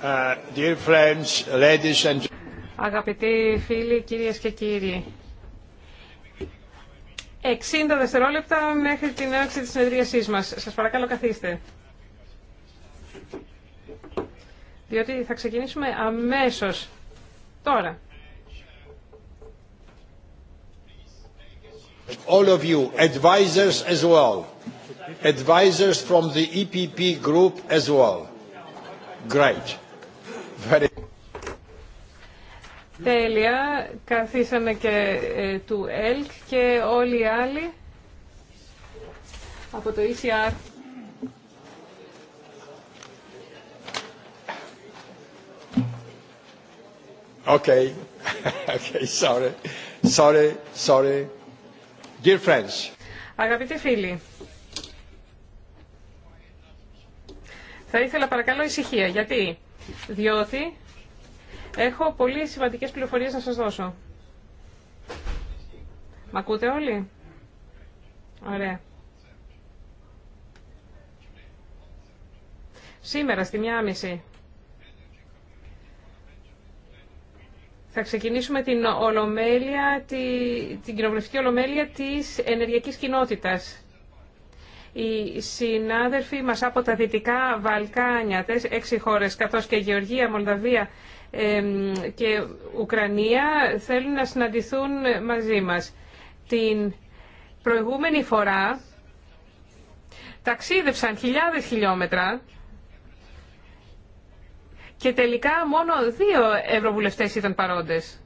Uh, dear friends, ladies and... Αγαπητοί φίλοι, κυρίες και κύριοι, 60 δευτερόλεπτα μέχρι την έναρξη της συνεδρίασής μας. Σας παρακαλώ καθίστε. Διότι θα ξεκινήσουμε αμέσως, τώρα. All of you, advisors as well. Advisors from the EPP group as well. Great. Τέλεια. Καθίσαμε και ε, του ΕΛΚ και όλοι οι άλλοι από το ECR. Okay. okay, sorry. Sorry, sorry. Dear friends. Αγαπητοί φίλοι, θα ήθελα παρακαλώ ησυχία, γιατί διότι έχω πολύ σημαντικές πληροφορίες να σας δώσω. Μ' ακούτε όλοι? Ωραία. Σήμερα στη μία θα ξεκινήσουμε την, ολομέλεια, την κοινοβουλευτική ολομέλεια της ενεργειακής κοινότητας. Οι συνάδελφοί μας από τα Δυτικά Βαλκάνια, έξι χώρες, καθώς και Γεωργία, Μολδαβία και Ουκρανία, θέλουν να συναντηθούν μαζί μας. Την προηγούμενη φορά ταξίδευσαν χιλιάδες χιλιόμετρα και τελικά μόνο δύο ευρωβουλευτές ήταν παρόντες.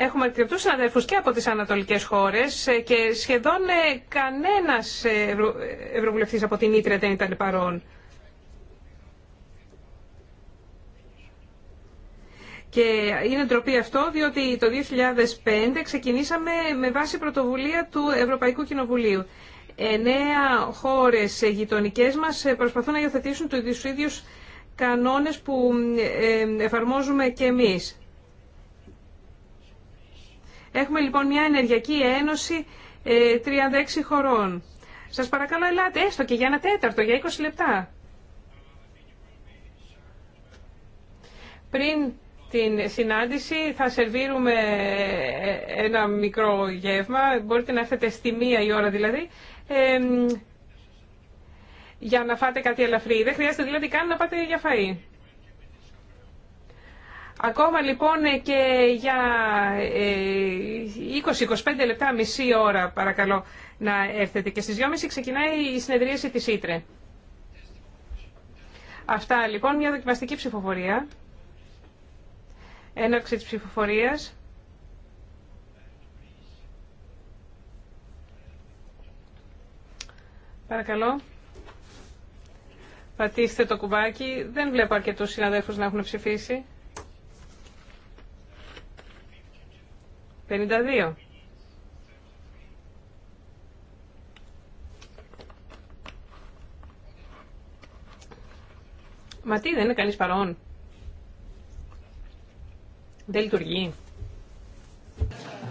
Έχουμε αρκετού αδέρφους και από τις ανατολικές χώρες ε, και σχεδόν ε, κανένας ε, ευρω... από την Ήτρε δεν ήταν παρόν. Και είναι ντροπή αυτό διότι το 2005 ξεκινήσαμε με βάση πρωτοβουλία του Ευρωπαϊκού Κοινοβουλίου. Εννέα χώρες γειτονικέ μας προσπαθούν να υιοθετήσουν του ίδιους κανόνες που εφαρμόζουμε και εμείς. Έχουμε λοιπόν μια ενεργειακή ένωση 36 ε, χωρών. Σας παρακαλώ ελάτε έστω και για ένα τέταρτο, για 20 λεπτά. Πριν την συνάντηση θα σερβίρουμε ε, ένα μικρό γεύμα, μπορείτε να έρθετε στη μία η ώρα δηλαδή, για να φάτε κάτι ελαφρύ. Δεν χρειάζεται δηλαδή καν να πάτε για φαΐ. Ακόμα λοιπόν και για 20-25 ε, λεπτά, μισή ώρα παρακαλώ να έρθετε. Και στις 2.30 ξεκινάει η συνεδρίαση της Ήτρε. Αυτά λοιπόν, μια δοκιμαστική ψηφοφορία. Έναρξη της ψηφοφορίας. Παρακαλώ. Πατήστε το κουμπάκι. Δεν βλέπω αρκετούς συναδέλφους να έχουν ψηφίσει. 52. Μα τι, δεν είναι κανείς παρόν. Δεν λειτουργεί.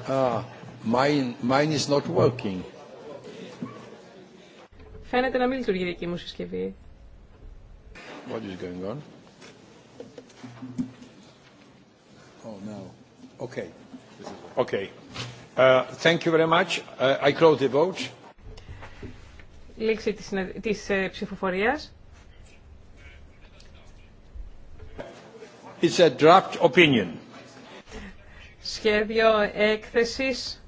Ah, mine, mine is not working. Φαίνεται να μην λειτουργεί η δική μου συσκευή. What is going on? Oh, no. Okay. Okay. Uh, thank uh, Λήξη της, ε, ψηφοφορίας. It's draft opinion. Σχέδιο έκθεσης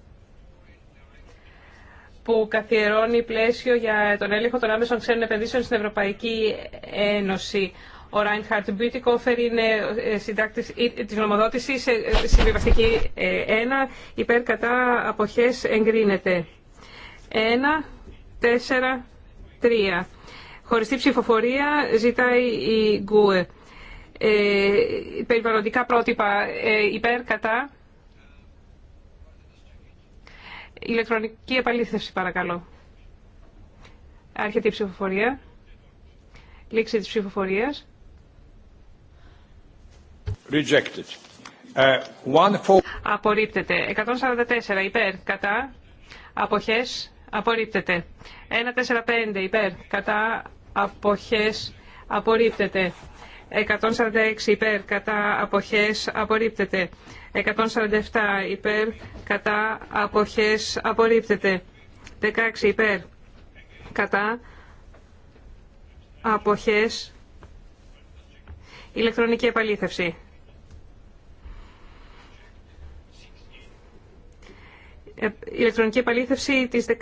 που καθιερώνει πλαίσιο για τον έλεγχο των άμεσων ξένων επενδύσεων στην Ευρωπαϊκή Ένωση. Ο Ράινχαρτ Μπιουτικόφερ είναι ε, συντάκτη ε, τη νομοδότησης, ε, συμβιβαστική 1, υπέρ κατά αποχές εγκρίνεται. ένα τέσσερα τρία Χωριστή ψηφοφορία ζητάει η Γκουε. περιβαλλοντικά πρότυπα ε, υπέρ κατά. Ηλεκτρονική επαλήθευση παρακαλώ. Άρχεται η ψηφοφορία. Λήξη της ψηφοφορίας. Rejected. Uh, απορρίπτεται. 144 υπέρ. Κατά. Αποχές. Απορρίπτεται. 145 υπέρ. Κατά. Αποχές. Απορρίπτεται. 146 υπέρ. Κατά. Αποχές. Απορρίπτεται. 147 υπέρ. Κατά. Αποχές. Απορρίπτεται. 16 υπέρ. Κατά. Αποχές. Ηλεκτρονική επαλήθευση. Ε, ηλεκτρονική επαλήθευση της 16,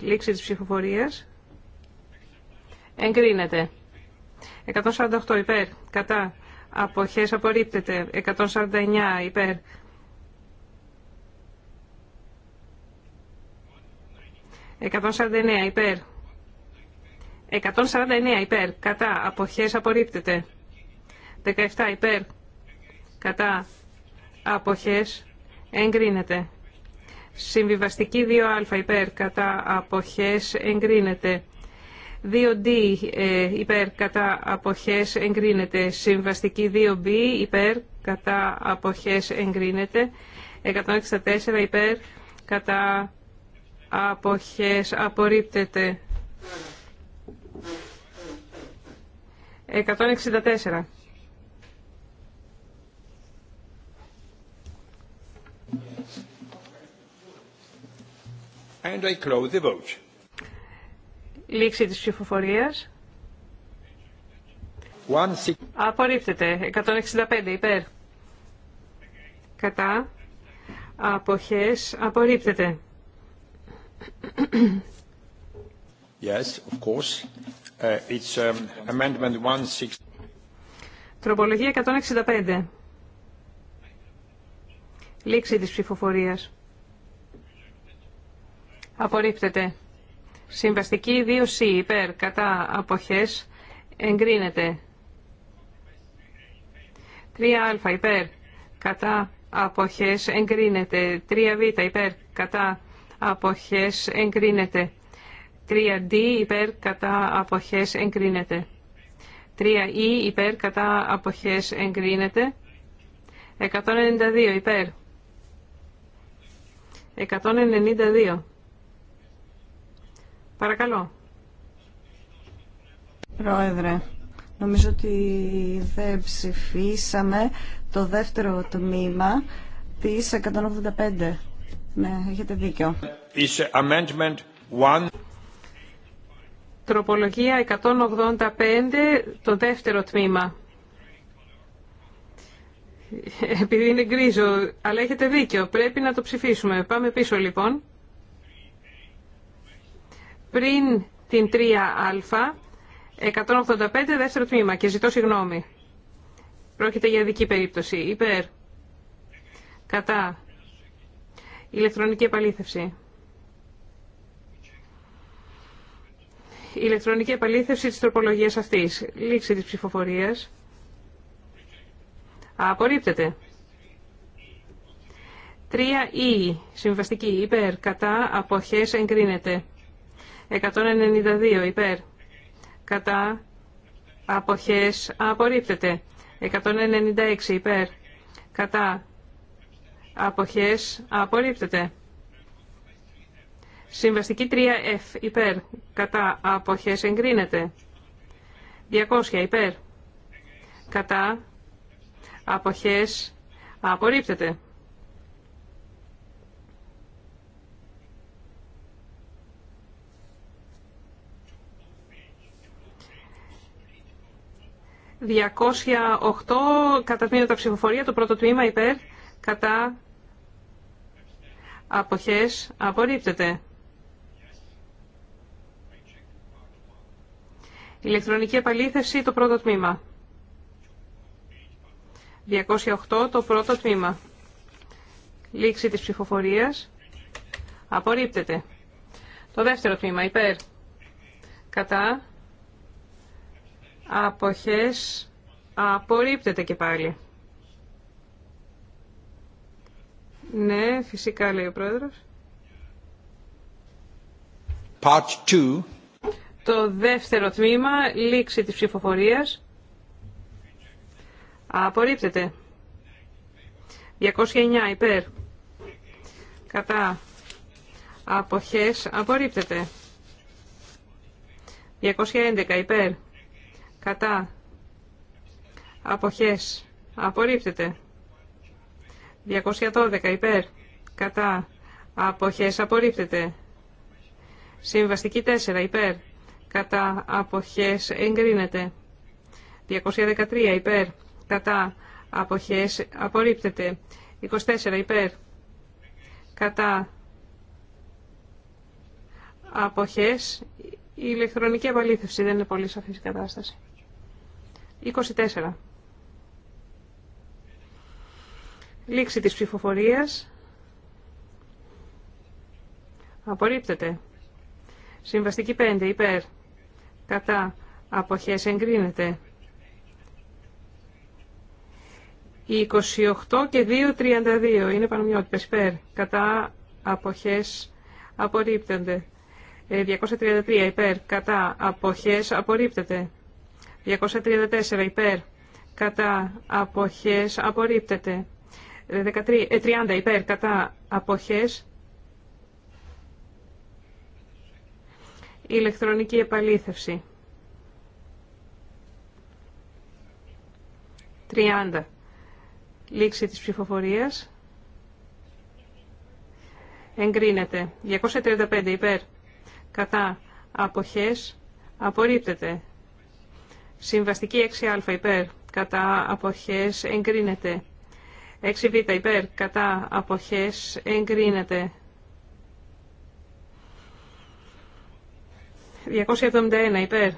λήξη της ψηφοφορίας. Εγκρίνεται. 148 υπέρ, κατά. Αποχές απορρίπτεται. 149 υπέρ. 149 υπέρ. 149 υπέρ. Κατά. Αποχές απορρίπτεται. 17 υπέρ. Κατά. Αποχές εγκρίνεται. Συμβιβαστική 2α υπέρ κατά αποχές εγκρίνεται. 2D ε, υπέρ κατά αποχές εγκρίνεται. Συμβαστική 2B υπέρ κατά αποχές εγκρίνεται. 164 υπέρ κατά αποχές απορρίπτεται. 164. And I close the vote. Λήξη της ψηφοφορίας. Απορρίπτεται. 165 υπέρ. Κατά. Αποχές. Απορρίπτεται. Yes, of course. Uh, it's um, amendment Τροπολογία 165. Λήξη της ψηφοφορίας απορρίπτεται. Συμβαστική 2C υπέρ κατά αποχές εγκρίνεται. 3α υπέρ κατά αποχές εγκρίνεται. 3β υπέρ κατά αποχές εγκρίνεται. 3d υπέρ κατά αποχές εγκρίνεται. 3e υπέρ κατά αποχές εγκρίνεται. 192 υπέρ. 192. Παρακαλώ. Πρόεδρε, νομίζω ότι δεν ψηφίσαμε το δεύτερο τμήμα της 185. Ναι, έχετε δίκιο. amendment Τροπολογία 185, το δεύτερο τμήμα. Επειδή είναι γκρίζο, αλλά έχετε δίκιο. Πρέπει να το ψηφίσουμε. Πάμε πίσω λοιπόν πριν την 3α, 185 δεύτερο τμήμα και ζητώ συγγνώμη. Πρόκειται για δική περίπτωση. Υπέρ. Κατά. Ηλεκτρονική επαλήθευση. Ηλεκτρονική επαλήθευση της τροπολογίας αυτής. Λήξη της ψηφοφορίας. Απορρίπτεται. 3 ή. Συμβαστική υπέρ. Κατά. Αποχές εγκρίνεται. 192 υπέρ. Κατά αποχές απορρίπτεται. 196 υπέρ. Κατά αποχές απορρίπτεται. Συμβαστική 3F υπέρ. Κατά αποχές εγκρίνεται. 200 υπέρ. Κατά αποχές απορρίπτεται. 208 κατά τα ψηφοφορία, το πρώτο τμήμα υπέρ, κατά αποχές, απορρίπτεται. Ηλεκτρονική επαλήθευση, το πρώτο τμήμα. 208, το πρώτο τμήμα. Λήξη της ψηφοφορίας. Απορρίπτεται. Το δεύτερο τμήμα, υπέρ. Κατά. Αποχές απορρίπτεται και πάλι. Ναι, φυσικά λέει ο πρόεδρος. Part two. Το δεύτερο τμήμα, λήξη της ψηφοφορίας. Απορρίπτεται. 209 υπέρ. Κατά. Αποχές απορρίπτεται. 211 υπέρ κατά αποχές απορρίπτεται 212 υπέρ κατά αποχές απορρίπτεται συμβαστική 4 υπέρ κατά αποχές εγκρίνεται 213 υπέρ κατά αποχές απορρίπτεται 24 υπέρ κατά αποχές η ηλεκτρονική απαλήθευση δεν είναι πολύ σαφής κατάσταση 24. Λήξη της ψηφοφορίας. Απορρίπτεται. Συμβαστική 5. Υπέρ. Κατά. Αποχές εγκρίνεται. 28 και 2.32 είναι πανομοιότητες. Υπέρ. Κατά. Αποχές απορρίπτονται. 233 ε, υπέρ. Κατά. Αποχές απορρίπτεται. 234 υπέρ κατά αποχές απορρίπτεται. 30 ε, ε, υπέρ κατά αποχές ηλεκτρονική επαλήθευση. 30. Λήξη της ψηφοφορίας. Εγκρίνεται. 235 υπέρ. Κατά. Αποχές. Απορρίπτεται. Συμβαστική 6α υπέρ κατά αποχές εγκρίνεται. 6β υπέρ κατά αποχές εγκρίνεται. 271 υπέρ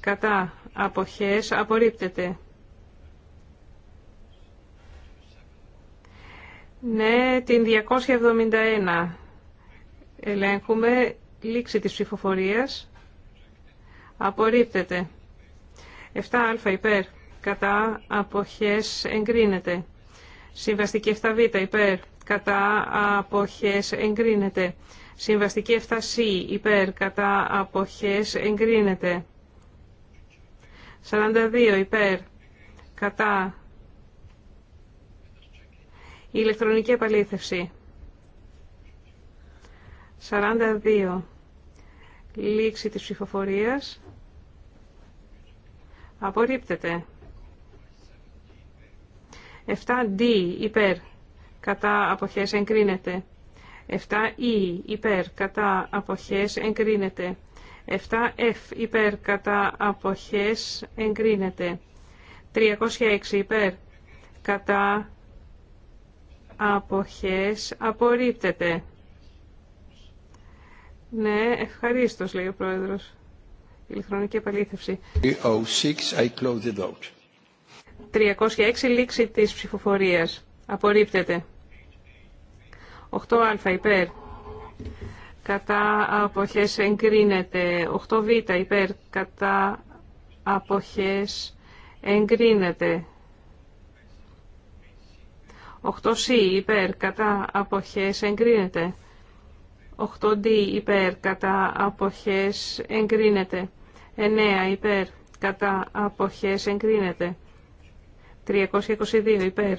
κατά αποχές απορρίπτεται. Ναι, την 271 ελέγχουμε λήξη της ψηφοφορίας. Απορρίπτεται. 7α υπέρ. Κατά αποχές εγκρίνεται. Συμβαστική 7β υπέρ. Κατά αποχές εγκρίνεται. Συμβαστική 7C υπέρ. Κατά αποχές εγκρίνεται. 42 υπέρ. Κατά ηλεκτρονική επαλήθευση. 42. Λήξη της ψηφοφορίας. Απορρίπτεται. 7D υπέρ κατά αποχές εγκρίνεται. 7E υπέρ κατά αποχές εγκρίνεται. 7F υπέρ κατά αποχές εγκρίνεται. 306 υπέρ κατά αποχές απορρίπτεται. Ναι, ευχαρίστως λέει ο πρόεδρος ηλεκτρονική επαλήθευση. 306, λήξη της ψηφοφορίας. Απορρίπτεται. 8α, υπέρ. Κατά αποχές εγκρίνεται. 8β, υπέρ. Κατά αποχές εγκρίνεται. 8C υπέρ κατά αποχές εγκρίνεται. 8D υπέρ κατά αποχές εγκρίνεται. 9 υπέρ κατά αποχές εγκρίνεται. 322 υπέρ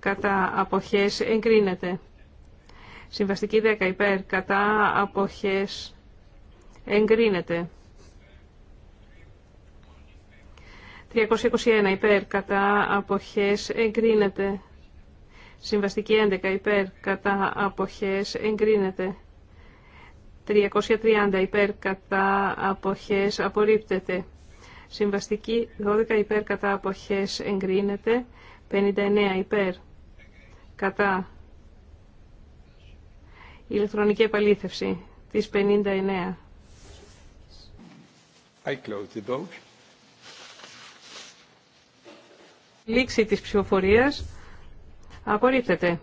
κατά αποχές εγκρίνεται. Συμβαστική 10 υπέρ κατά αποχές εγκρίνεται. 321 υπέρ κατά αποχές εγκρίνεται. Συμβαστική 11 υπέρ κατά αποχές εγκρίνεται. 330 υπέρ κατά αποχές απορρίπτεται. Συμβαστική 12 υπέρ κατά αποχές εγκρίνεται. 59 υπέρ κατά ηλεκτρονική επαλήθευση της 59. I Λήξη της ψηφοφορίας απορρίπτεται.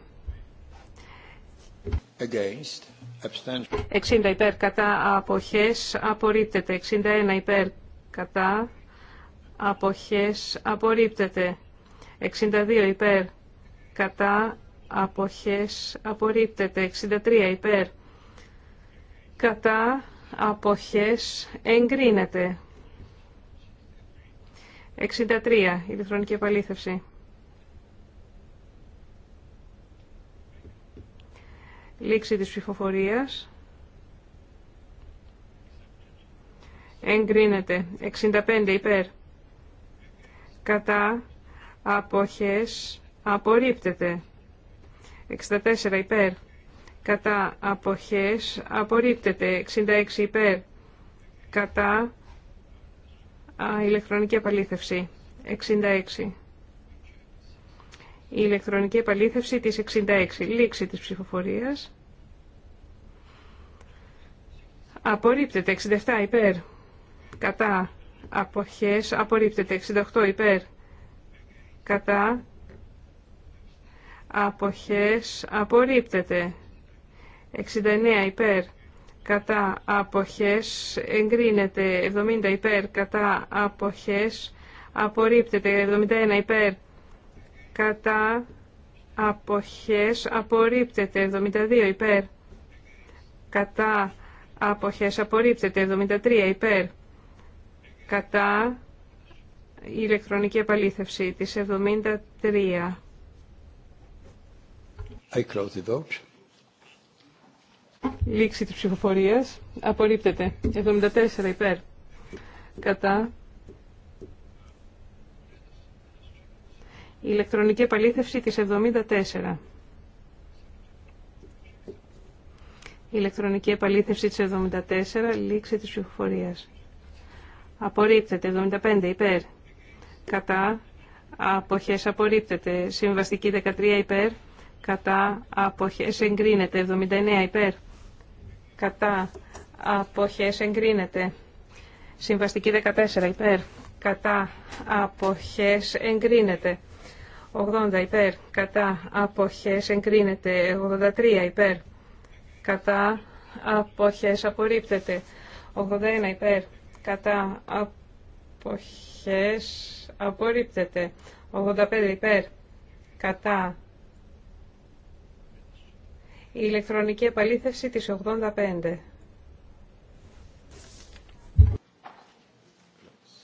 60 υπέρ κατά αποχές απορρίπτεται. 61 υπέρ κατά αποχές απορρίπτεται. 62 υπέρ κατά αποχές απορρίπτεται. 63 υπέρ κατά αποχές εγκρίνεται. 63 ηλεκτρονική επαλήθευση. Λήξη της ψηφοφορίας. Εγκρίνεται. 65 υπέρ. Κατά. Αποχές. Απορρίπτεται. 64 υπέρ. Κατά. Αποχές. Απορρίπτεται. 66 υπέρ. Κατά. Α, ηλεκτρονική απαλήθευση. 66 η ηλεκτρονική επαλήθευση της 66. Λήξη της ψηφοφορίας. Απορρίπτεται 67 υπέρ. Κατά αποχές. Απορρίπτεται 68 υπέρ. Κατά αποχές. Απορρίπτεται 69 υπέρ. Κατά αποχές. Εγκρίνεται 70 υπέρ. Κατά αποχές. Απορρίπτεται 71 υπέρ κατά αποχές απορρίπτεται 72 υπέρ κατά αποχές απορρίπτεται 73 υπέρ κατά η ηλεκτρονική επαλήθευση της 73 I close the vote. Λήξη της ψηφοφορίας απορρίπτεται 74 υπέρ κατά ηλεκτρονική επαλήθευση της 74. Ηλεκτρονική επαλήθευση της 74, λήξη της ψηφοφορίας. Απορρίπτεται, 75 υπέρ. Κατά, αποχές απορρίπτεται. Συμβαστική 13 υπέρ. Κατά, αποχές εγκρίνεται. 79 υπέρ. Κατά, αποχές εγκρίνεται. Συμβαστική 14 υπέρ. Κατά, αποχές εγκρίνεται. 80 υπέρ, κατά αποχές εγκρίνεται. 83 υπέρ, κατά αποχές απορρίπτεται. 81 υπέρ, κατά αποχές απορρίπτεται. 85 υπέρ, κατά η ηλεκτρονική επαλήθευση της 85.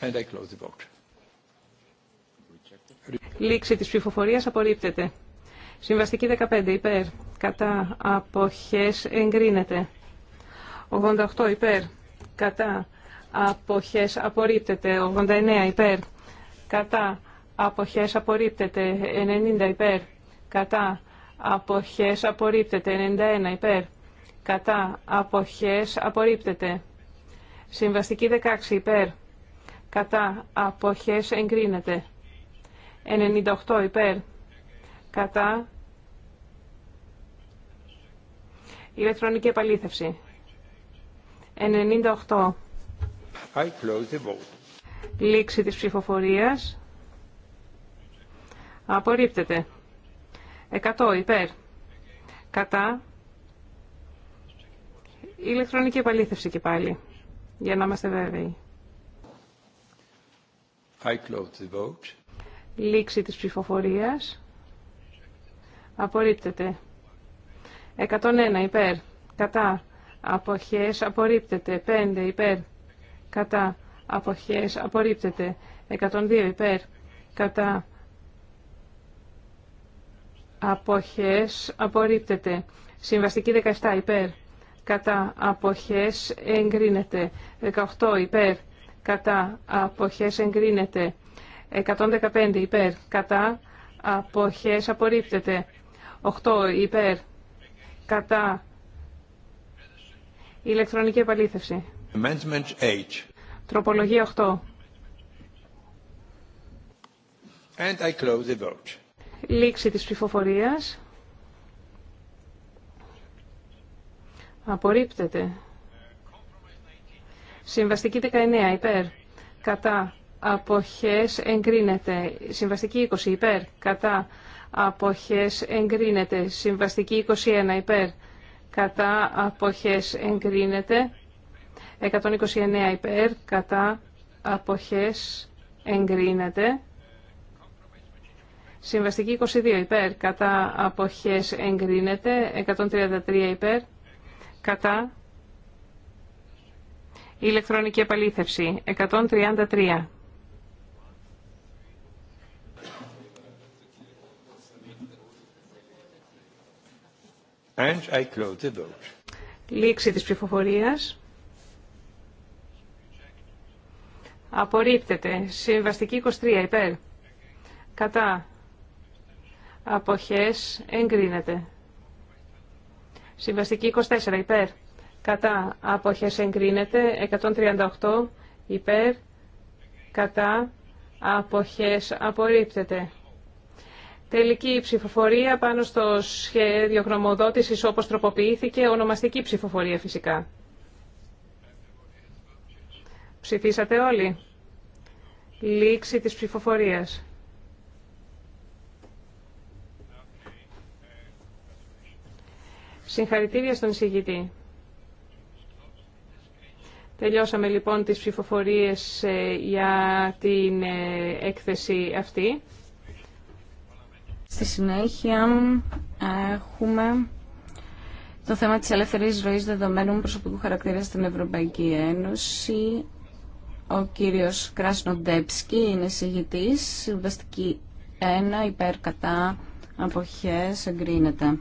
And I close the vote. Λήξη της ψηφοφορίας απορρίπτεται. Συμβαστική 15 υπέρ. Κατά αποχές εγκρίνεται. 88 υπέρ. Κατά αποχές απορρίπτεται. 89 υπέρ. Κατά αποχές απορρίπτεται. 90 υπέρ. Κατά αποχές απορρίπτεται. 91 υπέρ. Κατά αποχές απορρίπτεται. Συμβαστική 16 υπέρ. Κατά αποχές εγκρίνεται. 98 υπέρ. Κατά. Ηλεκτρονική επαλήθευση. 98. I close the vote. Λήξη της ψηφοφορίας. Απορρίπτεται. 100 υπέρ. Κατά. Ηλεκτρονική επαλήθευση και πάλι. Για να είμαστε βέβαιοι. I close the vote. Λήξη της ψηφοφορίας. Απορρίπτεται. 101 υπέρ. Κατά. Αποχές απορρίπτεται. 5 υπέρ. Κατά. Αποχές απορρίπτεται. 102 υπέρ. Κατά. Αποχές απορρίπτεται. Συμβαστική 17 υπέρ. Κατά. Αποχές εγκρίνεται. 18 υπέρ. Κατά. Αποχές εγκρίνεται. 115 υπέρ. Κατά αποχές απορρίπτεται. 8 υπέρ. Κατά ηλεκτρονική επαλήθευση. Τροπολογία 8. And I close the vote. Λήξη της ψηφοφορίας. Απορρίπτεται. Συμβαστική 19 υπέρ. Κατά αποχές εγκρίνεται. Συμβαστική 20 υπέρ, κατά αποχές εγκρίνεται. Συμβαστική 21 υπέρ, κατά αποχές εγκρίνεται. 129 υπέρ, κατά αποχές εγκρίνεται. Συμβαστική 22 υπέρ, κατά αποχές εγκρίνεται. 133 υπέρ, κατά ηλεκτρονική επαλήθευση. 133. And I close the Λήξη της ψηφοφορίας. Απορρίπτεται. Συμβαστική 23 υπέρ. Κατά. Αποχές εγκρίνεται. Συμβαστική 24 υπέρ. Κατά. Αποχές εγκρίνεται. 138 υπέρ. Κατά. Αποχές απορρίπτεται. Τελική ψηφοφορία πάνω στο σχέδιο γνωμοδότησης όπως τροποποιήθηκε, ονομαστική ψηφοφορία φυσικά. Ψηφίσατε όλοι. Λήξη της ψηφοφορίας. Συγχαρητήρια στον εισηγητή. Τελειώσαμε λοιπόν τις ψηφοφορίες ε, για την ε, έκθεση αυτή. Στη συνέχεια έχουμε το θέμα της ελεύθερης ροής δεδομένων προσωπικού χαρακτήρα στην Ευρωπαϊκή Ένωση. Ο κύριος Κράσνοντέψκι είναι συγητής, συμβαστική 1, υπέρ κατά αποχές, εγκρίνεται.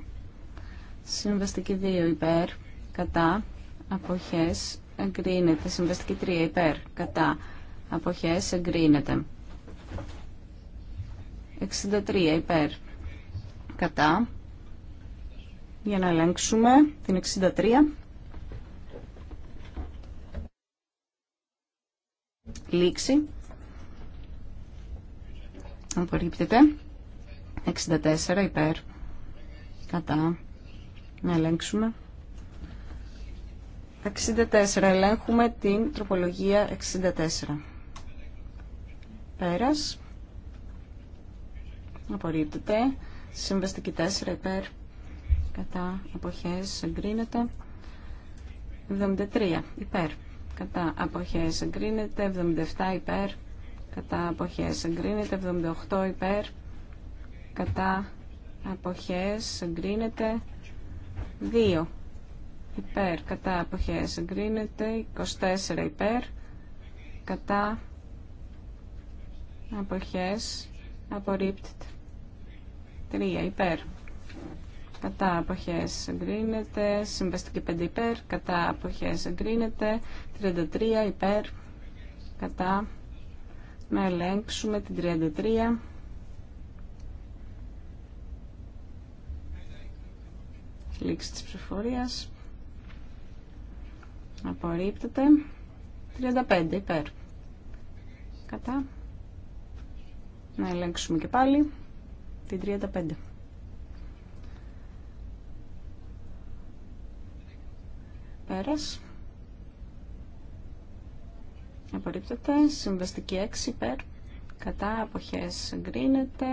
Συμβαστική 2, υπέρ κατά αποχές, εγκρίνεται. Συμβαστική 3, υπέρ κατά αποχές, εγκρίνεται. 63 υπέρ κατά για να ελέγξουμε την 63 λήξη απορρίπτεται 64 υπέρ κατά να ελέγξουμε 64 ελέγχουμε την τροπολογία 64 πέρας απορρίπτεται. Συμβαστική 4 υπέρ κατά αποχές εγκρίνεται. 73 υπέρ κατά αποχές εγκρίνεται. 77 υπέρ κατά αποχές εγκρίνεται. 78 υπέρ κατά αποχές εγκρίνεται. 2 υπέρ κατά αποχές εγκρίνεται. 24 υπέρ κατά αποχές απορρίπτεται. 3 υπέρ. Κατά αποχές εγκρίνεται. Συμβαστική 5 υπέρ. Κατά αποχές εγκρίνεται. 33 υπέρ. Κατά. Να ελέγξουμε την 33. Λήξη της ψηφορίας. Απορρίπτεται. 35 υπέρ. Κατά. Να ελέγξουμε και πάλι την 35. Πέρας. Απορρίπτεται. Συμβαστική 6 υπέρ. Κατά αποχές εγκρίνεται.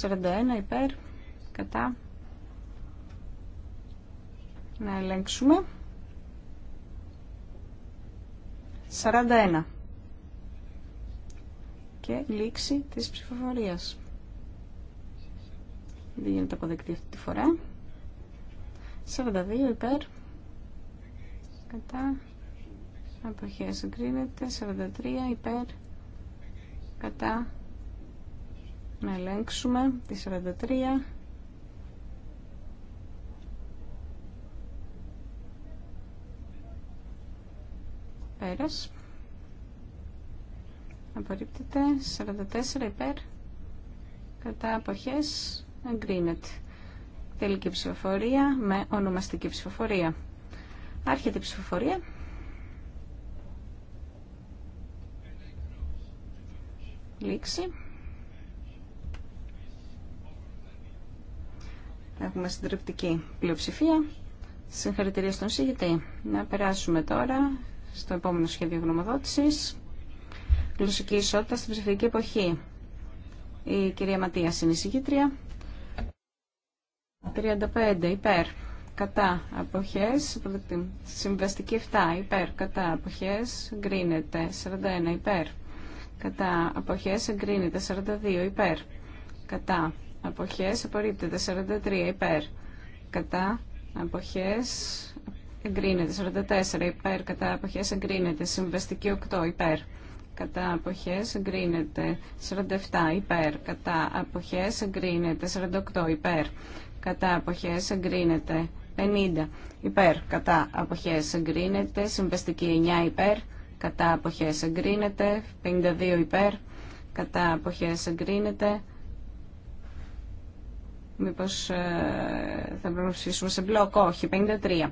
41 υπέρ. Κατά. Να ελέγξουμε. 41. Και λήξη της ψηφοφορίας. Δεν γίνεται αποδεκτή αυτή τη φορά. 42 υπέρ. Κατά. αποχέ εγκρίνεται. 43 υπέρ. Κατά. Να ελέγξουμε τη 43. Πέρας. Απορρίπτεται. 44 υπέρ. Κατά αποχές εγκρίνεται. Τελική ψηφοφορία με ονομαστική ψηφοφορία. Άρχεται η ψηφοφορία. Λήξη. Έχουμε συντριπτική πλειοψηφία. Συγχαρητήρια στον συγητή. Να περάσουμε τώρα στο επόμενο σχέδιο γνωμοδότησης. Γλωσσική ισότητα στην ψηφιακή εποχή. Η κυρία Ματία είναι η 35 υπέρ κατά αποχές Συμβαστική 7 υπέρ κατά αποχές εγκρίνεται. 41 υπέρ κατά αποχές εγκρίνεται. 42 υπέρ κατά αποχές απορρίπτεται. 43 υπέρ κατά αποχές εγκρίνεται. 44 υπέρ κατά αποχές εγκρίνεται. Συμβαστική 8 υπέρ κατά αποχές εγκρίνεται 47 υπέρ, κατά αποχές εγκρίνεται 48 υπέρ, κατά αποχές εγκρίνεται 50 υπέρ κατά αποχές εγκρίνεται συμβαστική 9 υπέρ κατά αποχές εγκρίνεται 52 υπέρ κατά αποχές εγκρίνεται μήπως ε, θα πρέπει να σε μπλοκ όχι 53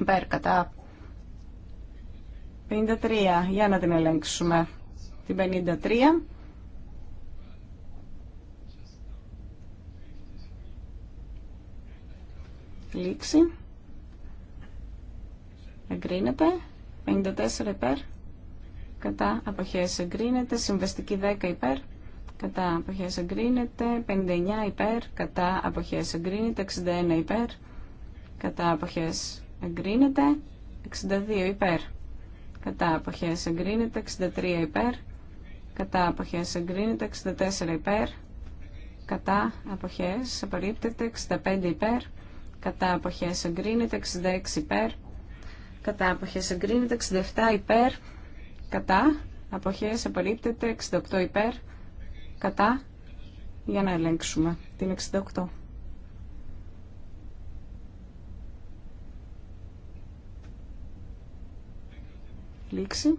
υπέρ κατά 53 για να την ελέγξουμε την 53 Λήξη. Εγκρίνεται. 54 υπέρ. Κατά αποχές εγκρίνεται. Συμβαστική 10 υπέρ. Κατά αποχές εγκρίνεται. 59 υπέρ. Κατά αποχές εγκρίνεται. 61 υπέρ. Κατά αποχές εγκρίνεται. 62 υπέρ. Κατά αποχές εγκρίνεται. 63 υπέρ. Κατά αποχές εγκρίνεται. 64 υπέρ. Κατά αποχές απορρίπτεται. 65 υπέρ κατά αποχές εγκρίνεται 66 υπέρ, κατά αποχές εγκρίνεται 67 υπέρ, κατά αποχές απορρίπτεται 68 υπέρ, κατά για να ελέγξουμε την 68. Λήξη.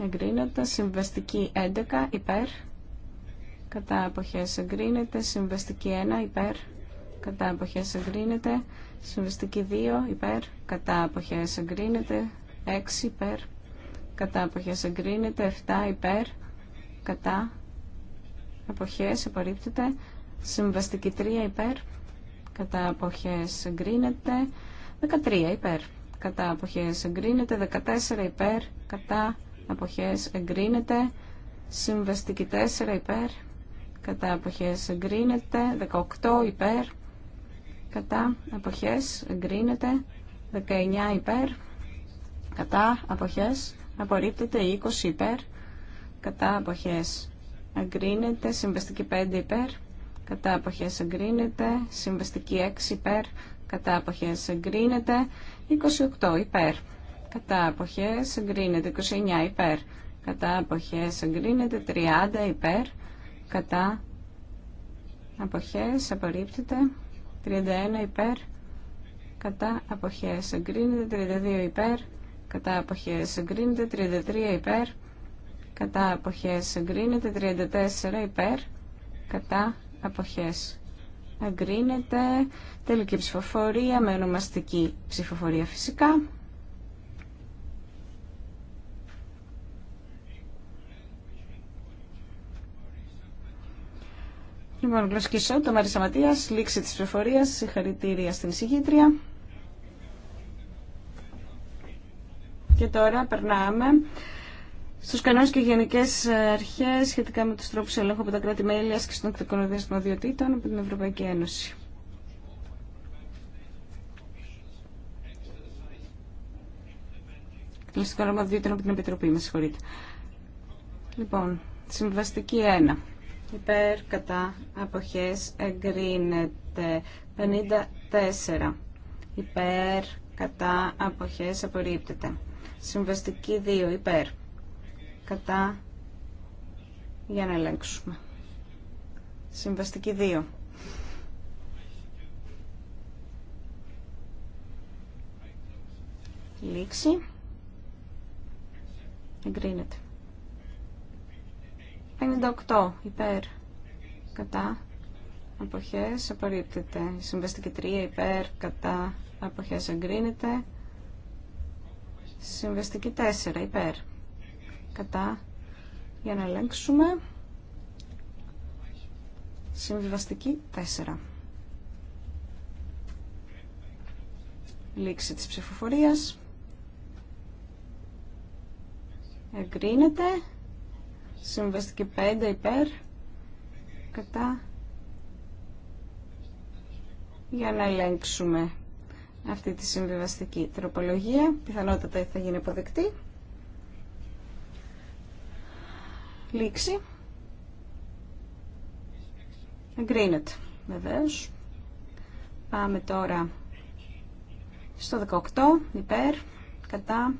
Εγκρίνεται συμβαστική 11 υπέρ, κατά εποχές εγκρίνεται, συμβαστική 1 υπέρ, κατά εποχές εγκρίνεται, συμβαστική 2 υπέρ, κατά εποχές εγκρίνεται, 6 υπέρ, κατά εποχές εγκρίνεται, 7 υπέρ, κατά εποχές απορρίπτεται, συμβαστική 3 υπέρ, κατά εποχές εγκρίνεται, 13 υπέρ, κατά εποχές εγκρίνεται, 14 υπέρ, κατά εποχές εγκρίνεται, συμβαστική 4 υπέρ, κατά αποχές εγκρίνεται, 18 υπέρ, κατά αποχές εγκρίνεται, 19 υπέρ, κατά αποχές απορρίπτεται, 20 υπέρ, κατά αποχές εγκρίνεται, συμβαστική 5 υπέρ, κατά αποχές εγκρίνεται, συμβαστική 6 υπέρ, κατά αποχές εγκρίνεται, 28 υπέρ, κατά αποχές εγκρίνεται, 29 υπέρ, κατά αποχές εγκρίνεται, 30 υπέρ, κατά αποχές απορρίπτεται 31 υπέρ κατά αποχές εγκρίνεται 32 υπέρ κατά αποχές εγκρίνεται 33 υπέρ κατά αποχές εγκρίνεται 34 υπέρ κατά αποχές εγκρίνεται τελική ψηφοφορία με ονομαστική ψηφοφορία φυσικά Λοιπόν, γλωσσική το Μαρίσα Σαματίας, λήξη της πληροφορία, συγχαρητήρια στην εισηγήτρια. Και τώρα περνάμε στους κανόνες και γενικές ε, αρχές σχετικά με τους τρόπους ελέγχου από τα κράτη-μέλη και των εκτικών διασμοδιοτήτων από την Ευρωπαϊκή Ένωση. Εκτελεστικών αρμοδιοτήτων από την Επιτροπή, με συγχωρείτε. Λοιπόν, συμβαστική 1 υπέρ κατά αποχές εγκρίνεται 54 υπέρ κατά αποχές απορρίπτεται συμβαστική 2 υπέρ κατά για να ελέγξουμε συμβαστική 2 λήξη εγκρίνεται 58 υπέρ κατά αποχές απορρίπτεται. Η συμβαστική 3 υπέρ κατά αποχές εγκρίνεται. Συμβαστική 4 υπέρ κατά για να ελέγξουμε. Συμβαστική 4. Λήξη της ψηφοφορίας. Εγκρίνεται. Συμβαστική 5 υπέρ. Κατά. Για να ελέγξουμε αυτή τη συμβιβαστική τροπολογία. Πιθανότατα θα γίνει αποδεκτή. Λήξη. Εγκρίνεται. Βεβαίω. Πάμε τώρα στο 18. Υπέρ. Κατά.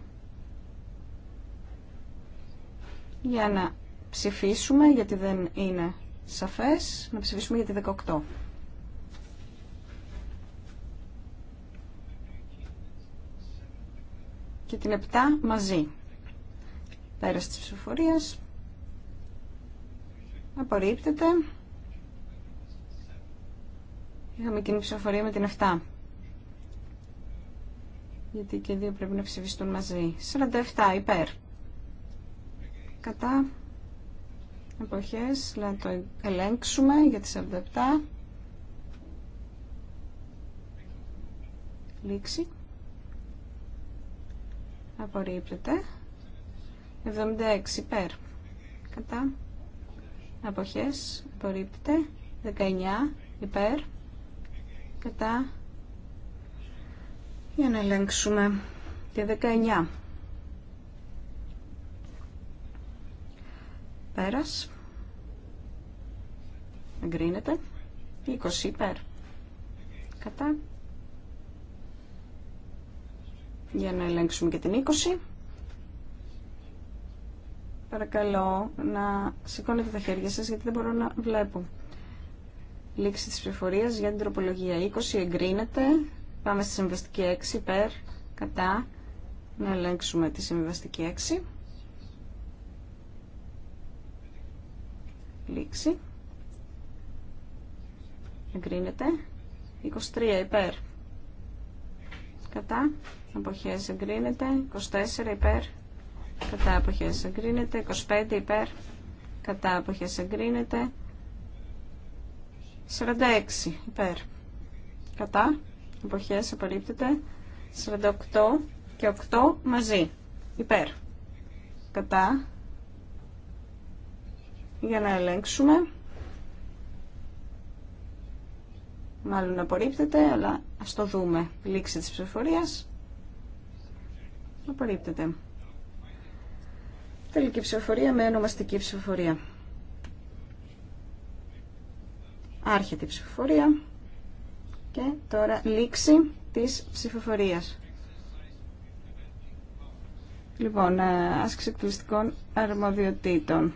Για να ψηφίσουμε, γιατί δεν είναι σαφές, να ψηφίσουμε για τη 18. και την 7 μαζί. Πέρας της ψηφοφορίας. Απορρίπτεται. Είχαμε κοινή ψηφοφορία με την 7. Γιατί και δύο πρέπει να ψηφιστούν μαζί. 47 υπέρ. Κατά εποχές, να το ελέγξουμε για τις 47. Λήξη. Απορρίπτεται. 76 υπέρ. Κατά. Αποχές. Απορρίπτεται. 19 υπέρ. Κατά. Για να ελέγξουμε τη 19. Πέρας. Εγκρίνεται. 20 υπέρ. Κατά. Για να ελέγξουμε και την 20. Παρακαλώ να σηκώνετε τα χέρια σας γιατί δεν μπορώ να βλέπω. Λήξη της πληροφορία για την τροπολογία 20 εγκρίνεται. Πάμε στη συμβαστική 6 υπέρ. Κατά. Να ελέγξουμε τη συμβιβαστική 6. Εγκρίνεται. 23 υπέρ. Κατά. Αποχές εγκρίνεται. 24 υπέρ. Κατά αποχές εγκρίνεται. 25 υπέρ. Κατά αποχές εγκρίνεται. 46 υπέρ. Κατά. Αποχές απορρίπτεται. 48 και 8 μαζί. Υπέρ. Κατά για να ελέγξουμε. Μάλλον απορρίπτεται, αλλά ας το δούμε. Λήξη της ψηφοφορίας. Απορρίπτεται. Τελική ψηφοφορία με ονομαστική ψηφοφορία. Άρχεται η ψηφοφορία και τώρα λήξη της ψηφοφορίας. Λοιπόν, ε, άσκηση εκπληστικών αρμοδιοτήτων.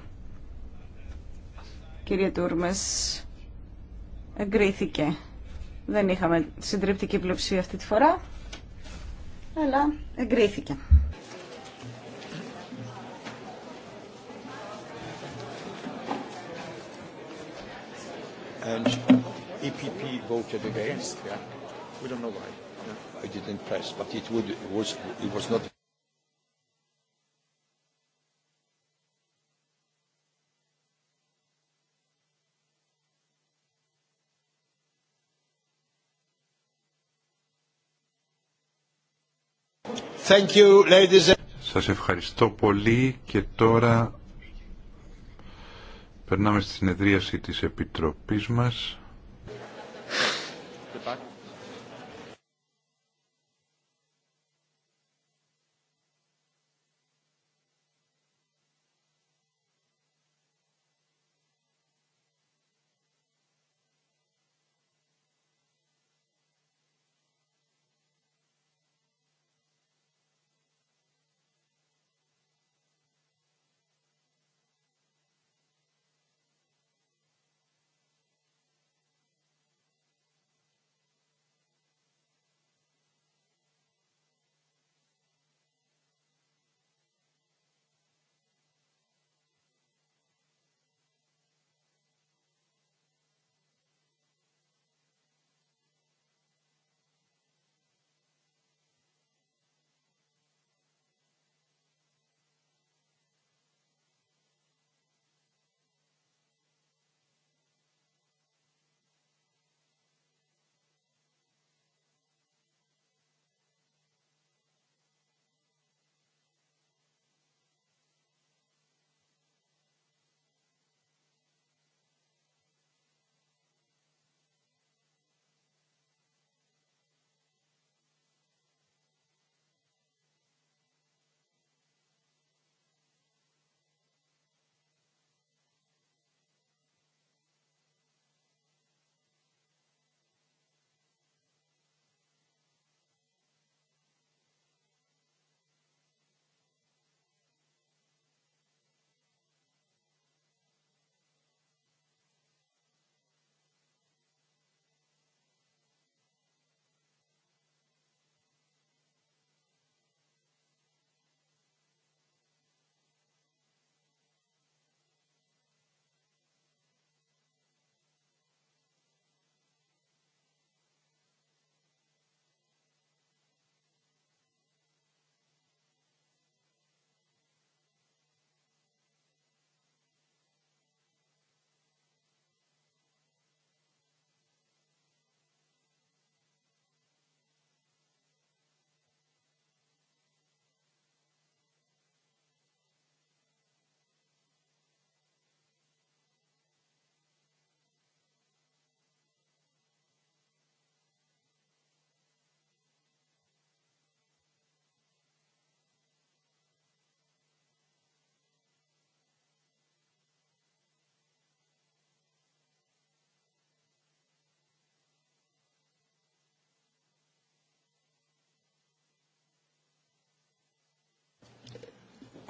Κύριε Τούρμες, εγκρίθηκε. Δεν είχαμε συντριπτική πλειοψηφία αυτή τη φορά, αλλά εγκρίθηκε. And EPP voted against. Yeah. We don't know why. Yeah. I didn't press, but it would it was it was not. Thank Σας ευχαριστώ πολύ και τώρα περνάμε στη συνεδρίαση της Επιτροπής μας.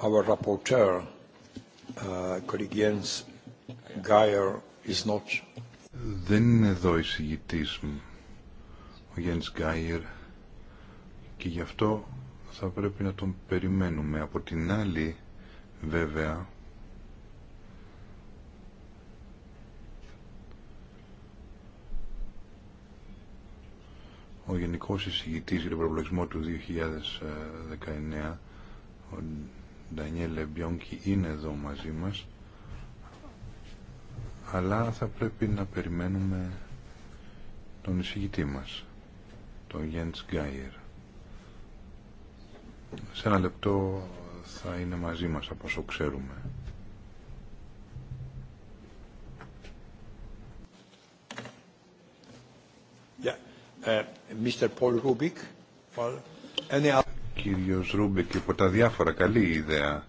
our rapporteur, uh, colleague Jens Geyer, is not. Δεν είναι εδώ η μου, ο Γιάννης Γκάιερ, και γι' αυτό θα πρέπει να τον περιμένουμε. Από την άλλη, βέβαια, ο Γενικός Εισηγητής για τον Προπολογισμό του 2019, ο Ντανιέλε Μπιόνκι είναι εδώ μαζί μας αλλά θα πρέπει να περιμένουμε τον εισηγητή μας τον Γιέντς Γκάιερ σε ένα λεπτό θα είναι μαζί μας από όσο ξέρουμε yeah. Uh, Paul Rubik, κύριος Ρούμπεκ υπό τα διάφορα. Καλή ιδέα.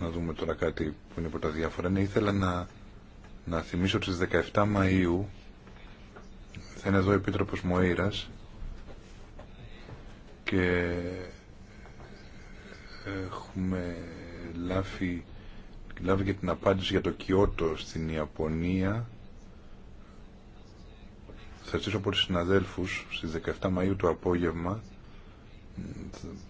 Να δούμε τώρα κάτι που είναι υπό τα διάφορα. Ναι, ήθελα να, να θυμίσω ότι στις 17 Μαΐου θα είναι εδώ ο Επίτροπος Μοήρας και έχουμε λάβει, λάβει και την απάντηση για το Κιώτο στην Ιαπωνία θα ζητήσω από τους συναδέλφους στις 17 Μαΐου το απόγευμα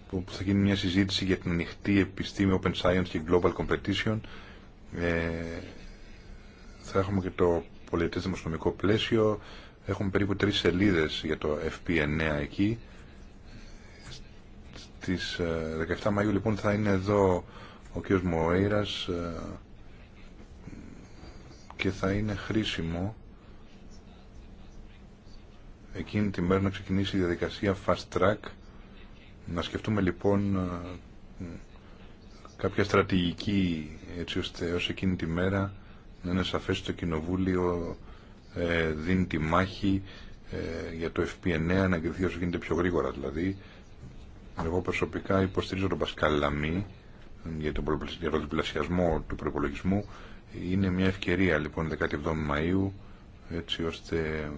που θα γίνει μια συζήτηση για την ανοιχτή επιστήμη Open Science και Global Competition. Ε, θα έχουμε και το πολιτές δημοσιονομικό πλαίσιο. Έχουμε περίπου τρεις σελίδες για το FP9 εκεί. Στις 17 ε, Μαΐου λοιπόν θα είναι εδώ ο κ. Μοέιρας ε, και θα είναι χρήσιμο εκείνη τη μέρα να ξεκινήσει η διαδικασία fast track να σκεφτούμε λοιπόν ε, κάποια στρατηγική έτσι ώστε ως εκείνη τη μέρα να είναι σαφές το Κοινοβούλιο ε, δίνει τη μάχη ε, για το FP9 να εγκριθεί όσο γίνεται πιο γρήγορα δηλαδή. Εγώ προσωπικά υποστηρίζω τον Πασκάλ Λαμή για τον διπλασιασμό του προπολογισμού. Είναι μια ευκαιρία λοιπόν 17 Μαΐου έτσι ώστε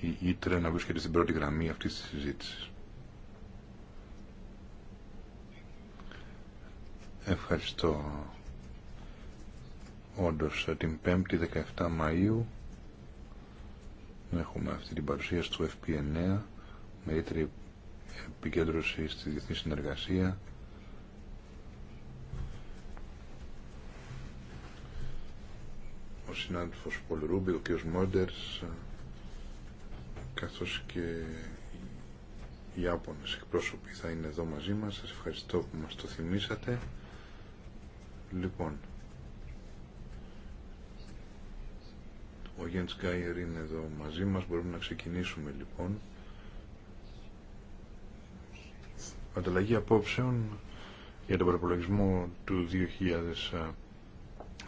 η Ήτρε να βρίσκεται στην πρώτη γραμμή αυτής της συζήτησης. Ευχαριστώ. Όντως, ε, την 5η 17 Μαΐου έχουμε αυτή την παρουσίαση του FP9 με ιδιαίτερη επικέντρωση στη διεθνή συνεργασία ο συνάδελφος Ρούμπι, ο κ. Μόντερς ε, καθώς και οι Ιάπωνες εκπρόσωποι θα είναι εδώ μαζί μας. Σας ευχαριστώ που μας το θυμήσατε. Λοιπόν, ο Γιάννης Κάιερ είναι εδώ μαζί μας, μπορούμε να ξεκινήσουμε λοιπόν. Ανταλλαγή απόψεων για τον προπολογισμό του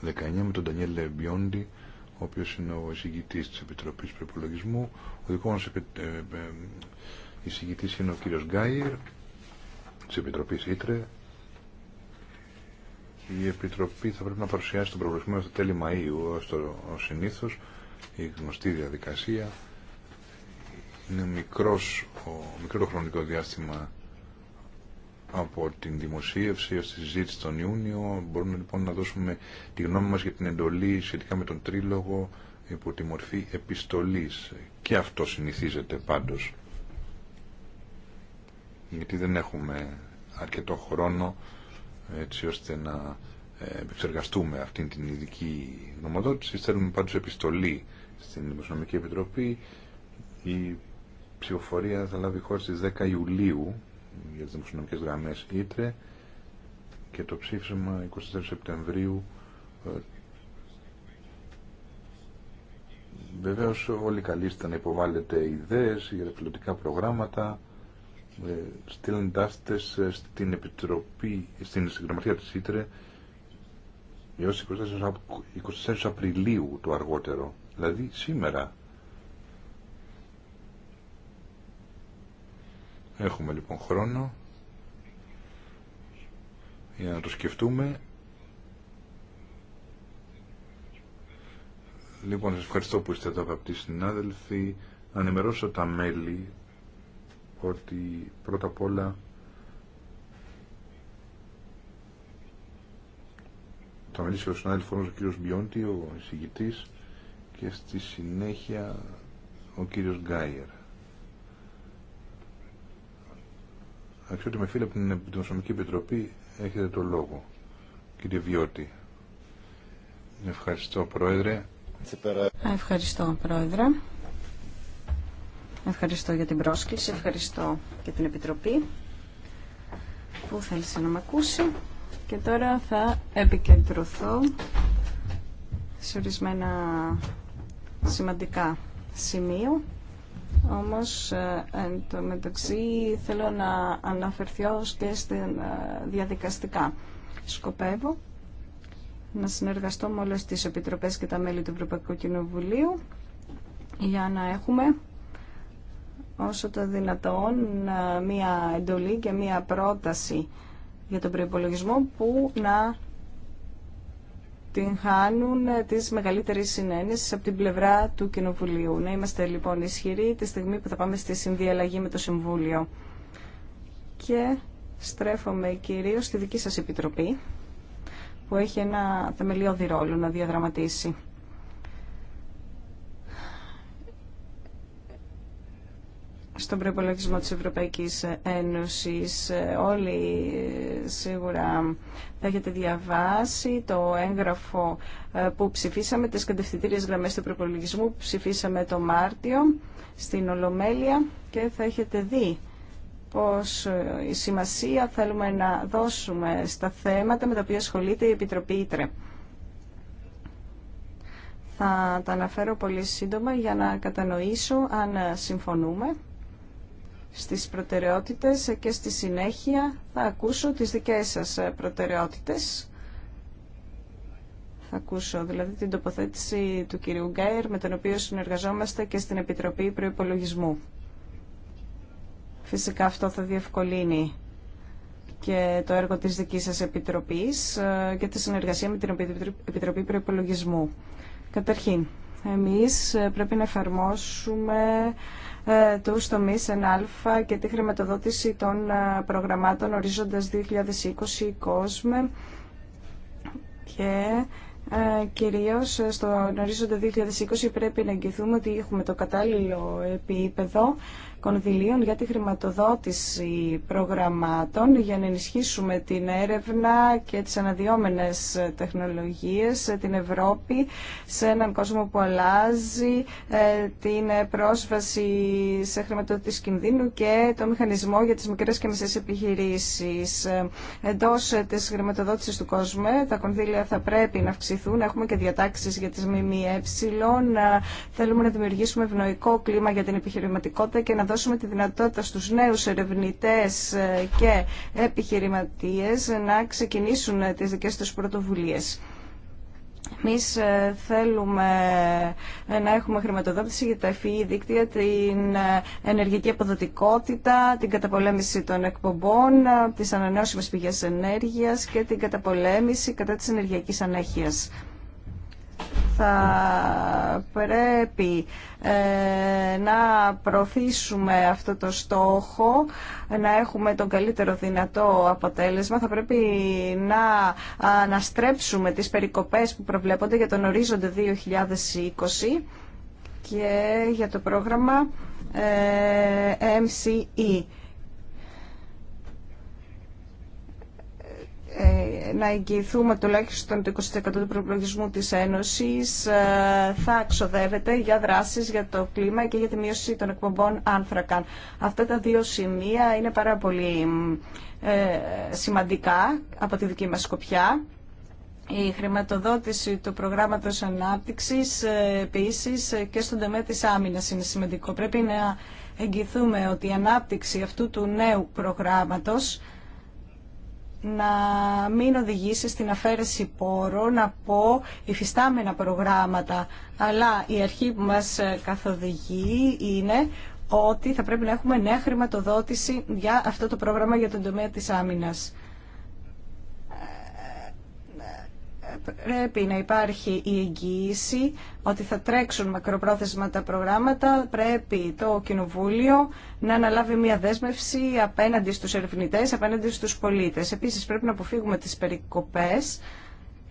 2019 με τον Ντανιέλ Μπιόντι, ο οποίος είναι ο εισηγητής της Επιτροπής Προπολογισμού. Ο δικό μας ε, ε, ε, εισηγητής είναι ο κύριος Γκάιερ της Επιτροπής Ήτρε η Επιτροπή θα πρέπει να παρουσιάσει τον προβλησμό στο τέλη Μαΐου ως το συνήθως η γνωστή διαδικασία είναι μικρός, ο, μικρό χρονικό διάστημα από την δημοσίευση ως τη συζήτηση τον Ιούνιο μπορούμε λοιπόν να δώσουμε τη γνώμη μας για την εντολή σχετικά με τον Τρίλογο υπό τη μορφή επιστολής και αυτό συνηθίζεται πάντως γιατί δεν έχουμε αρκετό χρόνο έτσι ώστε να ε, επεξεργαστούμε αυτήν την ειδική νομοδότηση. Θέλουμε πάντως επιστολή στην Δημοσιονομική Επιτροπή. Η ψηφοφορία θα λάβει χώρα στις 10 Ιουλίου για τις δημοσιονομικές γραμμές Ήτρε και το ψήφισμα 24 Σεπτεμβρίου ε, Βεβαίως όλοι καλείστε να υποβάλλετε ιδέες για τα προγράμματα ε, στείλαν τες ε, στην Επιτροπή, στην Συγγραμματεία της Ήτρε έως 24, Απριλίου το αργότερο, δηλαδή σήμερα. Έχουμε λοιπόν χρόνο για να το σκεφτούμε. Λοιπόν, σας ευχαριστώ που είστε εδώ αγαπητοί συνάδελφοι. Ανημερώσω τα μέλη ότι πρώτα απ' όλα θα μιλήσει ο συνάδελφος ο κύριος Μπιόντι, ο εισηγητής και στη συνέχεια ο κύριος Γκάιερ. με φίλε από την Δημοσιονομική Επιτροπή έχετε το λόγο. Κύριε Βιώτη. Ευχαριστώ Πρόεδρε. Ευχαριστώ Πρόεδρε. Ευχαριστώ για την πρόσκληση, ευχαριστώ και την Επιτροπή που θέλησε να με ακούσει και τώρα θα επικεντρωθώ σε ορισμένα σημαντικά σημεία. Όμως, ε, εν τω μεταξύ, θέλω να αναφερθώ και στην ε, διαδικαστικά. Σκοπεύω να συνεργαστώ με όλες τις επιτροπές και τα μέλη του Ευρωπαϊκού Κοινοβουλίου για να έχουμε όσο το δυνατόν ε, μία εντολή και μία πρόταση για τον προϋπολογισμό που να την χάνουν ε, τις μεγαλύτερες συνένεσεις από την πλευρά του Κοινοβουλίου. Να είμαστε λοιπόν ισχυροί τη στιγμή που θα πάμε στη συνδιαλλαγή με το Συμβούλιο. Και στρέφομαι κυρίως στη δική σας Επιτροπή που έχει ένα θεμελιώδη ρόλο να διαδραματίσει. στον προπολογισμό της Ευρωπαϊκής Ένωσης. Όλοι σίγουρα θα έχετε διαβάσει το έγγραφο ε, που ψηφίσαμε, τις κατευθυντήριες γραμμές του προπολογισμού που ψηφίσαμε το Μάρτιο στην Ολομέλεια και θα έχετε δει πως ε, η σημασία θέλουμε να δώσουμε στα θέματα με τα οποία ασχολείται η Επιτροπή Ήτρε. Θα τα αναφέρω πολύ σύντομα για να κατανοήσω αν συμφωνούμε στις προτεραιότητες και στη συνέχεια θα ακούσω τις δικές σας προτεραιότητες. Θα ακούσω δηλαδή την τοποθέτηση του κυρίου Γκάιρ με τον οποίο συνεργαζόμαστε και στην Επιτροπή Προϋπολογισμού. Φυσικά αυτό θα διευκολύνει και το έργο της δικής σας Επιτροπής ε, και τη συνεργασία με την Επιτροπή Προϋπολογισμού. Καταρχήν, εμείς ε, πρέπει να εφαρμόσουμε του στο 1 1α και τη χρηματοδότηση των ε, προγραμμάτων ορίζοντας 2020 κόσμε και ε, κυρίως στον ορίζοντα 2020 πρέπει να εγγυηθούμε ότι έχουμε το κατάλληλο επίπεδο κονδυλίων για τη χρηματοδότηση προγραμμάτων για να ενισχύσουμε την έρευνα και τις αναδυόμενες τεχνολογίες την Ευρώπη σε έναν κόσμο που αλλάζει ε, την πρόσβαση σε χρηματοδότηση κινδύνου και το μηχανισμό για τις μικρές και μεσές επιχειρήσεις. Εντός ε, της χρηματοδότησης του κόσμου ε, τα κονδύλια θα πρέπει να αυξηθούν. Έχουμε και διατάξεις για τις ΜΜΕ. Θέλουμε να δημιουργήσουμε ευνοϊκό κλίμα για την επιχειρηματικότητα και να δώσουμε τη δυνατότητα στους νέους ερευνητές ε, και επιχειρηματίες να ξεκινήσουν ε, τις δικές τους πρωτοβουλίες. Εμεί ε, θέλουμε να έχουμε χρηματοδότηση για τα ΕΦΗ e e δίκτυα, την ενεργειακή αποδοτικότητα, την καταπολέμηση των εκπομπών, τις ανανεώσιμες πηγές ενέργειας και την καταπολέμηση κατά της ενεργειακής ανέχειας θα πρέπει ε, να προωθήσουμε αυτό το στόχο, να έχουμε τον καλύτερο δυνατό αποτέλεσμα. Θα πρέπει να αναστρέψουμε τις περικοπές που προβλέπονται για τον ορίζοντα 2020 και για το πρόγραμμα ε, MCE. Ε, να εγγυηθούμε τουλάχιστον το 20% του προπολογισμού της Ένωσης ε, θα ξοδεύεται για δράσεις για το κλίμα και για τη μείωση των εκπομπών άνθρακαν. Αυτά τα δύο σημεία είναι πάρα πολύ ε, σημαντικά από τη δική μας σκοπιά. Η χρηματοδότηση του προγράμματος ανάπτυξης επίσης και στον τομέα της άμυνας είναι σημαντικό. Πρέπει να εγγυηθούμε ότι η ανάπτυξη αυτού του νέου προγράμματος να μην οδηγήσει στην αφαίρεση πόρων από υφιστάμενα προγράμματα. Αλλά η αρχή που μας ε, καθοδηγεί είναι ότι θα πρέπει να έχουμε νέα χρηματοδότηση για αυτό το πρόγραμμα για τον τομέα της άμυνας. πρέπει να υπάρχει η εγγύηση ότι θα τρέξουν μακροπρόθεσμα τα προγράμματα, πρέπει το Κοινοβούλιο να αναλάβει μια δέσμευση απέναντι στους ερευνητές, απέναντι στους πολίτες. Επίσης πρέπει να αποφύγουμε τις περικοπές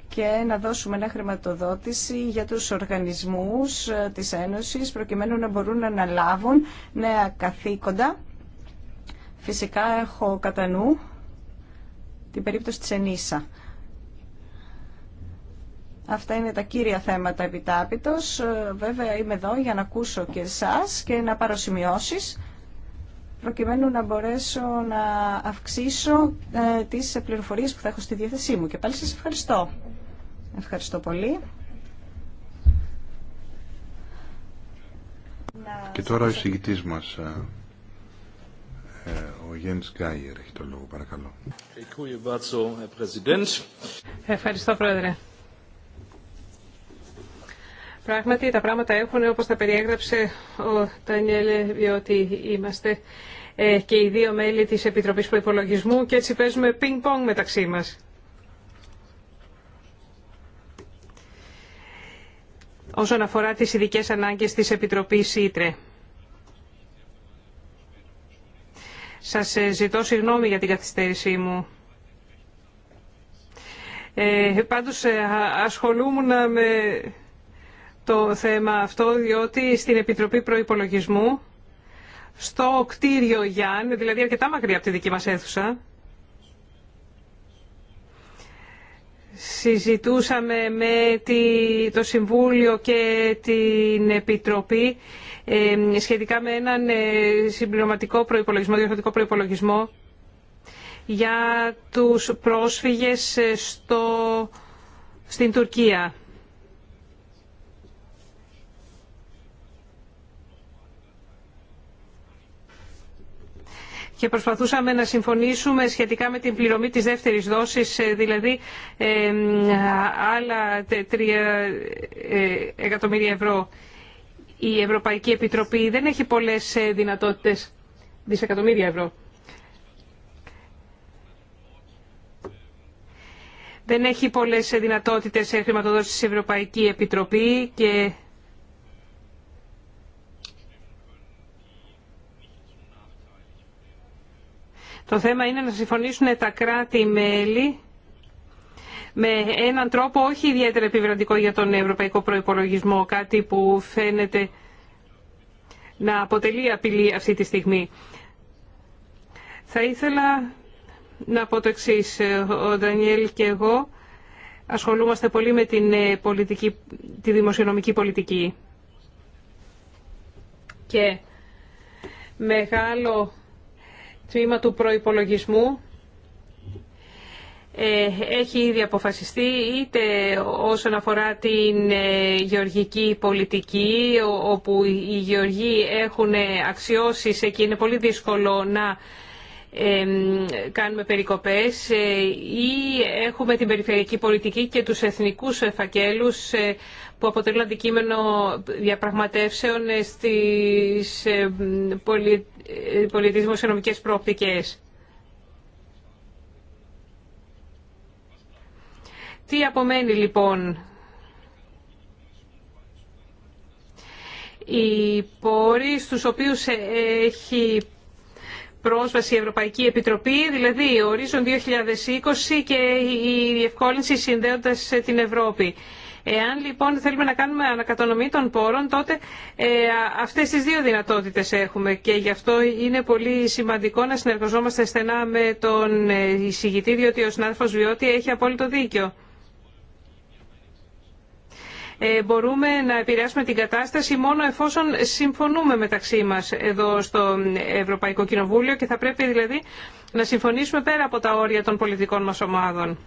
και να δώσουμε ένα χρηματοδότηση για τους οργανισμούς ε, της Ένωσης προκειμένου να μπορούν να αναλάβουν νέα καθήκοντα. Φυσικά έχω κατά νου την περίπτωση της ΕΝΗΣΑ. Αυτά είναι τα κύρια θέματα επιτάπητος. Ε, βέβαια είμαι εδώ για να ακούσω και εσάς και να πάρω σημειώσεις προκειμένου να μπορέσω να αυξήσω ε, τις πληροφορίες που θα έχω στη διάθεσή μου. Και πάλι σας ευχαριστώ. Ευχαριστώ πολύ. Και τώρα ο εισηγητής μας, ε, ο Γιάννης Γκάιερ, έχει το λόγο. Παρακαλώ. Ευχαριστώ, Πρόεδρε. Πράγματι τα πράγματα έχουν όπως τα περιέγραψε ο Τανιέλε, διότι είμαστε ε, και οι δύο μέλη της Επιτροπής Προϋπολογισμού και έτσι παίζουμε πινκ-πονγκ μεταξύ μας. όσον αφορά τις ειδικέ ανάγκες της Επιτροπής Ήτρε. Σας ε, ζητώ συγγνώμη για την καθυστέρησή μου. Ε, πάντως ε, ασχολούμουν με το θέμα αυτό, διότι στην Επιτροπή Προϋπολογισμού, στο κτίριο Γιάν, δηλαδή αρκετά μακριά από τη δική μας αίθουσα, συζητούσαμε με το Συμβούλιο και την Επιτροπή σχετικά με έναν ε, συμπληρωματικό προϋπολογισμό, διορθωτικό προϋπολογισμό για τους πρόσφυγες ε, στο, στην Τουρκία. και προσπαθούσαμε να συμφωνήσουμε σχετικά με την πληρωμή της δεύτερης δόσης, ε, δηλαδή ε, άλλα 3 ε, εκατομμύρια ευρώ. Η Ευρωπαϊκή Επιτροπή δεν έχει πολλές ε, δυνατότητες δισεκατομμύρια ευρώ. Δεν έχει πολλές δυνατότητες χρηματοδότησης της Ευρωπαϊκή Επιτροπή και Το θέμα είναι να συμφωνήσουν τα κράτη-μέλη με έναν τρόπο όχι ιδιαίτερα επιβραντικό για τον ευρωπαϊκό προϋπολογισμό, κάτι που φαίνεται να αποτελεί απειλή αυτή τη στιγμή. Θα ήθελα να πω το εξή. Ο Ντανιέλ και εγώ ασχολούμαστε πολύ με την ε, πολιτική, τη δημοσιονομική πολιτική. Και μεγάλο τμήμα του προϋπολογισμού ε, έχει ήδη αποφασιστεί είτε όσον αφορά την ε, γεωργική πολιτική όπου οι γεωργοί έχουν ε, αξιώσει και είναι πολύ δύσκολο να κάνουμε περικοπές ε, ή έχουμε την περιφερειακή πολιτική και τους εθνικούς φακέλους ε, που αποτελούν αντικείμενο διαπραγματεύσεων ε, στις πολι... πολιτισμικές οικονομικές προοπτικές. Τι απομένει λοιπόν οι πόροι στους οποίους έχει πρόσβαση η Ευρωπαϊκή Επιτροπή, δηλαδή ο ορίζον 2020 και η διευκόλυνση συνδέοντας την Ευρώπη. Εάν λοιπόν θέλουμε να κάνουμε ανακατονομή των πόρων, τότε ε, αυτές τις δύο δυνατότητες έχουμε και γι' αυτό είναι πολύ σημαντικό να συνεργαζόμαστε στενά με τον ε, εισηγητή, διότι ο συνάδελφος Βιώτη έχει απόλυτο δίκιο. Ε, μπορούμε να επηρεάσουμε την κατάσταση μόνο εφόσον συμφωνούμε μεταξύ μας εδώ στο Ευρωπαϊκό Κοινοβούλιο και θα πρέπει δηλαδή να συμφωνήσουμε πέρα από τα όρια των πολιτικών μας ομάδων.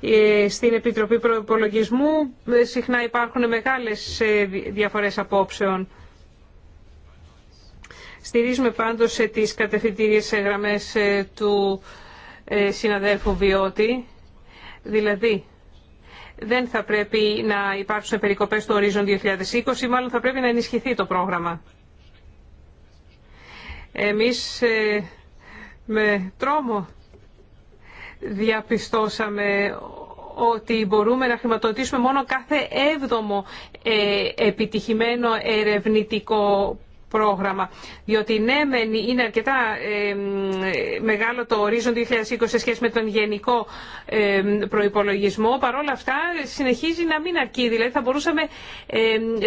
Ε, στην Επιτροπή Προπολογισμού ε, συχνά υπάρχουν μεγάλες διαφορές απόψεων. Στηρίζουμε πάντως τις κατευθυντήριες γραμμές του συναδέλφου Βιώτη, δηλαδή δεν θα πρέπει να υπάρξουν περικοπές στο ορίζον 2020, μάλλον θα πρέπει να ενισχυθεί το πρόγραμμα. Εμείς ε, με τρόμο διαπιστώσαμε ότι μπορούμε να χρηματοδοτήσουμε μόνο κάθε έβδομο ε, επιτυχημένο ερευνητικό πρόγραμμα. Διότι ναι, είναι αρκετά μεγάλο το ορίζον 2020 σε σχέση με τον γενικό ε, Παρ' παρόλα αυτά συνεχίζει να μην αρκεί. Δηλαδή θα μπορούσαμε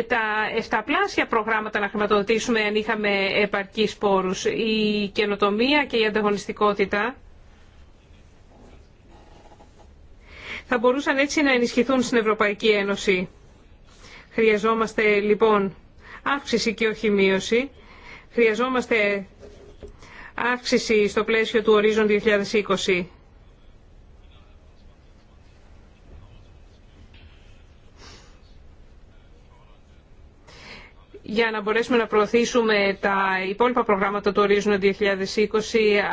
τα εφταπλάσια προγράμματα να χρηματοδοτήσουμε αν είχαμε επαρκείς πόρους. Η καινοτομία και η ανταγωνιστικότητα θα μπορούσαν έτσι να ενισχυθούν στην Ευρωπαϊκή Ένωση. Χρειαζόμαστε λοιπόν αύξηση και όχι μείωση. Χρειαζόμαστε αύξηση στο πλαίσιο του ορίζον 2020. για να μπορέσουμε να προωθήσουμε τα υπόλοιπα προγράμματα του ορίζουν 2020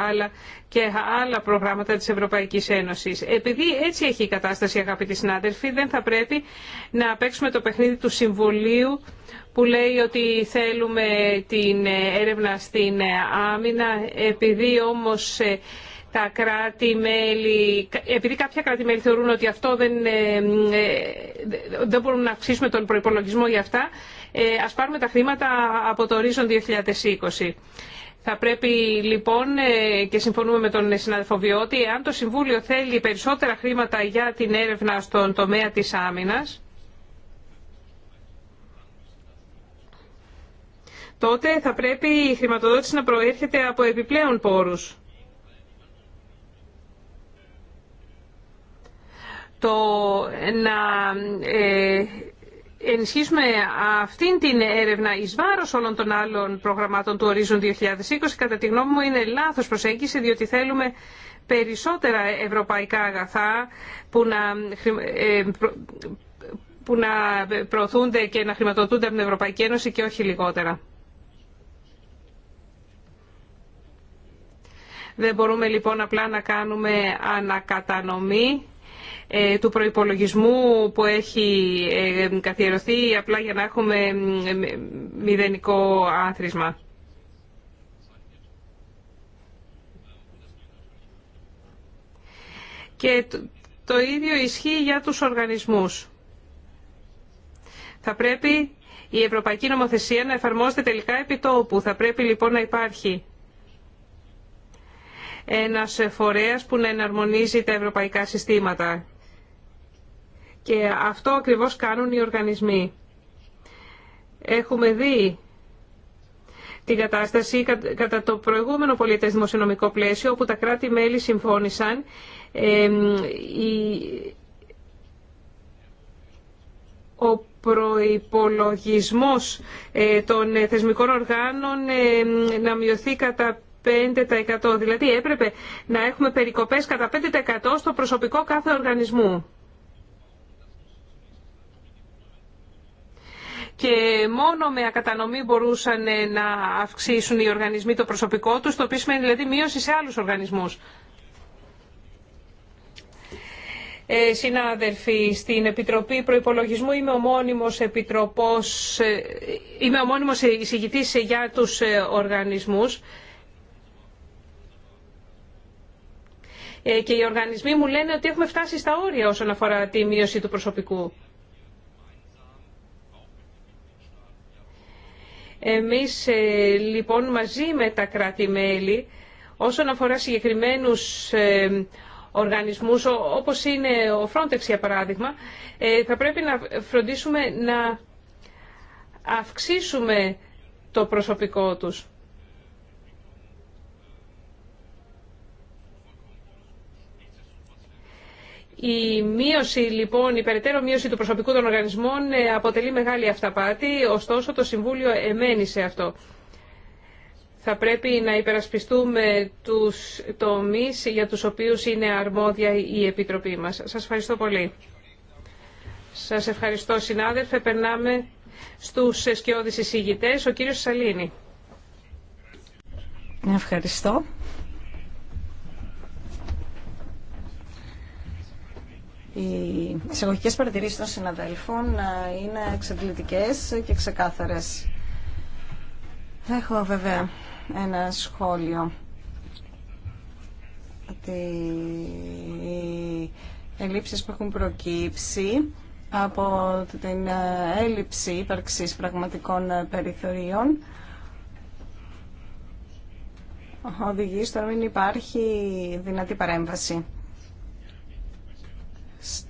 αλλά και άλλα προγράμματα της Ευρωπαϊκής Ένωσης. Επειδή έτσι έχει η κατάσταση αγαπητοί συνάδελφοι δεν θα πρέπει να παίξουμε το παιχνίδι του Συμβουλίου που λέει ότι θέλουμε την έρευνα στην άμυνα, επειδή όμως ε, τα κράτη-μέλη, επειδή κάποια κράτη-μέλη θεωρούν ότι αυτό δεν, ε, ε, δεν μπορούμε να αυξήσουμε τον προϋπολογισμό για αυτά, ας πάρουμε τα χρήματα από το ορίζον 2020. Θα πρέπει λοιπόν, και συμφωνούμε με τον συνάδελφο Βιώτη, αν το Συμβούλιο θέλει περισσότερα χρήματα για την έρευνα στον τομέα της άμυνας, τότε θα πρέπει η χρηματοδότηση να προέρχεται από επιπλέον πόρους. Το να ε, ενισχύσουμε αυτήν την έρευνα εις βάρος όλων των άλλων προγραμμάτων του Horizon 2020, κατά τη γνώμη μου είναι λάθος προσέγγιση, διότι θέλουμε περισσότερα ευρωπαϊκά αγαθά που να, ε, που να προωθούνται και να χρηματοδοτούνται από την Ευρωπαϊκή Ένωση και όχι λιγότερα. Δεν μπορούμε λοιπόν απλά να κάνουμε ανακατανομή ε, του προϋπολογισμού που έχει ε, καθιερωθεί απλά για να έχουμε μηδενικό άθροισμα. Και το ίδιο ισχύει για τους οργανισμούς. Θα πρέπει η Ευρωπαϊκή Νομοθεσία να εφαρμόζεται τελικά επί τόπου. Θα πρέπει λοιπόν να υπάρχει ένας φορέας που να εναρμονίζει τα ευρωπαϊκά συστήματα. Και αυτό ακριβώς κάνουν οι οργανισμοί. Έχουμε δει την κατάσταση κατά το προηγούμενο πολίτες δημοσιονομικό πλαίσιο, όπου τα κράτη-μέλη συμφώνησαν ο προϋπολογισμός ε, των θεσμικών οργάνων ε, να μειωθεί κατά 5%. Δηλαδή έπρεπε να έχουμε περικοπές κατά 5% στο προσωπικό κάθε οργανισμού. και μόνο με ακατανομή μπορούσαν ε, να αυξήσουν οι οργανισμοί το προσωπικό τους, το οποίο σημαίνει δηλαδή μείωση σε άλλους οργανισμούς. Ε, συνάδελφοι, στην Επιτροπή Προϋπολογισμού είμαι ο μόνιμος, επιτροπός, ε, είμαι ο εισηγητής για τους ε, οργανισμούς. Ε, και οι οργανισμοί μου λένε ότι έχουμε φτάσει στα όρια όσον αφορά τη μείωση του προσωπικού. Εμείς ε, λοιπόν μαζί με τα κράτη-μέλη όσον αφορά συγκεκριμένους ε, οργανισμούς όπως είναι ο Frontex για παράδειγμα θα πρέπει να φροντίσουμε να αυξήσουμε το προσωπικό τους. Η μείωση λοιπόν, η περαιτέρω μείωση του προσωπικού των οργανισμών ε, αποτελεί μεγάλη αυταπάτη, ωστόσο το Συμβούλιο εμένει σε αυτό. Θα πρέπει να υπερασπιστούμε τους τομείς για τους οποίους είναι αρμόδια η Επιτροπή μας. Σας ευχαριστώ πολύ. Σας ευχαριστώ συνάδελφε. Περνάμε στους σκιώδεις εισηγητές. Ο κύριος Σαλίνη. Ευχαριστώ. Οι εισαγωγικέ παρατηρήσεις των συναδέλφων ε, είναι εξαντλητικέ και ξεκάθαρες. Έχω βέβαια ένα σχόλιο ότι οι ελλείψεις που έχουν προκύψει από την ε, έλλειψη ύπαρξης πραγματικών ε, περιθωρίων οδηγεί στο να μην υπάρχει δυνατή παρέμβαση.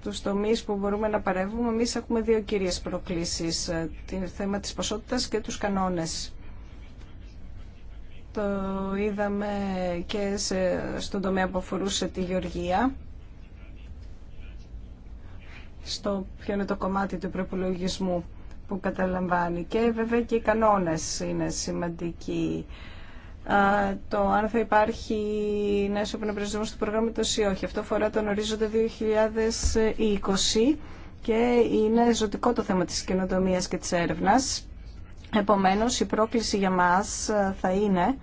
Του τομείς που μπορούμε να παρεύουμε, εμείς έχουμε δύο κυρίες προκλήσεις, ε, το θέμα της ποσότητας και τους κανόνες. Το είδαμε και στον τομέα που αφορούσε τη Γεωργία, στο ποιο είναι το κομμάτι του προπολογισμού που καταλαμβάνει. Και βέβαια και οι κανόνες είναι σημαντικοί το αν θα υπάρχει νέος επαναπροσδιορισμός του προγράμματος ή όχι. Αυτό αφορά τον ορίζοντα 2020 και είναι ζωτικό το θέμα της καινοτομίας και της έρευνας. Επομένως, η πρόκληση για μας θα είναι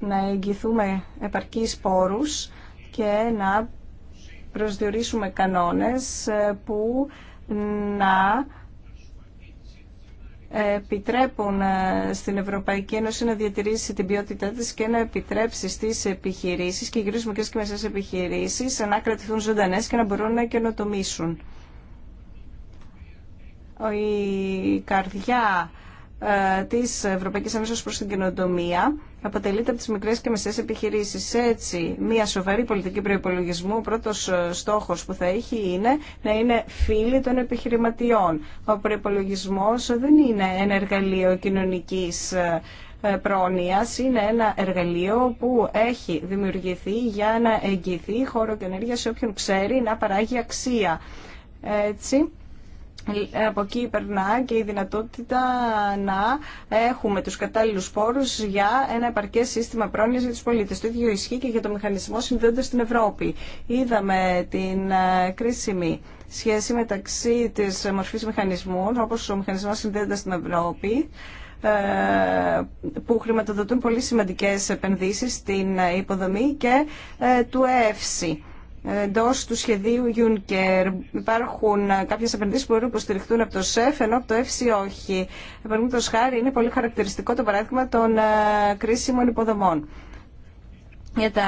να εγγυθούμε επαρκείς πόρους και να προσδιορίσουμε κανόνες που να επιτρέπουν ε, στην Ευρωπαϊκή Ένωση να διατηρήσει την ποιότητά της και να επιτρέψει στις επιχειρήσεις και γύρω και μεσέ επιχειρήσεις να κρατηθούν ζωντανές και να μπορούν να καινοτομήσουν. Η καρδιά ε, Τη Ευρωπαϊκή Ένωση προ την κοινοτομία αποτελείται από τι μικρέ και μεσαίες επιχειρήσει. Έτσι, μια σοβαρή πολιτική προϋπολογισμού, ο πρώτος ε, στόχος που θα έχει είναι να είναι φίλοι των επιχειρηματιών. Ο προϋπολογισμός δεν είναι ένα εργαλείο κοινωνική ε, πρόνοιας, είναι ένα εργαλείο που έχει δημιουργηθεί για να εγγυηθεί χώρο και ενέργεια σε όποιον ξέρει να παράγει αξία. Έτσι, από εκεί περνά και η δυνατότητα να έχουμε τους κατάλληλους πόρους για ένα επαρκές σύστημα πρόνοιας για τους πολίτες. Το ίδιο ισχύει και για το μηχανισμό συνδέοντας στην Ευρώπη. Είδαμε την ε, κρίσιμη σχέση μεταξύ της μορφής μηχανισμού, όπως ο μηχανισμός συνδέοντας στην Ευρώπη, ε, που χρηματοδοτούν πολύ σημαντικές επενδύσεις στην ε, υποδομή και του ΕΕΦΣΗ εντό του σχεδίου Juncker. Υπάρχουν κάποιε επενδύσει που μπορούν να υποστηριχθούν από το ΣΕΦ, ενώ από το ΕΦΣΙ όχι. Παραδείγματο χάρη, είναι πολύ χαρακτηριστικό το παράδειγμα των ε, κρίσιμων υποδομών. Για τα,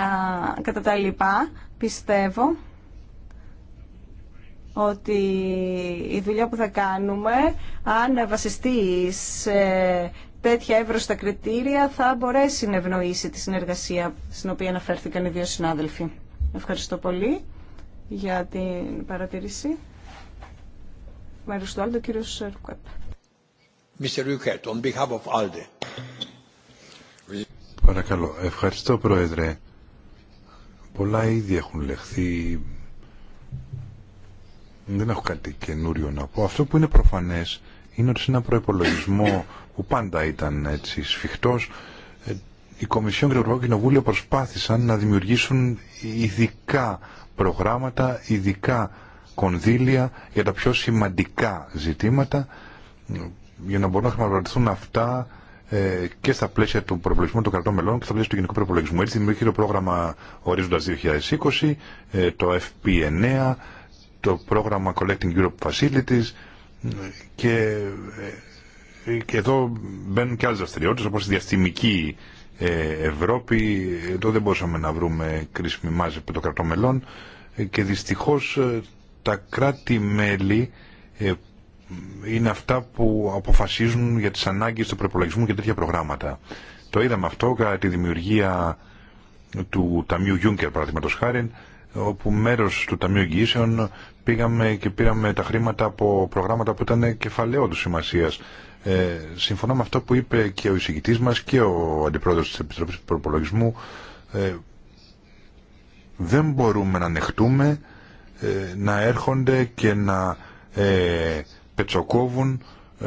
κατά τα λοιπά, πιστεύω ότι η δουλειά που θα κάνουμε, αν βασιστεί σε τέτοια εύρωστα κριτήρια, θα μπορέσει να ευνοήσει τη συνεργασία στην οποία αναφέρθηκαν οι δύο συνάδελφοι. Ευχαριστώ πολύ για την παρατηρήση. Μέρος του Άλντε, κύριος Ρουκέπ. Παρακαλώ. Ευχαριστώ, Πρόεδρε. Πολλά ήδη έχουν λεχθεί. Δεν έχω κάτι καινούριο να πω. Αυτό που είναι προφανές είναι ότι σε ένα προπολογισμό που πάντα ήταν έτσι σφιχτός, η Κομισιόν και το Ευρωπαϊκό Κοινοβούλιο προσπάθησαν να δημιουργήσουν ειδικά προγράμματα, ειδικά κονδύλια για τα πιο σημαντικά ζητήματα για να μπορούν να χρηματοδοτηθούν αυτά ε, και στα πλαίσια του προπολογισμού των κρατών μελών και στα πλαίσια του γενικού προπολογισμού. Έτσι δημιουργήθηκε το πρόγραμμα Ορίζοντα 2020, ε, το FP9, το πρόγραμμα Collecting Europe Facilities ε, και, ε, ε, και εδώ μπαίνουν και άλλε δραστηριότητε όπω η διαστημική ε, Ευρώπη. Εδώ δεν μπορούσαμε να βρούμε κρίσιμη μάζα από το κρατομελών ε, και δυστυχώς ε, τα κράτη-μέλη είναι αυτά που αποφασίζουν για τις ανάγκες του προπολογισμού και τέτοια προγράμματα. Το είδαμε αυτό κατά τη δημιουργία του Ταμείου Juncker, παραδείγματος χάρη, όπου μέρος του Ταμείου Εγγυήσεων πήγαμε και πήραμε τα χρήματα από προγράμματα που ήταν κεφαλαίων του σημασίας ε, συμφωνώ με αυτό που είπε και ο εισηγητή μας και ο αντιπρόεδρος της Επιτροπής Προπολογισμού. Ε, δεν μπορούμε να ανεχτούμε ε, να έρχονται και να ε, πετσοκόβουν ε,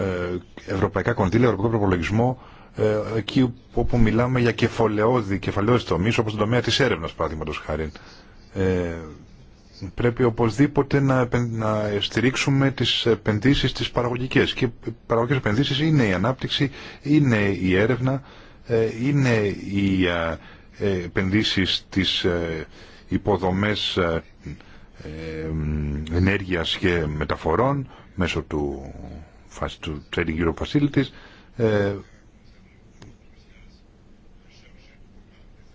ευρωπαϊκά κονδύλια, ευρωπαϊκό προπολογισμό ε, εκεί όπου μιλάμε για κεφαλαιώδη, τομεί τομείς όπως τον τομέα της έρευνας παραδείγματος χάρη πρέπει οπωσδήποτε να, να στηρίξουμε τις επενδύσεις τις παραγωγικές. Και οι παραγωγικές επενδύσεις είναι η ανάπτυξη, είναι η έρευνα, ε, είναι οι ε, ε, επενδύσεις της υποδομές ενέργειας και μεταφορών μέσω του, του Trading Euro Facilities.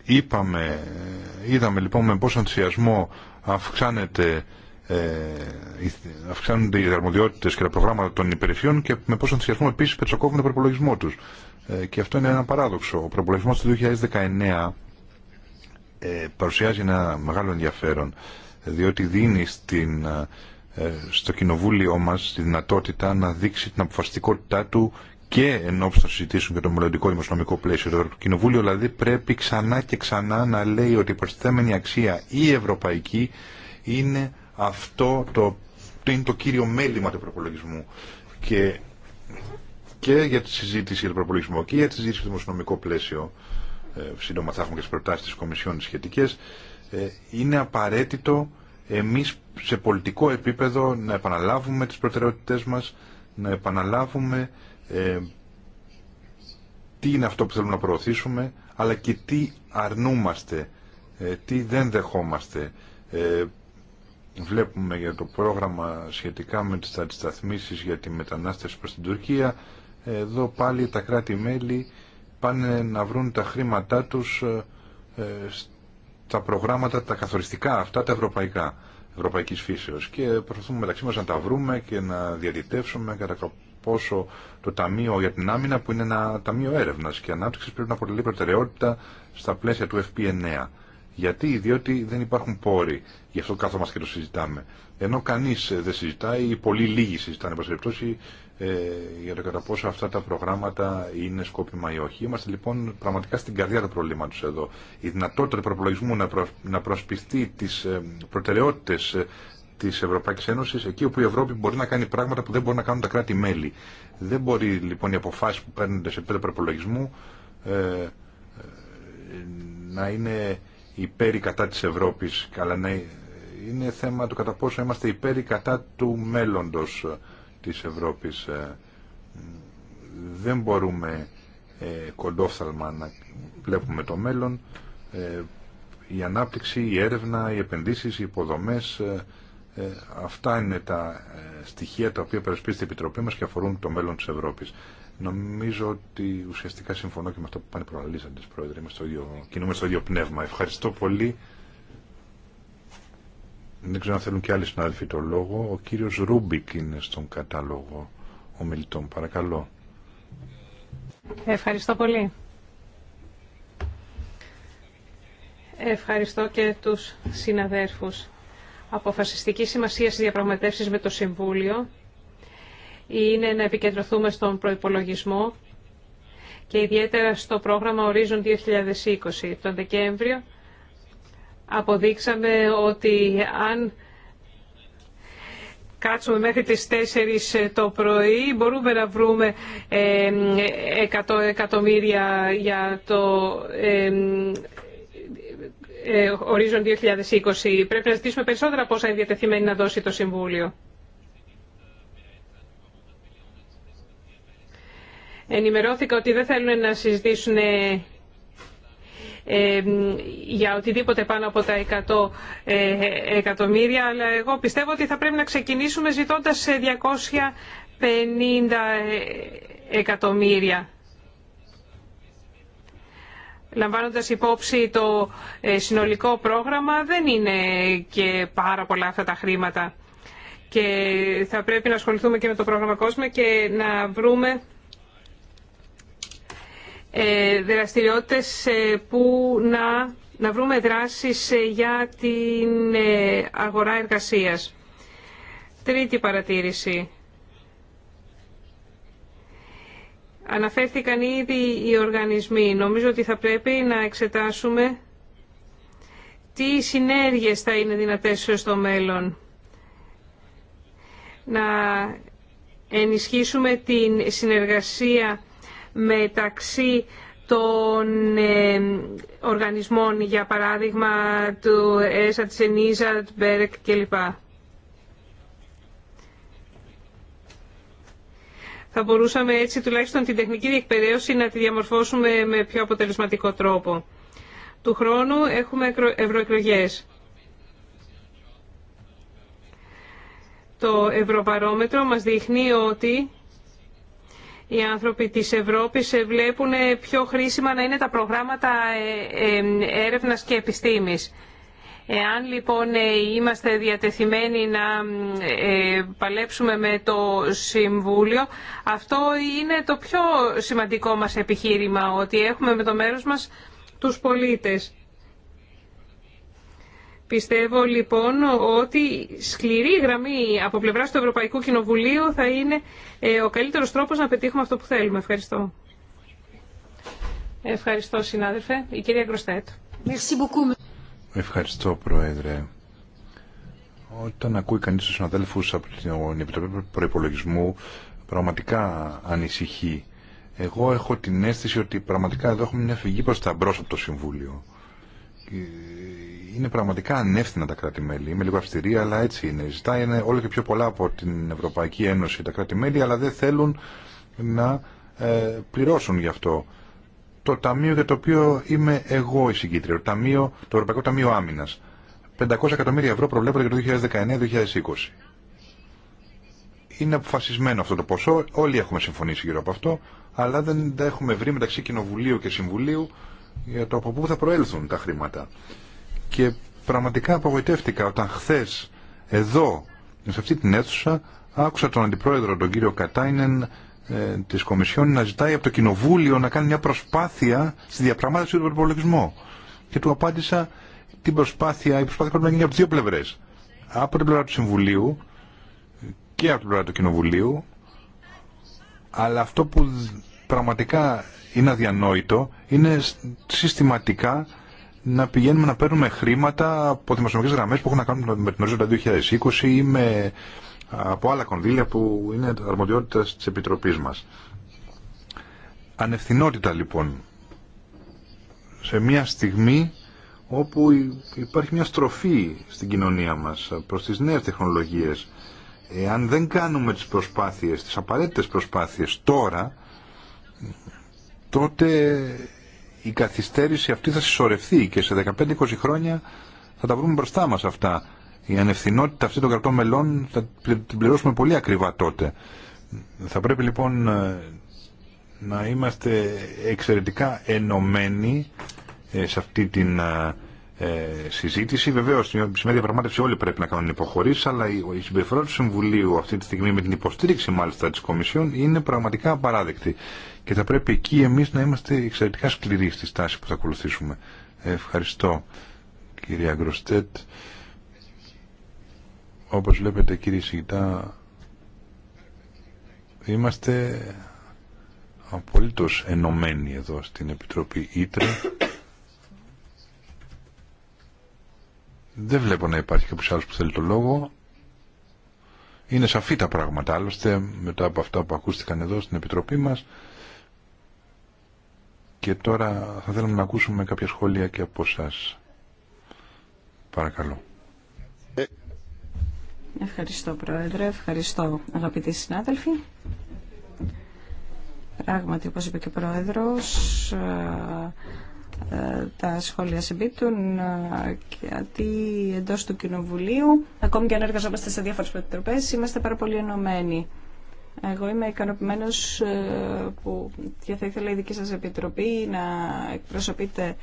Είπαμε, είδαμε λοιπόν με πόσο ενθουσιασμό αυξάνεται ε, αυξάνονται οι αρμοδιότητε και τα προγράμματα των υπηρεσιών και με πόσο ενθουσιασμό επίση πετσοκόβουν τον προπολογισμό του. Ε, και αυτό είναι ένα παράδοξο. Ο προπολογισμό του 2019 ε, παρουσιάζει ένα μεγάλο ενδιαφέρον, διότι δίνει στην, ε, στο κοινοβούλιο μα τη δυνατότητα να δείξει την αποφασιστικότητά του και εν ώψη θα συζητήσεων για το μελλοντικό δημοσιονομικό πλαίσιο. Το Κοινοβούλιο δηλαδή πρέπει ξανά και ξανά να λέει ότι η προσθέμενη αξία η ευρωπαϊκή είναι αυτό το, είναι το κύριο μέλημα του προπολογισμού. Και, και για τη συζήτηση για τον προπολογισμό και για τη συζήτηση για το δημοσιονομικό πλαίσιο, ε, σύντομα θα έχουμε και τι προτάσει τη Κομισιόν σχετικέ, ε, είναι απαραίτητο εμείς σε πολιτικό επίπεδο να επαναλάβουμε τις προτεραιότητε μα, να επαναλάβουμε ε, τι είναι αυτό που θέλουμε να προωθήσουμε, αλλά και τι αρνούμαστε, ε, τι δεν δεχόμαστε. Ε, βλέπουμε για το πρόγραμμα σχετικά με τις αντισταθμίσεις για τη μετανάστευση προς την Τουρκία. Εδώ πάλι τα κράτη-μέλη πάνε να βρουν τα χρήματά τους στα προγράμματα τα καθοριστικά, αυτά τα ευρωπαϊκά, ευρωπαϊκής φύσεως. Και προσπαθούμε μεταξύ μας να τα βρούμε και να διατητεύσουμε κατά πόσο το Ταμείο για την Άμυνα, που είναι ένα Ταμείο Έρευνα και Ανάπτυξη, πρέπει να αποτελεί προτεραιότητα στα πλαίσια του FP9. Γιατί, διότι δεν υπάρχουν πόροι. Γι' αυτό κάθομαστε και το συζητάμε. Ενώ κανεί ε, δεν συζητάει, ή πολύ λίγοι συζητάνε, εν περιπτώσει, ε, για το κατά πόσο αυτά τα προγράμματα είναι σκόπιμα ή όχι. Είμαστε λοιπόν πραγματικά στην καρδιά του προβλήματο εδώ. Η δυνατότητα του προπολογισμού να, προ, να προσπιστεί τι ε, προτεραιότητε ε, Τη Ευρωπαϊκή Ένωση εκεί όπου η Ευρώπη μπορεί να κάνει πράγματα που δεν μπορεί να κάνουν τα κράτη-μέλη. Δεν μπορεί λοιπόν οι αποφάση που παίρνονται σε επίπεδο προπολογισμού ε, ε να είναι υπέρ ή κατά τη Ευρώπη, αλλά να είναι θέμα του κατά πόσο είμαστε υπέρ ή κατά του μέλλοντος της Ευρώπης. Ε, δεν μπορούμε ε, κοντόφθαλμα να βλέπουμε το μέλλον. Ε, η ανάπτυξη, η έρευνα, οι επενδύσεις, οι υποδομές, ε, ε, αυτά είναι τα ε, στοιχεία τα οποία περισπίζεται η Επιτροπή μας και αφορούν το μέλλον της Ευρώπης. Νομίζω ότι ουσιαστικά συμφωνώ και με αυτό που πάνε προαλήσαντες, Πρόεδρε. Είμαστε στο ίδιο, κινούμε στο ίδιο πνεύμα. Ευχαριστώ πολύ. Δεν ξέρω αν θέλουν και άλλοι συνάδελφοι το λόγο. Ο κύριος Ρούμπικ είναι στον κατάλογο ομιλητών. Παρακαλώ. Ευχαριστώ πολύ. Ευχαριστώ και τους συναδέρφους αποφασιστική σημασία στις διαπραγματεύσεις με το Συμβούλιο είναι να επικεντρωθούμε στον προϋπολογισμό και ιδιαίτερα στο πρόγραμμα Horizon 2020. Τον Δεκέμβριο αποδείξαμε ότι αν κάτσουμε μέχρι τις 4 το πρωί μπορούμε να βρούμε 100 ε, εκατομμύρια για το ε, ε, ορίζον 2020. Πρέπει να ζητήσουμε περισσότερα πόσα όσα είναι διατεθειμένοι να δώσει το Συμβούλιο. Ενημερώθηκα ότι δεν θέλουν να συζητήσουν ε, ε, για οτιδήποτε πάνω από τα 100 εκατομμύρια, αλλά εγώ πιστεύω ότι θα πρέπει να ξεκινήσουμε ζητώντας 250 εκατομμύρια λαμβάνοντας υπόψη το ε, συνολικό πρόγραμμα, δεν είναι και πάρα πολλά αυτά τα χρήματα. Και θα πρέπει να ασχοληθούμε και με το πρόγραμμα COSME και να βρούμε ε, δραστηριότητες ε, που να, να βρούμε δράσεις για την αγορά εργασίας. Τρίτη παρατήρηση. Αναφέρθηκαν ήδη οι οργανισμοί. Νομίζω ότι θα πρέπει να εξετάσουμε τι συνέργειες θα είναι δυνατές στο μέλλον. Να ενισχύσουμε την συνεργασία μεταξύ των ε, οργανισμών, για παράδειγμα του ΕΣΑ, της ΕΝΙΖΑ, του ΜΠΕΡΕΚ κλπ. Θα μπορούσαμε έτσι τουλάχιστον την τεχνική διεκπαιρέωση να τη διαμορφώσουμε με πιο αποτελεσματικό τρόπο. Του χρόνου έχουμε ευρωεκλογέ. Το Ευρωπαρόμετρο μας δείχνει ότι οι άνθρωποι της Ευρώπης ε, βλέπουν ε, πιο χρήσιμα να είναι τα προγράμματα ε, έρευνας και επιστήμης. Εάν λοιπόν ε, είμαστε διατεθειμένοι να ε, παλέψουμε με το Συμβούλιο, αυτό είναι το πιο σημαντικό μας επιχείρημα, ότι έχουμε με το μέρος μας τους πολίτες. Πιστεύω λοιπόν ότι σκληρή γραμμή από πλευράς του Ευρωπαϊκού Κοινοβουλίου θα είναι ε, ο καλύτερος τρόπος να πετύχουμε αυτό που θέλουμε. Ευχαριστώ. Ευχαριστώ συνάδελφε. Η κυρία Γκροστέτ. Ευχαριστώ, Πρόεδρε. Όταν ακούει κανείς τους συναδέλφους από την Επιτροπή Προϋπολογισμού, πραγματικά ανησυχεί. Εγώ έχω την αίσθηση ότι πραγματικά εδώ έχουμε μια φυγή προς τα μπρος από το Συμβούλιο. Είναι πραγματικά ανεύθυνα τα κράτη-μέλη. Είμαι λίγο αυστηρή, αλλά έτσι είναι. Ζητάει όλο και πιο πολλά από την Ευρωπαϊκή Ένωση τα κράτη-μέλη, αλλά δεν θέλουν να ε, πληρώσουν γι' αυτό το ταμείο για το οποίο είμαι εγώ η συγκήτρια, το, ταμείο, το Ευρωπαϊκό Ταμείο Άμυνας. 500 εκατομμύρια ευρώ προβλέπονται για το 2019-2020. Είναι αποφασισμένο αυτό το ποσό, όλοι έχουμε συμφωνήσει γύρω από αυτό, αλλά δεν τα έχουμε βρει μεταξύ Κοινοβουλίου και Συμβουλίου για το από πού θα προέλθουν τα χρήματα. Και πραγματικά απογοητεύτηκα όταν χθε εδώ, σε αυτή την αίθουσα, άκουσα τον Αντιπρόεδρο, τον κύριο Κατάινεν, ε, της Κομισιόν να ζητάει από το Κοινοβούλιο να κάνει μια προσπάθεια στη διαπραγμάτευση του προπολογισμού. Και του απάντησα την προσπάθεια, η προσπάθεια πρέπει να γίνει από δύο πλευρές. Από την πλευρά του Συμβουλίου και από την πλευρά του Κοινοβουλίου, αλλά αυτό που πραγματικά είναι αδιανόητο είναι συστηματικά να πηγαίνουμε να παίρνουμε χρήματα από δημοσιονομικές γραμμές που έχουν να κάνουν με την οριζόντα 2020 ή με από άλλα κονδύλια που είναι αρμοδιότητα της Επιτροπής μας. Ανευθυνότητα λοιπόν σε μια στιγμή όπου υπάρχει μια στροφή στην κοινωνία μας προς τις νέες τεχνολογίες. Εάν δεν κάνουμε τις προσπάθειες, τις απαραίτητες προσπάθειες τώρα, τότε η καθυστέρηση αυτή θα συσσωρευτεί και σε 15-20 χρόνια θα τα βρούμε μπροστά μας αυτά η ανευθυνότητα αυτή των κρατών μελών θα την πληρώσουμε πολύ ακριβά τότε. Θα πρέπει λοιπόν ε, να είμαστε εξαιρετικά ενωμένοι ε, σε αυτή την ε, συζήτηση. Βεβαίω, στην σημαία διαπραγμάτευση όλοι πρέπει να κάνουν υποχωρήσει, αλλά η συμπεριφορά του Συμβουλίου αυτή τη στιγμή με την υποστήριξη μάλιστα τη Κομισιόν είναι πραγματικά απαράδεκτη. Και θα πρέπει εκεί εμεί να είμαστε εξαιρετικά σκληροί στη στάση που θα ακολουθήσουμε. Ευχαριστώ, κυρία Γκροστέτ. Όπως βλέπετε κύριε Σιγητά, είμαστε απολύτως ενωμένοι εδώ στην Επιτροπή Ήτρε. Δεν βλέπω να υπάρχει κάποιος άλλος που θέλει το λόγο. Είναι σαφή τα πράγματα, άλλωστε, μετά από αυτά που ακούστηκαν εδώ στην Επιτροπή μας. Και τώρα θα θέλαμε να ακούσουμε κάποια σχόλια και από σας. Παρακαλώ. Ευχαριστώ Πρόεδρε, ευχαριστώ αγαπητοί συνάδελφοι. Πράγματι, όπως είπε και ο Πρόεδρος, ε, ε, τα σχόλια και ε, γιατί εντός του Κοινοβουλίου, ακόμη και αν εργαζόμαστε σε διάφορες επιτροπές, είμαστε πάρα πολύ ενωμένοι. Εγώ είμαι ικανοποιημένο που θα ήθελα η δική σας επιτροπή να εκπροσωπείτε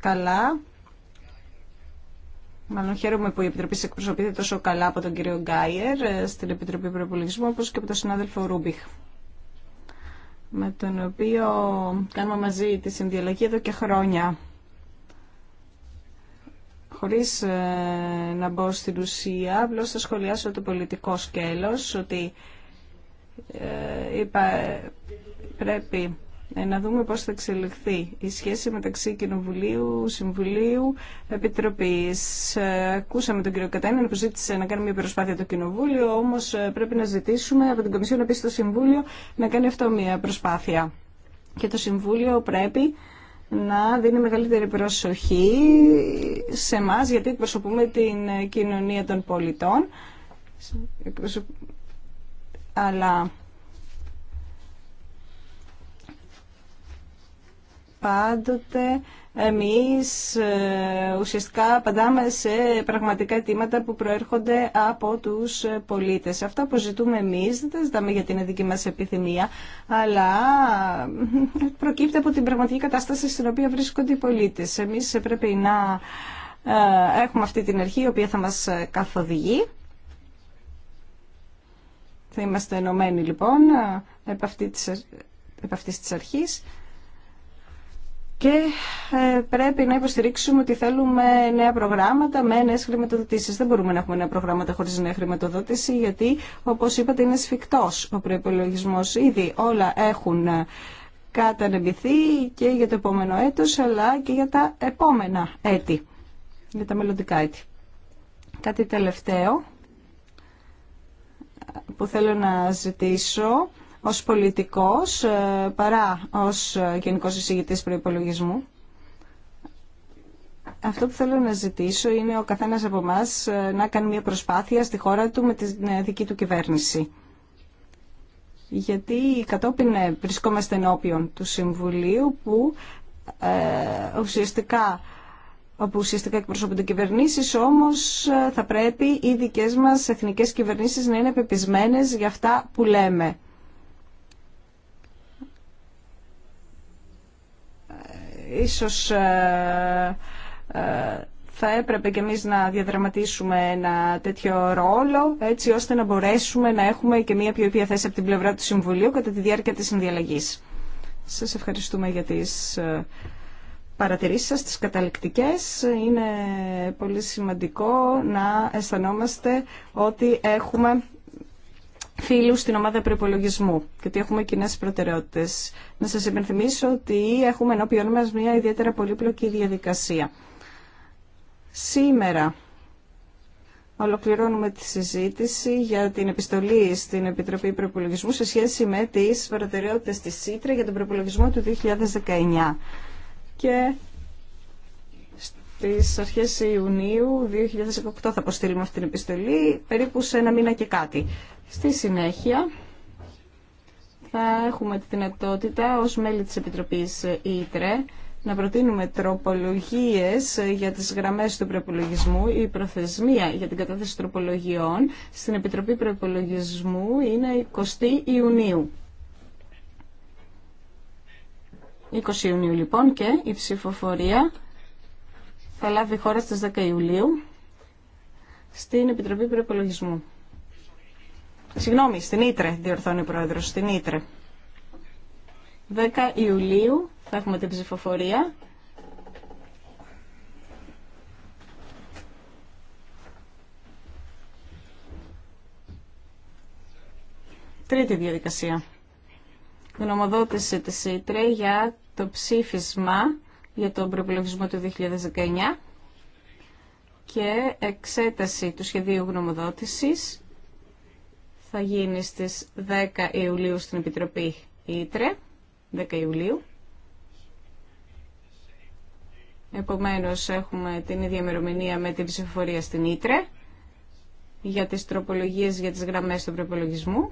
καλά Μάλλον χαίρομαι που η Επιτροπή σε εκπροσωπείται τόσο καλά από τον κύριο Γκάιερ ε, στην Επιτροπή Προπολογισμού όπως και από τον συνάδελφο Ρούμπιχ με τον οποίο κάνουμε μαζί τη συνδιαλλαγή εδώ και χρόνια χωρίς ε, να μπω στην ουσία απλώ θα σχολιάσω το πολιτικό σκέλος ότι ε, είπα, πρέπει ε, να δούμε πώς θα εξελιχθεί η σχέση μεταξύ Κοινοβουλίου, Συμβουλίου, Επιτροπής. Ε, ακούσαμε τον κύριο Κατάνιν που ζήτησε να κάνει μια προσπάθεια το Κοινοβούλιο, όμως ε, πρέπει να ζητήσουμε από την Κομισιό να πει στο Συμβούλιο να κάνει αυτό μια προσπάθεια. Και το Συμβούλιο πρέπει να δίνει μεγαλύτερη προσοχή σε εμά γιατί εκπροσωπούμε την κοινωνία των πολιτών. Αλλά πάντοτε εμείς ε, ουσιαστικά απαντάμε σε πραγματικά αιτήματα που προέρχονται από τους πολίτες. Αυτά που ζητούμε εμείς δεν τα ζητάμε για την δική μας επιθυμία, αλλά προκύπτει από την πραγματική κατάσταση στην οποία βρίσκονται οι πολίτες. Εμείς πρέπει να ε, έχουμε αυτή την αρχή η οποία θα μας καθοδηγεί. Θα είμαστε ενωμένοι λοιπόν ε, επ' αυτής της αρχής και ε, πρέπει να υποστηρίξουμε ότι θέλουμε νέα προγράμματα με νέε χρηματοδοτήσει. Δεν μπορούμε να έχουμε νέα προγράμματα χωρί νέα χρηματοδότηση, γιατί όπω είπατε είναι σφιχτό ο προπολογισμό. Ήδη όλα έχουν ε, κατανεμηθεί και για το επόμενο έτος, αλλά και για τα επόμενα έτη, για τα μελλοντικά έτη. Κάτι τελευταίο ε, που θέλω να ζητήσω ως πολιτικός ε, παρά ως ε, γενικός εισηγητής προϋπολογισμού. Αυτό που θέλω να ζητήσω είναι ο καθένας από εμά ε, να κάνει μια προσπάθεια στη χώρα του με τη δική του κυβέρνηση. Γιατί κατόπιν βρισκόμαστε ενώπιον του Συμβουλίου που ε, ουσιαστικά όπου ουσιαστικά εκπροσωπούνται κυβερνήσει, όμω θα πρέπει οι δικέ μα εθνικέ κυβερνήσει να είναι πεπισμένε για αυτά που λέμε. ίσως ε, ε, θα έπρεπε και εμείς να διαδραματίσουμε ένα τέτοιο ρόλο, έτσι ώστε να μπορέσουμε να έχουμε και μια πιο ήπια θέση από την πλευρά του Συμβουλίου κατά τη διάρκεια της συνδιαλλαγής. Σας ευχαριστούμε για τις ε, παρατηρήσεις σας, τις καταληκτικές. Είναι πολύ σημαντικό να αισθανόμαστε ότι έχουμε Φίλου στην ομάδα προπολογισμού και ότι έχουμε κοινέ προτεραιότητε. Να σας υπενθυμίσω ότι έχουμε ενώπιον μα μια ιδιαίτερα πολύπλοκη διαδικασία. Σήμερα Ολοκληρώνουμε τη συζήτηση για την επιστολή στην Επιτροπή Προπολογισμού σε σχέση με τις προτεραιότητε της ΣΥΤΡΑ για τον προπολογισμό του 2019. Και στις αρχές Ιουνίου 2018 θα αποστείλουμε αυτή την επιστολή, περίπου σε ένα μήνα και κάτι. Στη συνέχεια θα έχουμε τη δυνατότητα ως μέλη της Επιτροπής ΙΤΡΕ να προτείνουμε τροπολογίες για τις γραμμές του προπολογισμού. Η προθεσμία για την κατάθεση τροπολογιών στην Επιτροπή Προπολογισμού είναι 20 Ιουνίου. 20 Ιουνίου λοιπόν και η ψηφοφορία θα λάβει χώρα στις 10 Ιουλίου στην Επιτροπή Προπολογισμού. Συγγνώμη, στην Ήτρε, διορθώνει ο Πρόεδρος, στην Ήτρε. 10 Ιουλίου θα έχουμε την ψηφοφορία. Τρίτη διαδικασία. Γνωμοδότηση της Ήτρε για το ψήφισμα για τον προπολογισμό του 2019 και εξέταση του σχεδίου γνωμοδότησης θα γίνει στις 10 Ιουλίου στην Επιτροπή Ήτρε, 10 Ιουλίου. Επομένως έχουμε την ίδια ημερομηνία με την ψηφοφορία στην Ήτρε για τις τροπολογίες για τις γραμμές του προπολογισμού.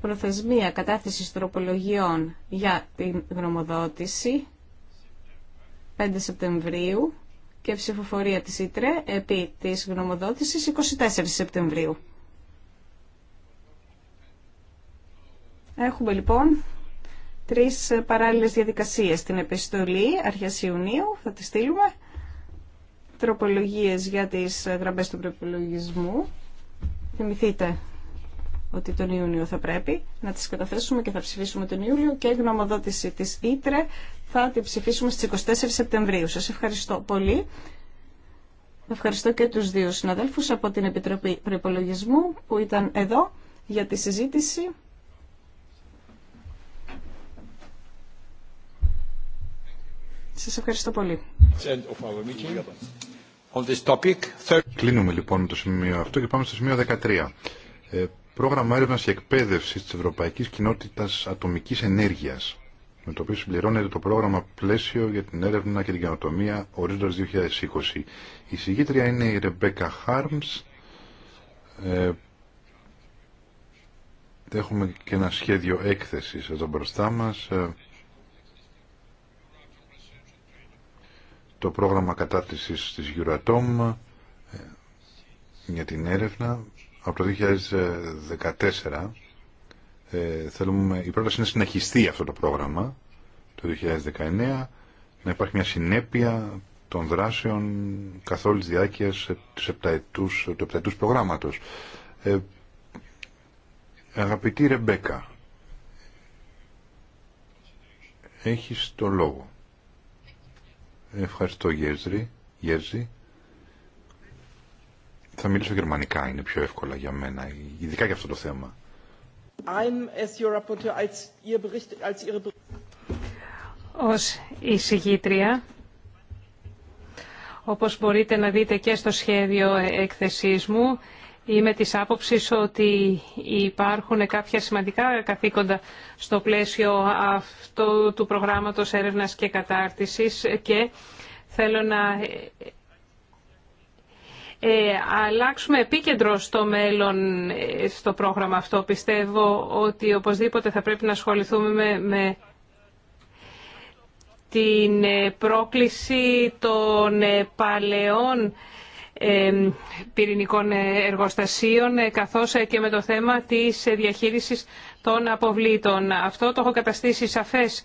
Προθεσμία κατάθεσης τροπολογιών για την γνωμοδότηση 5 Σεπτεμβρίου και ψηφοφορία της Ήτρε επί της γνωμοδότησης 24 Σεπτεμβρίου. Έχουμε λοιπόν τρεις παράλληλες διαδικασίες. Την επιστολή αρχές Ιουνίου θα τη στείλουμε. Τροπολογίες για τις γραμμές του προπολογισμού. Θυμηθείτε ότι τον Ιούνιο θα πρέπει να τις καταθέσουμε και θα ψηφίσουμε τον Ιούλιο και η γνωμοδότηση της Ήτρε θα την ψηφίσουμε στις 24 Σεπτεμβρίου. Σας ευχαριστώ πολύ. Ευχαριστώ και τους δύο συναδέλφους από την Επιτροπή Προπολογισμού που ήταν εδώ για τη συζήτηση. Σας ευχαριστώ πολύ. Κλείνουμε λοιπόν το σημείο αυτό και πάμε στο σημείο 13. Ε, πρόγραμμα έρευνα και εκπαίδευση τη Ευρωπαϊκή Κοινότητα Ατομική Ενέργεια, με το οποίο συμπληρώνεται το πρόγραμμα Πλαίσιο για την Έρευνα και την Καινοτομία Ορίζοντα 2020. Η συγγήτρια είναι η Ρεμπέκα Χάρμ. Ε, έχουμε και ένα σχέδιο έκθεση εδώ μπροστά μα. Ε, το πρόγραμμα κατάρτισης της Euratom ε, για την έρευνα από το 2014 ε, θέλουμε, η πρόταση είναι να συνεχιστεί αυτό το πρόγραμμα το 2019 να υπάρχει μια συνέπεια των δράσεων καθ' όλης διάρκειας του επταετούς προγράμματος. Ε, αγαπητή Ρεμπέκα, έχεις το λόγο. Ευχαριστώ Γέζρι. Θα μιλήσω γερμανικά, είναι πιο εύκολα για μένα, ειδικά για αυτό το θέμα. Ως εισηγήτρια, όπως μπορείτε να δείτε και στο σχέδιο έκθεσής μου, Είμαι της άποψης ότι υπάρχουν κάποια σημαντικά καθήκοντα στο πλαίσιο αυτού του προγράμματος έρευνας και κατάρτισης και θέλω να ε, αλλάξουμε επίκεντρο στο μέλλον ε, στο πρόγραμμα αυτό. Πιστεύω ότι οπωσδήποτε θα πρέπει να ασχοληθούμε με, με την ε, πρόκληση των ε, παλαιών πυρηνικών εργοστασίων ε, καθώς ε, και με το θέμα της ε, διαχείρισης των αποβλήτων. Αυτό το έχω καταστήσει σαφές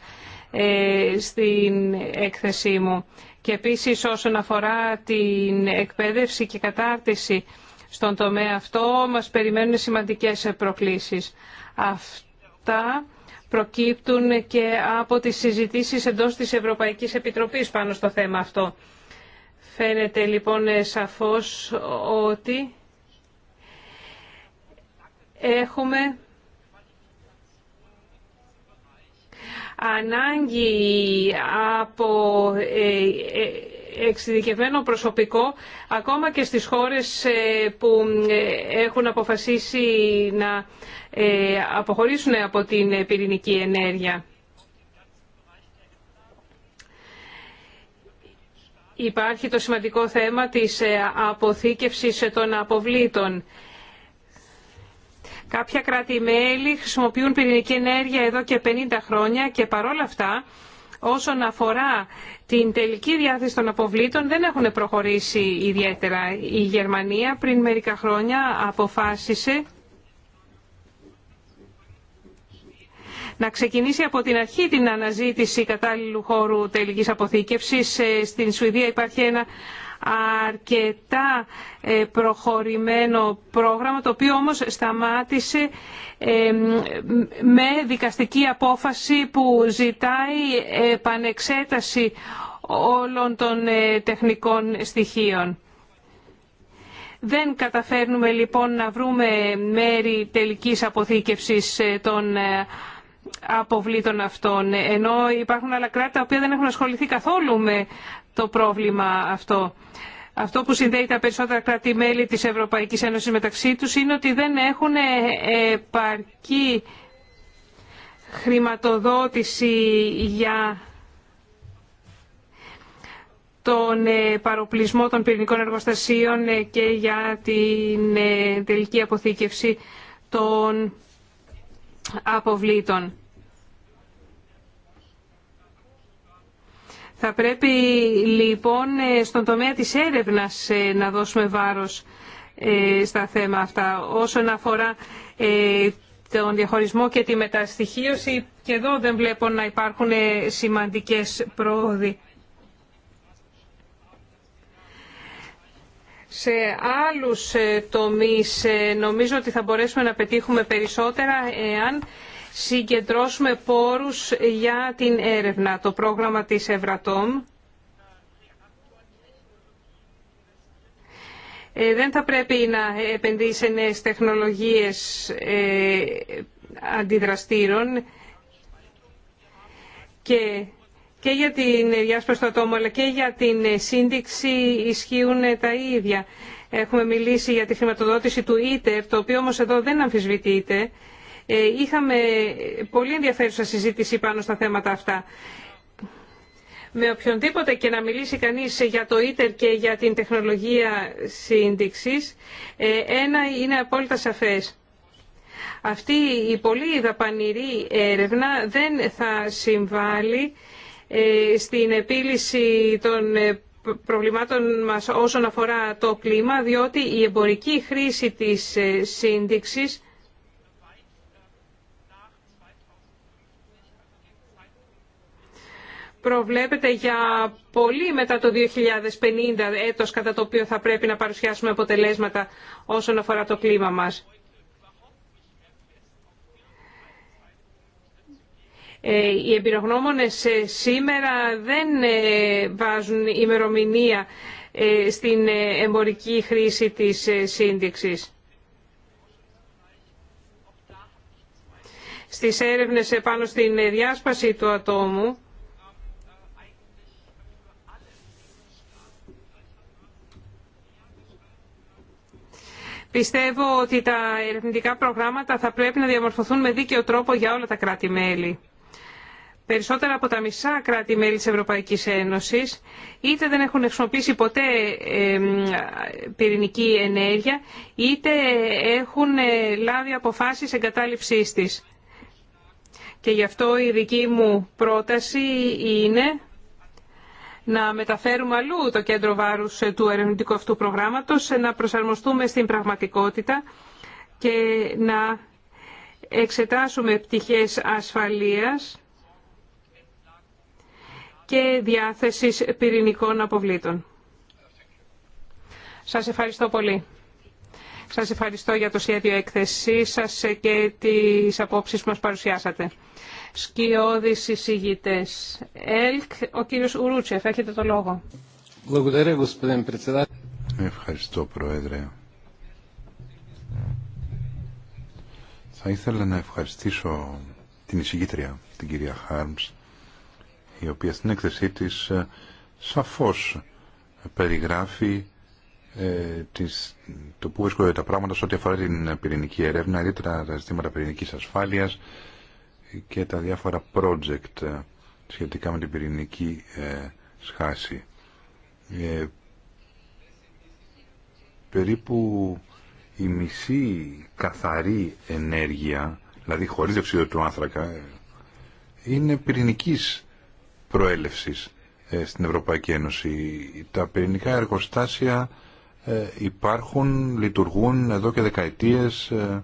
στην έκθεσή μου. Και επίσης όσον αφορά την εκπαίδευση και κατάρτιση στον τομέα αυτό μας περιμένουν σημαντικές προκλήσεις. Αυτά προκύπτουν και από τις συζητήσεις εντός της Ευρωπαϊκής Επιτροπής πάνω στο θέμα αυτό. Φαίνεται λοιπόν σαφώς ότι έχουμε ανάγκη από ε, ε, εξειδικευμένο προσωπικό ακόμα και στις χώρες ε, που έχουν αποφασίσει να αποχωρήσουν από την πυρηνική ενέργεια. Υπάρχει το σημαντικό θέμα της ε, αποθήκευσης των αποβλήτων. Κάποια κράτη-μέλη χρησιμοποιούν πυρηνική ενέργεια εδώ και 50 χρόνια και παρόλα αυτά όσον αφορά την τελική διάθεση των αποβλήτων δεν έχουν προχωρήσει ιδιαίτερα. Η Γερμανία πριν μερικά χρόνια αποφάσισε να ξεκινήσει από την αρχή την αναζήτηση κατάλληλου χώρου τελικής αποθήκευσης. Ε, στην Σουηδία υπάρχει ένα αρκετά ε, προχωρημένο πρόγραμμα, το οποίο όμως σταμάτησε ε, με δικαστική απόφαση που ζητάει επανεξέταση όλων των τεχνικών στοιχείων. Δεν καταφέρνουμε λοιπόν να βρούμε μέρη τελικής αποθήκευσης των αποβλήτων αυτών, ενώ υπάρχουν άλλα κράτη τα οποία δεν έχουν ασχοληθεί καθόλου με το πρόβλημα αυτό. Αυτό που συνδέει τα περισσότερα κράτη-μέλη της Ευρωπαϊκής Ένωσης μεταξύ τους είναι ότι δεν έχουν επαρκή χρηματοδότηση για τον ε, παροπλισμό των πυρηνικών εργοστασίων ε, και για την ε, τελική αποθήκευση των αποβλήτων. Θα πρέπει λοιπόν ε, στον τομέα της έρευνας ε, να δώσουμε βάρος ε, στα θέματα αυτά. Όσον αφορά τον διαχωρισμό και τη μεταστοιχίωση, και εδώ δεν βλέπω να υπάρχουν σημαντικές πρόοδοι. σε άλλους ε, τομείς ε, νομίζω ότι θα μπορέσουμε να πετύχουμε περισσότερα εάν συγκεντρώσουμε πόρους για την έρευνα. Το πρόγραμμα της Ευρατόμ ε, δεν θα πρέπει να επενδύσει σε νέες τεχνολογίες αντιδραστήρων και και για την διάσπαση του ατόμου αλλά και για την σύνδεξη ισχύουν τα ίδια. Έχουμε μιλήσει για τη χρηματοδότηση του ΙΤΕΡ, το οποίο όμως εδώ δεν αμφισβητείται. Ε, είχαμε πολύ ενδιαφέρουσα συζήτηση πάνω στα θέματα αυτά. Με οποιονδήποτε και να μιλήσει κανείς για το ΙΤΕΡ και για την τεχνολογία σύνδεξης, ε, ένα είναι απόλυτα σαφές. Αυτή η πολύ δαπανηρή έρευνα δεν θα συμβάλλει ε, στην επίλυση των ε, προβλημάτων μας όσον αφορά το κλίμα, διότι η εμπορική χρήση της ε, σύνδεξης προβλέπεται για πολύ μετά το 2050 έτος κατά το οποίο θα πρέπει να παρουσιάσουμε αποτελέσματα όσον αφορά το κλίμα μας. Ε, οι εμπειρογνώμονες ε, σήμερα δεν ε, βάζουν ημερομηνία στην εμπορική χρήση της σύνδεξης. Στις έρευνες πάνω στην διάσπαση του ατόμου, Πιστεύω ότι τα ερευνητικά προγράμματα θα πρέπει να διαμορφωθούν με δίκαιο τρόπο για όλα τα κράτη-μέλη. Περισσότερα από τα μισά κράτη-μέλη της Ευρωπαϊκής Ένωσης είτε δεν έχουν χρησιμοποιήσει ποτέ πυρηνική ενέργεια είτε έχουν ε, λάβει αποφάσεις εγκατάλειψής της. Και γι' αυτό η δική μου πρόταση είναι να μεταφέρουμε αλλού το κέντρο βάρους του ερευνητικού αυτού προγράμματος, να προσαρμοστούμε στην πραγματικότητα και να εξετάσουμε πτυχές ασφαλείας και διάθεσης πυρηνικών αποβλήτων. Σας ευχαριστώ πολύ. Σας ευχαριστώ για το σχέδιο έκθεσή σας και τις απόψεις που μας παρουσιάσατε. Σκιώδης εισηγητές. ΕΛΚ, ο κύριος Ουρούτσεφ, έχετε το λόγο. Ευχαριστώ, Πρόεδρε. Θα ήθελα να ευχαριστήσω την εισηγήτρια, την κυρία Χάρμς, η οποία στην έκθεσή της ε, σαφώς περιγράφει ε, τις, το που βρίσκονται τα πράγματα σε ό,τι αφορά την πυρηνική ερεύνα, ιδιαίτερα τα ζητήματα πυρηνικής ασφάλειας και τα διάφορα project ε, σχετικά με την πυρηνική σχάση. περίπου η μισή καθαρή ενέργεια, δηλαδή χωρίς διοξείδιο του άνθρακα, είναι πυρηνικής προέλευσης ε, στην Ευρωπαϊκή Ένωση. Τα πυρηνικά εργοστάσια ε, υπάρχουν, λειτουργούν εδώ και δεκαετίες ε,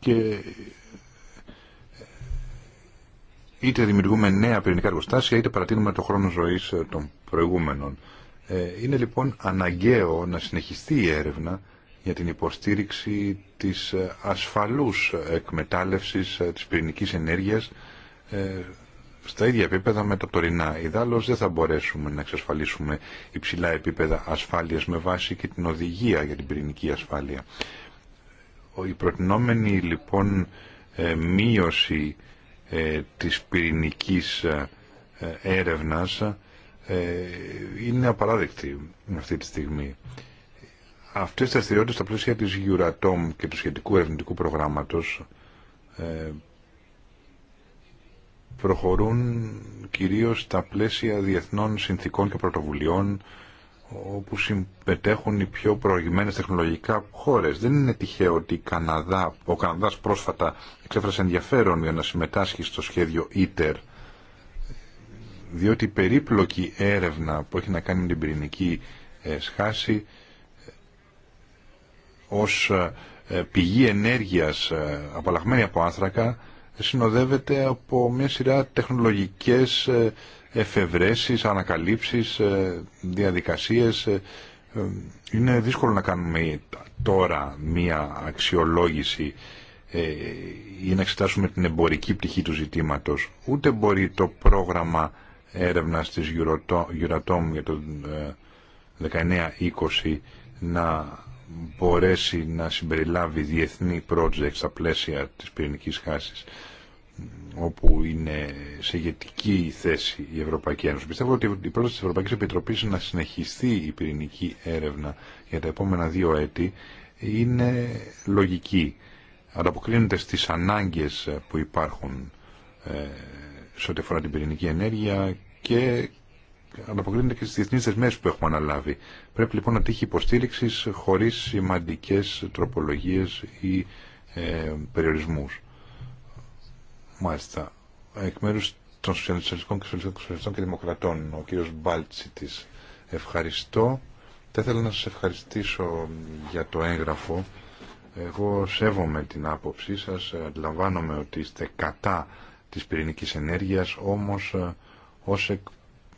και είτε δημιουργούμε νέα πυρηνικά εργοστάσια είτε παρατείνουμε το χρόνο ζωής των προηγούμενων. Είναι λοιπόν αναγκαίο να συνεχιστεί η έρευνα για την υποστήριξη της ασφαλούς εκμετάλλευσης της πυρηνικής ενέργειας στα ίδια επίπεδα με τα τωρινά. Ιδάλω δεν θα μπορέσουμε να εξασφαλίσουμε υψηλά επίπεδα ασφάλεια με βάση και την οδηγία για την πυρηνική ασφάλεια. Η προτινόμενη λοιπόν ε, μείωση ε, της πυρηνικής ε, έρευνας είναι απαράδεκτη αυτή τη στιγμή. Αυτές τα δραστηριότητες στα πλαίσια της Euratom και του σχετικού ερευνητικού προγράμματος προχωρούν κυρίως στα πλαίσια διεθνών συνθήκων και πρωτοβουλειών όπου συμπετέχουν οι πιο προηγμένες τεχνολογικά χώρες. Δεν είναι τυχαίο ότι Καναδά, ο Καναδάς πρόσφατα εξέφρασε ενδιαφέρον για να συμμετάσχει στο σχέδιο ITER διότι η περίπλοκη έρευνα που έχει να κάνει με την πυρηνική ε, σχάση ως ε, πηγή ενέργειας ε, απαλλαγμένη από άνθρακα συνοδεύεται από μια σειρά τεχνολογικές ε, εφευρέσεις, ανακαλύψεις, ε, διαδικασίες. Ε, είναι δύσκολο να κάνουμε τώρα μια αξιολόγηση ή να εξετάσουμε την εμπορική πτυχή του ζητήματος. Ούτε μπορεί το πρόγραμμα έρευνας της Euratom για το 19-20 να μπορέσει να συμπεριλάβει διεθνή project στα πλαίσια της πυρηνικής χάσης όπου είναι σε ηγετική θέση η Ευρωπαϊκή Ένωση. Πιστεύω ότι η πρόταση της Ευρωπαϊκής Επιτροπής να συνεχιστεί η πυρηνική έρευνα για τα επόμενα δύο έτη είναι λογική. Ανταποκρίνεται στις ανάγκες που υπάρχουν ε, σε ό,τι αφορά την πυρηνική ενέργεια και ανταποκρίνεται και στις διεθνείς δεσμές που έχουμε αναλάβει. Πρέπει λοιπόν να τύχει υποστήριξη χωρί σημαντικέ τροπολογίε ή ε, Μάλιστα. Εκ μέρου των Σοσιαλιστικών και και Δημοκρατών, ο κύριος τη. Ευχαριστώ. Θα ήθελα να σα ευχαριστήσω για το έγγραφο. Εγώ σέβομαι την άποψή σα αντιλαμβάνομαι ότι είστε κατά τη πυρηνική ενέργεια, όμω ε, ω εκ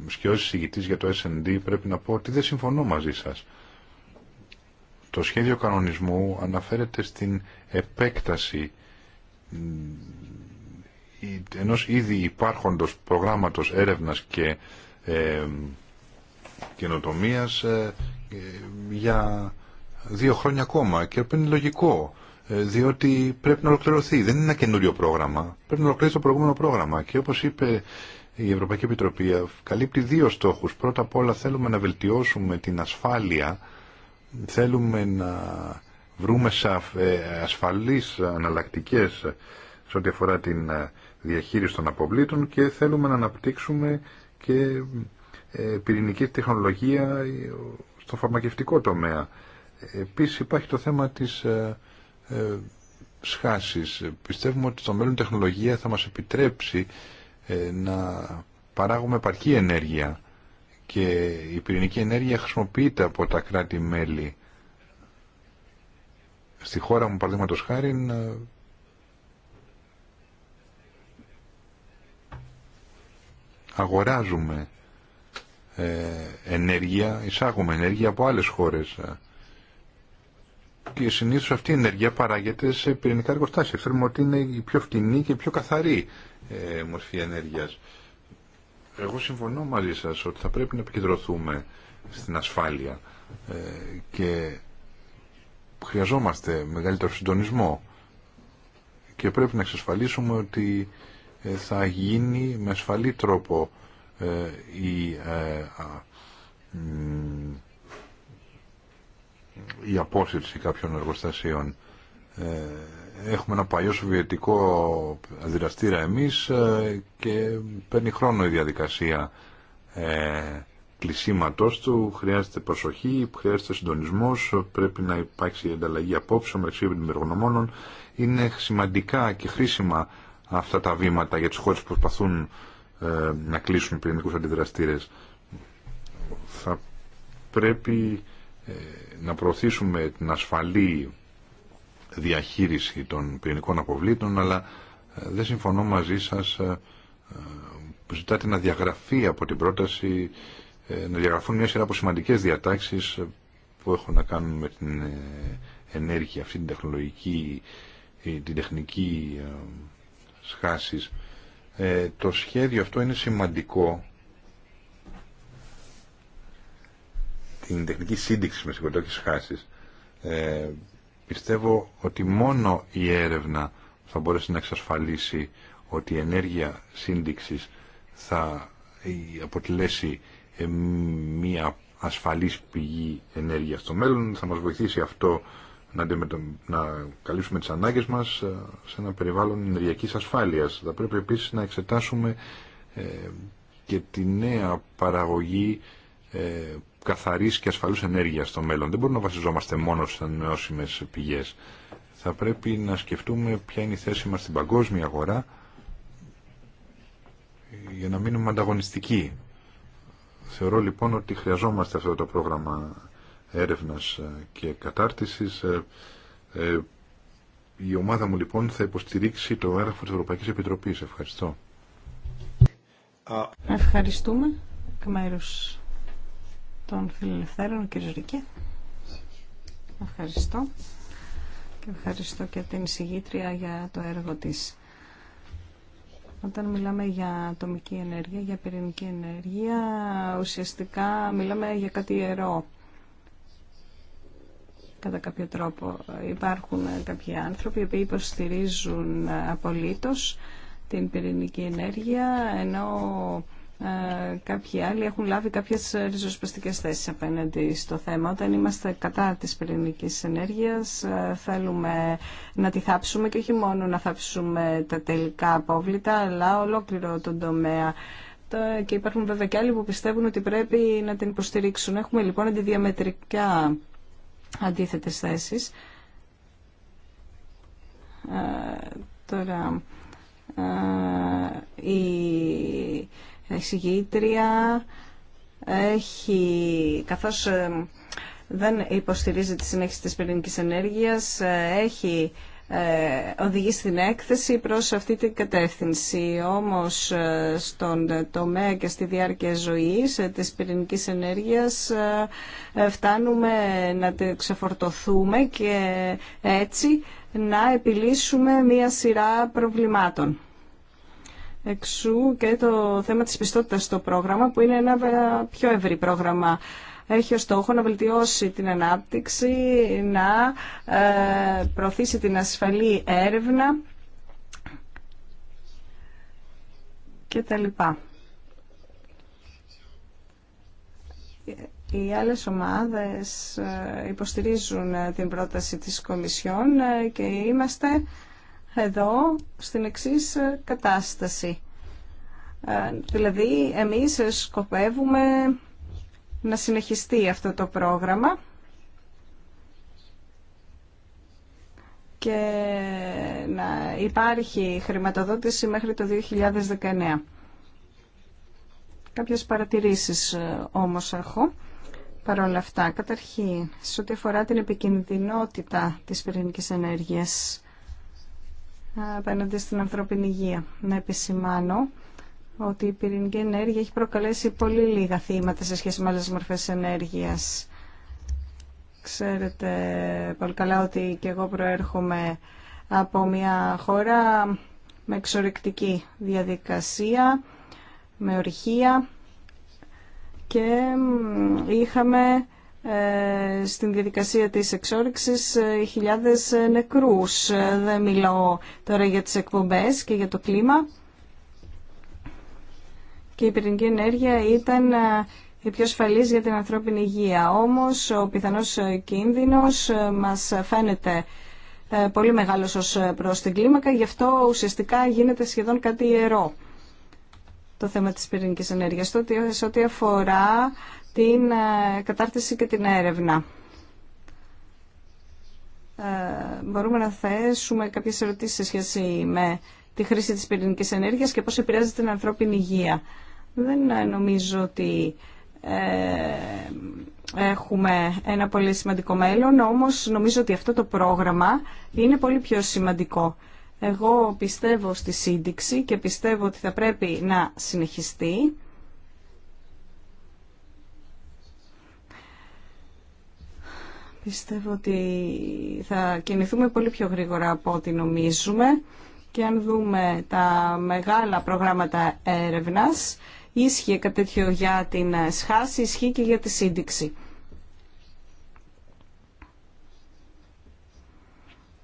ως εισηγητής για το S&D πρέπει να πω ότι δεν συμφωνώ μαζί σας. Το σχέδιο κανονισμού αναφέρεται στην επέκταση ενός ήδη υπάρχοντος προγράμματος έρευνας και ε, καινοτομίας ε, ε, για δύο χρόνια ακόμα και αυτό είναι λογικό ε, διότι πρέπει να ολοκληρωθεί. Δεν είναι ένα καινούριο πρόγραμμα. Πρέπει να ολοκληρωθεί το προηγούμενο πρόγραμμα. Και όπως είπε η Ευρωπαϊκή Επιτροπή καλύπτει δύο στόχους. Πρώτα απ' όλα θέλουμε να βελτιώσουμε την ασφάλεια, θέλουμε να βρούμε ε, ασφαλείς αναλλακτικές σε ό,τι αφορά την ε, διαχείριση των αποβλήτων και θέλουμε να αναπτύξουμε και ε, πυρηνική τεχνολογία στο φαρμακευτικό τομέα. Επίσης υπάρχει το θέμα της σχάσης. Πιστεύουμε ότι το μέλλον τεχνολογία θα μας επιτρέψει ε, να παράγουμε επαρκή ενέργεια και η πυρηνική ενέργεια χρησιμοποιείται από τα κράτη-μέλη. Στη χώρα μου, παραδείγματος χάρη, αγοράζουμε ε, ενέργεια, εισάγουμε ενέργεια από άλλες χώρες. Και συνήθως αυτή η ενέργεια παράγεται σε πυρηνικά εργοστάσια. Ξέρουμε ότι είναι η πιο φτηνή και η πιο καθαρή ε, μορφή ενέργειας. Εγώ συμφωνώ μαζί σας ότι θα πρέπει να επικεντρωθούμε στην ασφάλεια ε, και χρειαζόμαστε μεγαλύτερο συντονισμό και πρέπει να εξασφαλίσουμε ότι ε, θα γίνει με ασφαλή τρόπο ε, η, ε, η απόσυρση κάποιων εργοστασίων έχουμε ένα παλιό σοβιετικό αντιδραστήρα εμείς ε, και παίρνει χρόνο η διαδικασία ε, κλεισίματος του, χρειάζεται προσοχή, χρειάζεται συντονισμός, πρέπει να υπάρξει ανταλλαγή απόψεων μεταξύ των Είναι σημαντικά και χρήσιμα αυτά τα βήματα για τις χώρες που προσπαθούν ε, να κλείσουν πυρηνικούς αντιδραστήρες. Θα πρέπει ε, να προωθήσουμε την ασφαλή διαχείριση των πυρηνικών αποβλήτων, αλλά ε, δεν συμφωνώ μαζί σας που ε, ε, ζητάτε να διαγραφεί από την πρόταση, να διαγραφούν μια σειρά από σημαντικές διατάξεις που έχουν να κάνουν με την ενέργεια, αυτή την τεχνολογική, την τεχνική σχάσης. Το σχέδιο αυτό είναι σημαντικό την τεχνική σύνδεξη με συγχωρητό και σχάσεις. Πιστεύω ότι μόνο η έρευνα θα μπορέσει να εξασφαλίσει ότι η ενέργεια σύνδεξης θα ε, αποτελέσει ε, μια ασφαλής πηγή ενέργειας στο μέλλον. Θα μας βοηθήσει αυτό να, να καλύψουμε τις ανάγκες μας ε, σε ένα περιβάλλον ενεργειακής ασφάλειας. Θα πρέπει επίσης να εξετάσουμε και τη νέα παραγωγή Καθαρή και ασφαλού ενέργειας στο μέλλον. Δεν μπορούμε να βασιζόμαστε μόνο στι ανανεώσιμε πηγέ. Θα πρέπει να σκεφτούμε ποια είναι η θέση μας στην παγκόσμια αγορά για να μείνουμε ανταγωνιστικοί. Θεωρώ λοιπόν ότι χρειαζόμαστε αυτό το πρόγραμμα έρευνας και κατάρτισης. Ε, ε, η ομάδα μου λοιπόν θα υποστηρίξει το έγγραφο της Ευρωπαϊκής Επιτροπής. Ευχαριστώ. Ευχαριστούμε. Εκ των Φιλελευθέρων, κύριε Ρικέ. Ευχαριστώ. Και ευχαριστώ και την συγγήτρια για το έργο της. Όταν μιλάμε για ατομική ενέργεια, για πυρηνική ενέργεια, ουσιαστικά μιλάμε για κάτι ιερό. Κατά κάποιο τρόπο υπάρχουν κάποιοι άνθρωποι οι οποίοι υποστηρίζουν απολύτως την πυρηνική ενέργεια, ενώ ε, κάποιοι άλλοι έχουν λάβει κάποιες ριζοσπαστικέ θέσει απέναντι στο θέμα. Όταν είμαστε κατά της πυρηνική ενέργειας ε, θέλουμε να τη θάψουμε και όχι μόνο να θάψουμε τα τελικά απόβλητα αλλά ολόκληρο τον τομέα. Και υπάρχουν βέβαια και άλλοι που πιστεύουν ότι πρέπει να την υποστηρίξουν. Έχουμε λοιπόν αντιδιαμετρικά αντίθετες θέσει. Ε, τώρα, η εισηγήτρια έχει, καθώς ε, δεν υποστηρίζει τη συνέχιση της πυρηνικής ενέργειας, ε, έχει ε, οδηγεί στην έκθεση προς αυτή την κατεύθυνση. Όμως στον τομέα και στη διάρκεια ζωής της πυρηνικής ενέργειας φτάνουμε να την ξεφορτωθούμε και έτσι να επιλύσουμε μία σειρά προβλημάτων. Εξού και το θέμα της πιστότητας στο πρόγραμμα που είναι ένα πιο ευρύ πρόγραμμα. Έχει ως στόχο να βελτιώσει την ανάπτυξη, να ε, προωθήσει την ασφαλή έρευνα και τα λοιπά. Οι άλλες ομάδες ε, υποστηρίζουν ε, την πρόταση της Κομισιόν και είμαστε εδώ στην εξής ε, κατάσταση. Ε, δηλαδή, εμείς ε, σκοπεύουμε να συνεχιστεί αυτό το πρόγραμμα και να υπάρχει χρηματοδότηση μέχρι το 2019. Κάποιες παρατηρήσεις όμως έχω παρόλα αυτά. Καταρχήν, σε ό,τι αφορά την επικινδυνότητα της πυρηνικής ενέργειας, απέναντι στην ανθρώπινη υγεία. Να επισημάνω ότι η πυρηνική ενέργεια έχει προκαλέσει πολύ λίγα θύματα σε σχέση με άλλες μορφές ενέργειας. Ξέρετε πολύ καλά ότι και εγώ προέρχομαι από μια χώρα με εξορρυκτική διαδικασία, με ορυχία και είχαμε ε, στην διαδικασία της εξόρυξης ε, χιλιάδες ε, νεκρούς. Δεν μιλάω τώρα για τις εκπομπές και για το κλίμα. Και η πυρηνική ενέργεια ήταν η πιο ασφαλής για την ανθρώπινη υγεία. Όμως ο πιθανός κίνδυνος μας φαίνεται πολύ μεγάλος ως προς την κλίμακα, γι' αυτό ουσιαστικά γίνεται σχεδόν κάτι ιερό το θέμα της πυρηνικής ενέργειας. ό,τι αφορά την ε, κατάρτιση και την έρευνα. Ε, μπορούμε να θέσουμε κάποιες ερωτήσεις σε σχέση με τη χρήση της πυρηνικής ενέργειας και πώς επηρέαζεται την ανθρώπινη υγεία. Δεν ε, νομίζω ότι έχουμε ένα πολύ σημαντικό μέλλον, όμως νομίζω ότι αυτό το πρόγραμμα είναι πολύ πιο σημαντικό. Εγώ πιστεύω στη σύνδεξη και πιστεύω ότι θα πρέπει να συνεχιστεί Πιστεύω ότι θα κινηθούμε πολύ πιο γρήγορα από ό,τι νομίζουμε και αν δούμε τα μεγάλα προγράμματα έρευνας, ίσχυε κάτι τέτοιο για την σχάση, ισχύει και για τη σύνδεξη.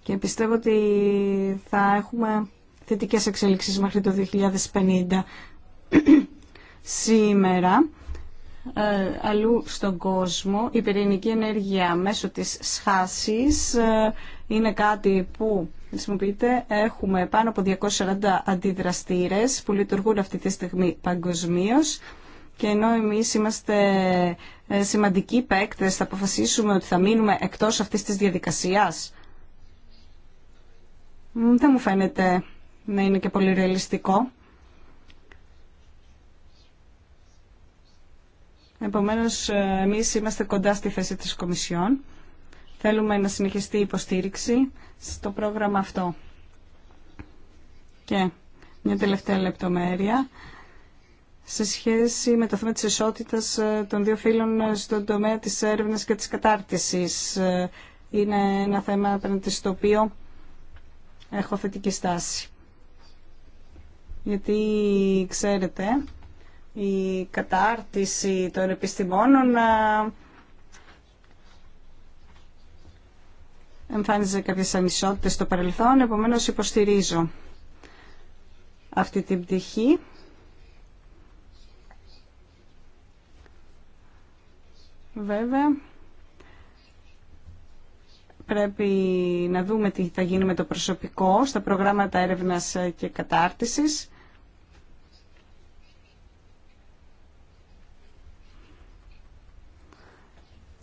Και πιστεύω ότι θα έχουμε θετικές εξελίξεις μέχρι το 2050. Σήμερα ε, αλλού στον κόσμο η πυρηνική ενέργεια μέσω της σχάσης ε, είναι κάτι που χρησιμοποιείται. Έχουμε πάνω από 240 αντιδραστήρες που λειτουργούν αυτή τη στιγμή παγκοσμίω. Και ενώ εμείς είμαστε ε, σημαντικοί παίκτες, θα αποφασίσουμε ότι θα μείνουμε εκτός αυτής της διαδικασίας. Δεν μου φαίνεται να είναι και πολύ ρεαλιστικό. Επομένως, εμείς είμαστε κοντά στη θέση της Κομισιόν. Θέλουμε να συνεχιστεί η υποστήριξη στο πρόγραμμα αυτό. Και μια τελευταία λεπτομέρεια σε σχέση με το θέμα της ισότητας ε, των δύο φύλων ε, στον τομέα της έρευνας και της κατάρτισης. Ε, είναι ένα θέμα απέναντι στο οποίο έχω θετική στάση. Γιατί ξέρετε η κατάρτιση των επιστημόνων ε, εμφάνιζε κάποιες ανισότητες στο παρελθόν, επομένως υποστηρίζω αυτή την πτυχή. Βέβαια, πρέπει να δούμε τι θα γίνει με το προσωπικό στα προγράμματα έρευνας και κατάρτισης.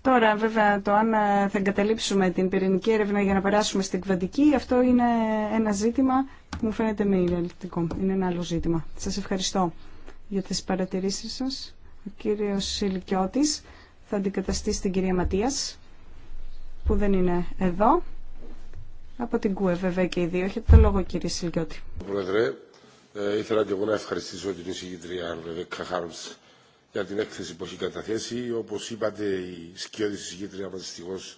Τώρα βέβαια το αν ε, θα εγκαταλείψουμε την πυρηνική έρευνα για να περάσουμε στην κβαντική, αυτό είναι ένα ζήτημα που μου φαίνεται μη ρεαλιστικό. Είναι ένα άλλο ζήτημα. Σας ευχαριστώ για τις παρατηρήσεις σας. Ο κύριος Ηλικιώτης θα αντικαταστήσει την κυρία Ματίας, που δεν είναι εδώ. Από την ΚΟΕ βέβαια και οι δύο. Έχετε το λόγο κύριε Σιλκιώτη. Πρόεδρε, ε, ήθελα και εγώ να ευχαριστήσω την εισηγήτρια Ρεβέκα Χάρμς για την έκθεση που έχει καταθέσει. Όπως είπατε, η σκιώδη συζητήτρια μας δυστυχώς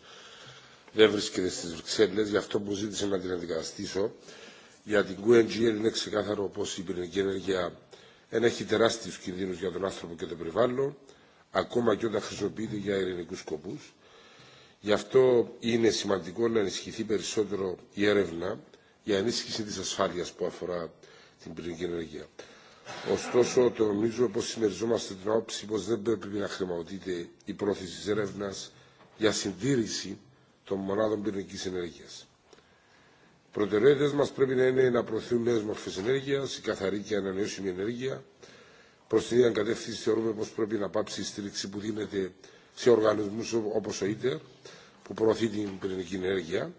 δεν βρίσκεται στις Βρυξέλλες, γι' αυτό που ζήτησε να την αντικαταστήσω. Για την QNGL είναι ξεκάθαρο πως η πυρηνική ενέργεια ενέχει τεράστιους κινδύνους για τον άνθρωπο και το περιβάλλον, ακόμα και όταν χρησιμοποιείται για ειρηνικούς σκοπούς. Γι' αυτό είναι σημαντικό να ενισχυθεί περισσότερο η έρευνα για ενίσχυση της ασφάλειας που αφορά την πυρηνική ενέργεια. Ωστόσο, το νομίζω πω συμμεριζόμαστε την άποψη πω δεν πρέπει να χρηματοδοτείται η πρόθεση τη έρευνα για συντήρηση των μονάδων πυρηνική ενέργεια. Οι προτεραιότητε μα πρέπει να είναι να προωθούν νέε μορφέ ενέργεια, η καθαρή και ανανεώσιμη ενέργεια. Προ την ίδια κατεύθυνση θεωρούμε πω πρέπει να πάψει η στήριξη που δίνεται σε οργανισμού όπω ο ΙΤΕΡ, που προωθεί την πυρηνική ενέργεια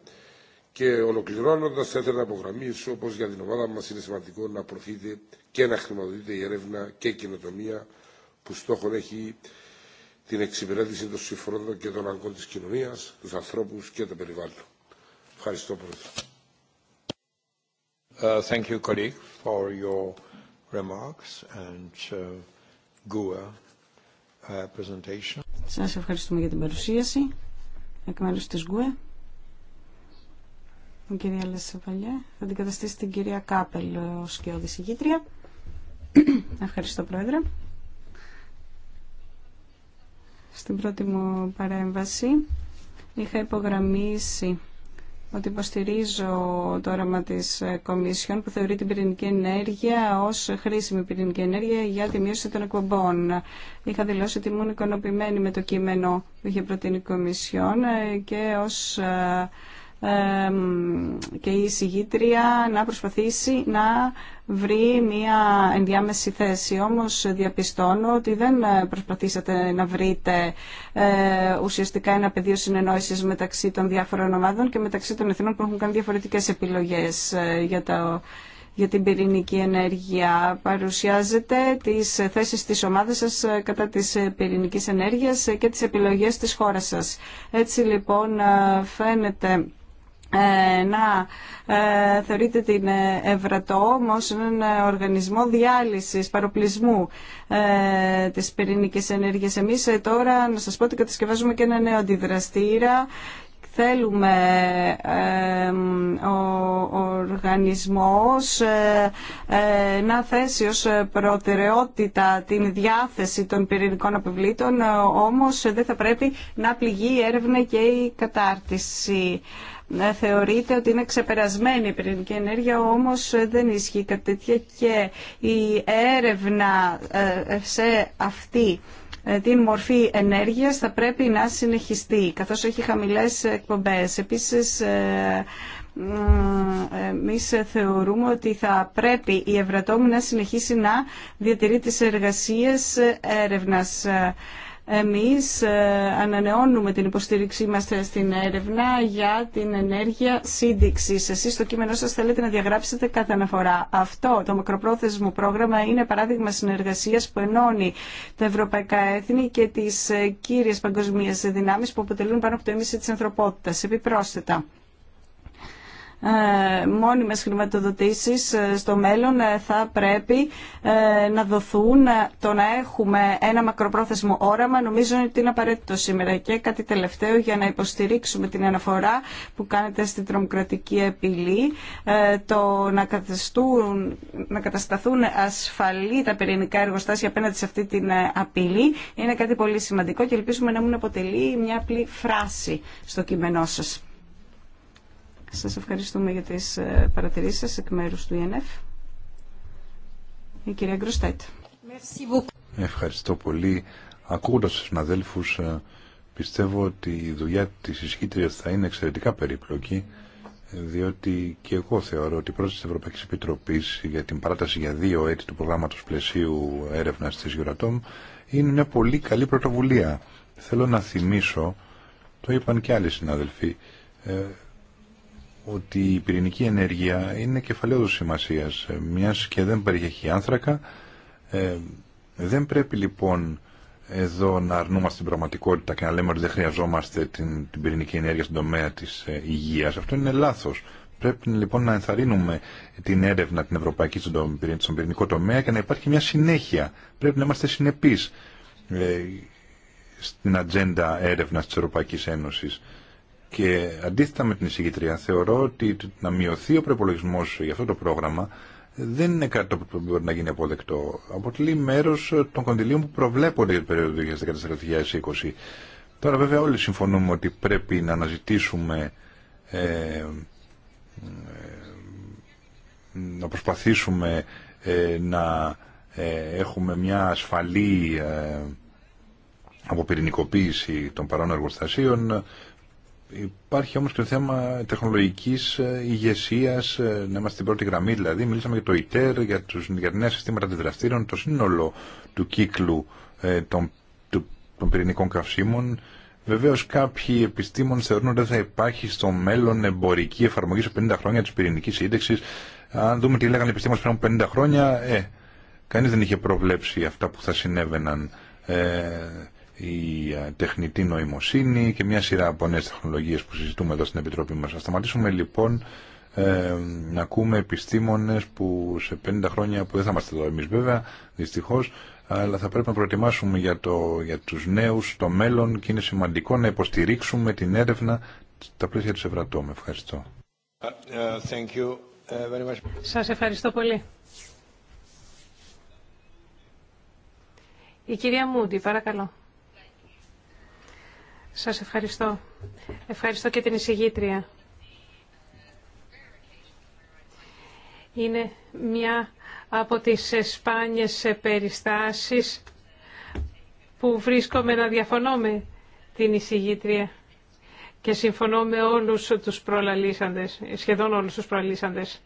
και ολοκληρώνοντα, θα ήθελα να απογραμμίσω πω για την ομάδα μα είναι σημαντικό να προωθείται και να χρηματοδοτείται η έρευνα και η κοινοτομία που στόχο έχει την εξυπηρέτηση των συμφωνών και των αγκών τη κοινωνία, του ανθρώπου και το περιβάλλον. Ευχαριστώ, πολύ. Uh, thank you, colleague, for your remarks and uh, uh, presentation. Σας ευχαριστούμε για την παρουσίαση. Εκ μέρους κυρία Λεσσεβαλιέ. Θα την καταστήσει την κυρία Κάπελ ως και οδησηγήτρια. Ευχαριστώ, Πρόεδρε. Στην πρώτη μου παρέμβαση είχα υπογραμμίσει ότι υποστηρίζω το όραμα της Κομίσιον που θεωρεί την πυρηνική ενέργεια ως χρήσιμη πυρηνική ενέργεια για τη μείωση των εκπομπών. Είχα δηλώσει ότι ήμουν ικανοποιημένη με το κείμενο που είχε προτείνει η Κομισιόν και ως ε, και η συγγήτρια να προσπαθήσει να βρει μια ενδιάμεση θέση. Όμως διαπιστώνω ότι δεν προσπαθήσατε να βρείτε ε, ουσιαστικά ένα πεδίο συνεννόησης μεταξύ των διάφορων ομάδων και μεταξύ των εθνών που έχουν κάνει διαφορετικές επιλογές ε, για το για την πυρηνική ενέργεια. Παρουσιάζετε τις θέσεις της ομάδας σας ε, κατά της πυρηνικής ενέργειας και τις επιλογές της χώρας σας. Έτσι λοιπόν φαίνεται ε, να ε, θεωρείται την ε, Ευρατό ως έναν οργανισμό διάλυσης, παροπλισμού της πυρηνικής ενέργειας. Εμείς τώρα να σας πω ότι κατασκευάζουμε και ένα νέο αντιδραστήρα Θέλουμε ο, οργανισμός να θέσει ως προτεραιότητα την διάθεση των πυρηνικών απευλήτων, όμως δεν θα πρέπει να πληγεί η έρευνα και η κατάρτιση θεωρείται ότι είναι ξεπερασμένη η πυρηνική ενέργεια, όμως δεν ισχύει κάτι τέτοια και η έρευνα ε, σε αυτή ε, την μορφή ενέργειας θα πρέπει να συνεχιστεί, καθώς έχει χαμηλές εκπομπές. Επίσης, ε, Εμεί θεωρούμε ότι θα πρέπει η ευρωτόμη να συνεχίσει να διατηρεί τις εργασίες έρευνας. Εμείς ε, ανανεώνουμε την υποστήριξή μας στην έρευνα για την ενέργεια σύνδεξης. Εσείς στο κείμενό σας θέλετε να διαγράψετε κάθε αναφορά. Αυτό το μακροπρόθεσμο πρόγραμμα είναι παράδειγμα συνεργασίας που ενώνει τα ευρωπαϊκά έθνη και τις ε, κύριες παγκοσμίες δυνάμεις που αποτελούν πάνω από το ίμιση της ανθρωπότητας. Επιπρόσθετα. Ε, μόνιμες χρηματοδοτήσεις ε, στο μέλλον ε, θα πρέπει να δοθούν το να έχουμε ένα μακροπρόθεσμο όραμα νομίζω ότι είναι απαραίτητο σήμερα και κάτι τελευταίο για να υποστηρίξουμε την αναφορά που κάνετε στην τρομοκρατική επιλή το να, να κατασταθούν ασφαλή τα πυρηνικά εργοστάσια απέναντι σε αυτή την απειλή είναι κάτι πολύ σημαντικό και ελπίζουμε να μην αποτελεί μια απλή φράση στο κείμενό σας. Σας ευχαριστούμε για τις ε, παρατηρήσεις σας εκ μέρους του ΙΕΝΕΦ. Η κυρία Γκροστέτ. Ευχαριστώ πολύ. Ακούγοντα του συναδέλφου, ε, πιστεύω ότι η δουλειά τη ισχύτριας θα είναι εξαιρετικά περίπλοκη, διότι και εγώ θεωρώ ότι η πρόταση τη Ευρωπαϊκή Επιτροπή για την παράταση για δύο έτη του προγράμματο πλαισίου έρευνα τη Euratom είναι μια πολύ καλή πρωτοβουλία. Θέλω να θυμίσω, το είπαν και άλλοι συναδελφοί, ε, ότι η πυρηνική ενέργεια είναι κεφαλαίου σημασίας, ε, μιας και δεν περιέχει άνθρακα. Ε, δεν πρέπει λοιπόν εδώ να αρνούμαστε την πραγματικότητα και να λέμε ότι δεν χρειαζόμαστε την, την πυρηνική ενέργεια στον τομέα της ε, υγείας. Αυτό είναι λάθος. Πρέπει λοιπόν να ενθαρρύνουμε την έρευνα την ευρωπαϊκή στον, στον πυρηνικό τομέα και να υπάρχει μια συνέχεια. Πρέπει να είμαστε συνεπείς ε, στην ατζέντα έρευνας της Ευρωπαϊκής Ένωσης. Και αντίθετα με την εισηγητρία, θεωρώ ότι να μειωθεί ο προπολογισμό για αυτό το πρόγραμμα δεν είναι κάτι που μπορεί να γίνει αποδεκτό. Αποτελεί μέρο των κονδυλίων που προβλέπονται για την περίοδο 2014-2020. Τώρα βέβαια όλοι συμφωνούμε ότι πρέπει να αναζητήσουμε ε, ε, να προσπαθήσουμε ε, να έχουμε μια ασφαλή αποπυρηνικοποίηση των παρόν εργοστασίων Υπάρχει όμως και το θέμα τεχνολογικής ε, ηγεσία, ε, να είμαστε στην πρώτη γραμμή δηλαδή. Μιλήσαμε για το ΙΤΕΡ, για, τους, για νέα συστήματα αντιδραστήρων, το σύνολο του κύκλου ε, των, του, των πυρηνικών καυσίμων. Βεβαίως κάποιοι επιστήμονε θεωρούν ότι δεν θα υπάρχει στο μέλλον εμπορική εφαρμογή σε 50 χρόνια της πυρηνικής σύνταξης. Αν δούμε τι λέγανε οι επιστήμονες πριν από 50 χρόνια, ε, κανείς δεν είχε προβλέψει αυτά που θα συνέβαιναν. Ε, η ε, τεχνητή νοημοσύνη και μια σειρά από νέες τεχνολογίες που συζητούμε εδώ στην Επιτροπή μας. Θα σταματήσουμε λοιπόν ε, να ακούμε επιστήμονες που σε 50 χρόνια που δεν θα είμαστε εδώ εμείς βέβαια δυστυχώς αλλά θα πρέπει να προετοιμάσουμε για, το, για τους νέους το μέλλον και είναι σημαντικό να υποστηρίξουμε την έρευνα στα πλαίσια του Ευρατόμ. Ευχαριστώ. Uh, uh, thank uh, Σας ευχαριστώ πολύ. Η κυρία Μούντι, παρακαλώ. Σας ευχαριστώ. Ευχαριστώ και την εισηγήτρια. Είναι μια από τις σπάνιες περιστάσεις που βρίσκομαι να διαφωνώ με την εισηγήτρια και συμφωνώ με όλους τους προλαλήσαντες, σχεδόν όλους τους προλαλήσαντες.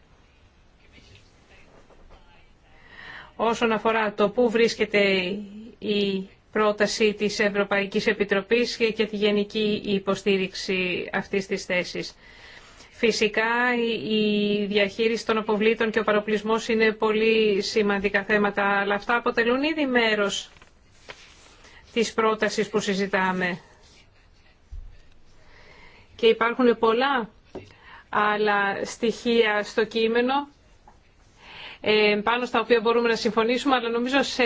Όσον αφορά το πού βρίσκεται η πρόταση της Ευρωπαϊκής Επιτροπής και τη γενική υποστήριξη αυτής της θέσης. Φυσικά η διαχείριση των αποβλήτων και ο παροπλισμός είναι πολύ σημαντικά θέματα, αλλά αυτά αποτελούν ήδη μέρος της πρότασης που συζητάμε. Και υπάρχουν πολλά άλλα στοιχεία στο κείμενο ε, πάνω στα οποία μπορούμε να συμφωνήσουμε, αλλά νομίζω σε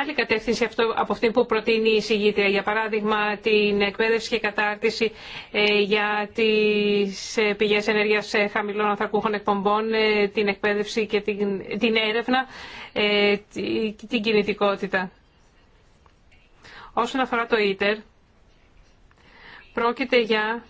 άλλη κατεύθυνση από αυτή που προτείνει η συγγήτρια. Για παράδειγμα, την εκπαίδευση και κατάρτιση ε, για τις ε, πηγές ενέργειας χαμηλών ανθρακούχων εκπομπών, την εκπαίδευση και την έρευνα, την κινητικότητα. Όσον αφορά το ίτερ, πρόκειται για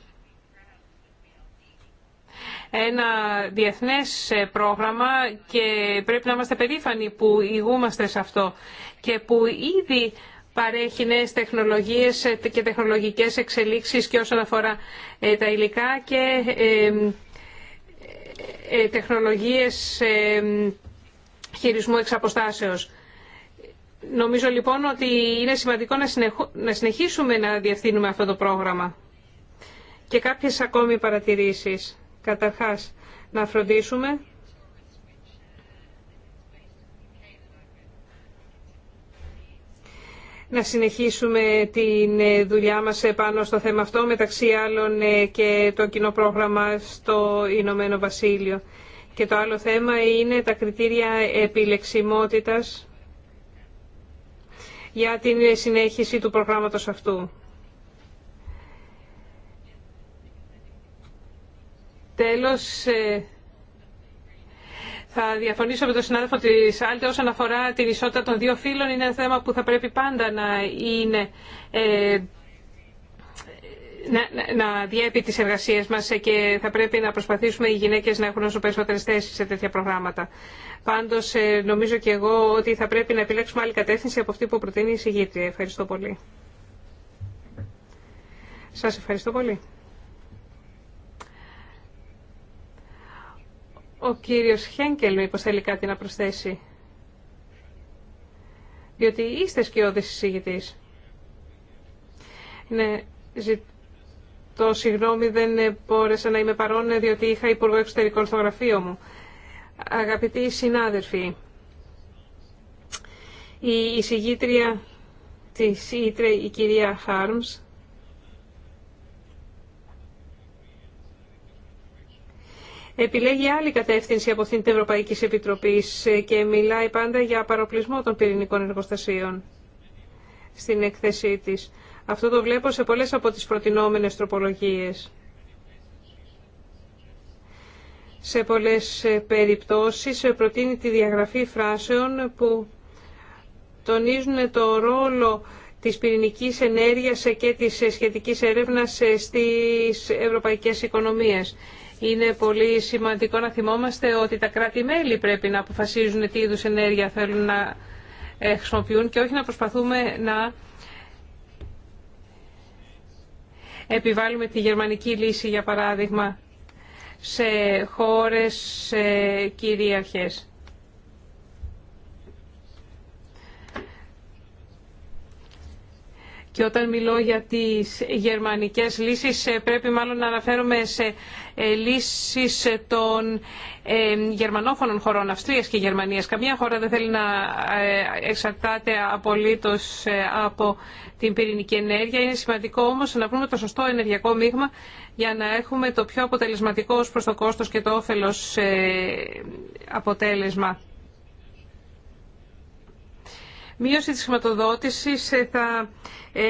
ένα διεθνές ε, πρόγραμμα και πρέπει να είμαστε περήφανοι που ηγούμαστε σε αυτό και που ήδη παρέχει νέες τεχνολογίες ε, και τεχνολογικές εξελίξεις και όσον αφορά ε, τα υλικά και τεχνολογίες χειρισμού εξ αποστάσεως. Νομίζω λοιπόν ότι είναι σημαντικό να συνεχίσουμε να διευθύνουμε αυτό το πρόγραμμα. Και κάποιες ακόμη παρατηρήσεις. Καταρχάς, να φροντίσουμε να συνεχίσουμε την ε, δουλειά μας ε, πάνω στο θέμα αυτό, μεταξύ άλλων ε, και το κοινό πρόγραμμα στο Ηνωμένο Βασίλειο. Και το άλλο θέμα είναι τα κριτήρια επιλεξιμότητας για την συνέχιση του προγράμματος αυτού. Τέλος, ε, θα διαφωνήσω με τον συνάδελφο τη Άλτε όσον αφορά την ισότητα των δύο φύλων. Είναι ένα θέμα που θα πρέπει πάντα να είναι... Ε, να, να διέπει τις εργασίες μας και θα πρέπει να προσπαθήσουμε οι γυναίκες να έχουν όσο περισσότερες θέσεις σε τέτοια προγράμματα. Πάντως ε, νομίζω και εγώ ότι θα πρέπει να επιλέξουμε άλλη κατεύθυνση από αυτή που προτείνει η συγγήτρια. Ευχαριστώ πολύ. Σας ευχαριστώ πολύ. Ο κύριος Χένκελ μήπως θέλει κάτι να προσθέσει. Διότι είστε σκιώδης εισηγητής. Ναι, ζητώ συγγνώμη, δεν μπόρεσα να είμαι παρόν, διότι είχα υπουργό εξωτερικών στο γραφείο μου. Αγαπητοί συνάδελφοι, η εισηγήτρια της Ήτρε, η κυρία Χάρμς, επιλέγει άλλη κατεύθυνση από την Ευρωπαϊκή Επιτροπή και μιλάει πάντα για παροπλισμό των πυρηνικών εργοστασίων στην έκθεσή της. Αυτό το βλέπω σε πολλές από τις προτινόμενες τροπολογίες. Σε πολλές περιπτώσεις προτείνει τη διαγραφή φράσεων που τονίζουν το ρόλο της πυρηνικής ενέργειας και της σχετικής έρευνας στις ευρωπαϊκές οικονομίες. Είναι πολύ σημαντικό να θυμόμαστε ότι τα κράτη-μέλη πρέπει να αποφασίζουν τι είδους ενέργεια θέλουν να ε, χρησιμοποιούν και όχι να προσπαθούμε να επιβάλλουμε τη γερμανική λύση, για παράδειγμα, σε χώρες σε κυρίαρχες. Και όταν μιλώ για τις γερμανικές λύσεις ε, πρέπει μάλλον να αναφέρομαι σε ε, λύσεις των ε, γερμανόφωνων χωρών, Αυστρίας και Γερμανίας. Καμία χώρα δεν θέλει να ε, εξαρτάται απολύτως από την πυρηνική ενέργεια. Είναι σημαντικό όμως να βρούμε το σωστό ενεργειακό μείγμα για να έχουμε το πιο αποτελεσματικό προ προς το κόστος και το όφελος αποτέλεσμα μείωση της χρηματοδότησης ε, θα ε,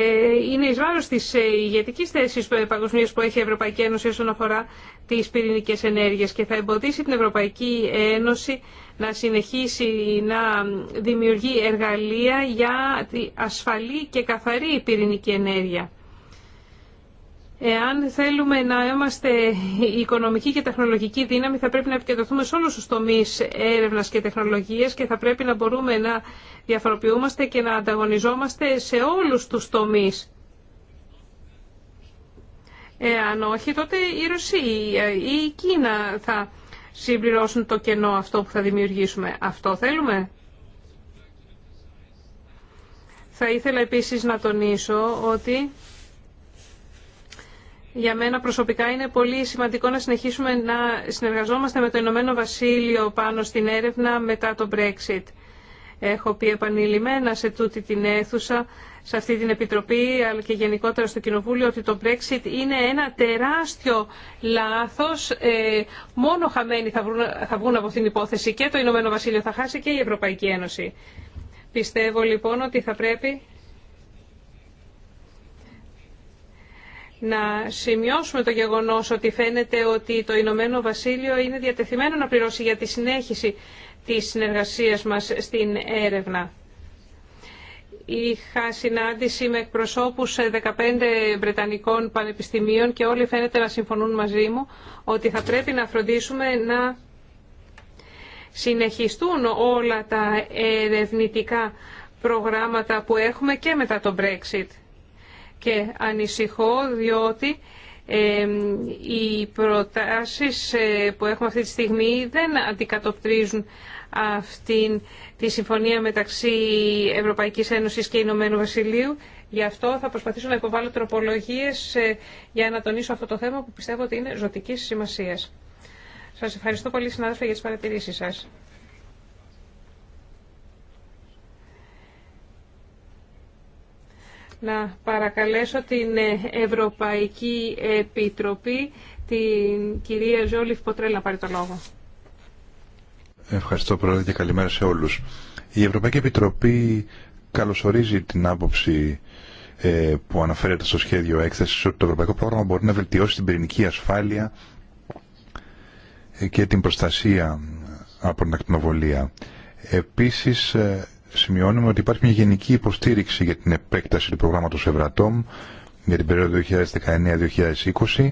είναι εις βάρος της ε, ηγετικής θέσης παγκοσμίως που έχει η Ευρωπαϊκή Ένωση όσον αφορά τις πυρηνικές ενέργειες και θα εμποδίσει την Ευρωπαϊκή Ένωση να συνεχίσει να δημιουργεί εργαλεία για ασφαλή και καθαρή πυρηνική ενέργεια. Εάν θέλουμε να είμαστε η οικονομική και τεχνολογική δύναμη, θα πρέπει να επικεντρωθούμε σε όλους τους τομείς έρευνας και τεχνολογίας και θα πρέπει να μπορούμε να διαφοροποιούμαστε και να ανταγωνιζόμαστε σε όλους τους τομείς. Εάν όχι, τότε η Ρωσία ή η Κίνα θα συμπληρώσουν το κενό αυτό που θα δημιουργήσουμε. Αυτό θέλουμε. Θα ήθελα επίσης να τονίσω ότι για μένα προσωπικά είναι πολύ σημαντικό να συνεχίσουμε να συνεργαζόμαστε με το Ηνωμένο Βασίλειο πάνω στην έρευνα μετά το Brexit. Έχω πει επανειλημμένα σε τούτη την αίθουσα, σε αυτή την Επιτροπή, αλλά και γενικότερα στο Κοινοβούλιο, ότι το Brexit είναι ένα τεράστιο λάθος. Ε, μόνο χαμένοι θα βγουν, θα βγουν από αυτήν την υπόθεση και το Ηνωμένο Βασίλειο θα χάσει και η Ευρωπαϊκή Ένωση. Πιστεύω λοιπόν ότι θα πρέπει να σημειώσουμε το γεγονός ότι φαίνεται ότι το Ηνωμένο Βασίλειο είναι διατεθειμένο να πληρώσει για τη συνέχιση της συνεργασίας μας στην έρευνα. Είχα συνάντηση με εκπροσώπους 15 Βρετανικών πανεπιστημίων και όλοι φαίνεται να συμφωνούν μαζί μου ότι θα πρέπει να φροντίσουμε να συνεχιστούν όλα τα ερευνητικά προγράμματα που έχουμε και μετά το Brexit και ανησυχώ διότι οι προτάσεις ε, που έχουμε αυτή τη στιγμή δεν αντικατοπτρίζουν αυτήν τη συμφωνία μεταξύ Ευρωπαϊκής Ένωσης και Ηνωμένου Βασιλείου. Γι' αυτό θα προσπαθήσω να υποβάλω τροπολογίες ε, για να τονίσω αυτό το θέμα που πιστεύω ότι είναι ζωτικής σημασίας. Σας ευχαριστώ πολύ συνάδελφα για τις παρατηρήσεις σας. να παρακαλέσω την Ευρωπαϊκή Επιτροπή, την κυρία Ζόλιφ Ποτρέλ, να πάρει το λόγο. Ευχαριστώ Πρόεδρε και καλημέρα σε όλους. Η Ευρωπαϊκή Επιτροπή καλωσορίζει την άποψη ε, που αναφέρεται στο σχέδιο έκθεσης ότι το Ευρωπαϊκό Πρόγραμμα μπορεί να βελτιώσει την πυρηνική ασφάλεια ε, και την προστασία από την ακτινοβολία. Επίσης ε, σημειώνουμε ότι υπάρχει μια γενική υποστήριξη για την επέκταση του προγράμματος Ευρατόμ για την περίοδο 2019-2020.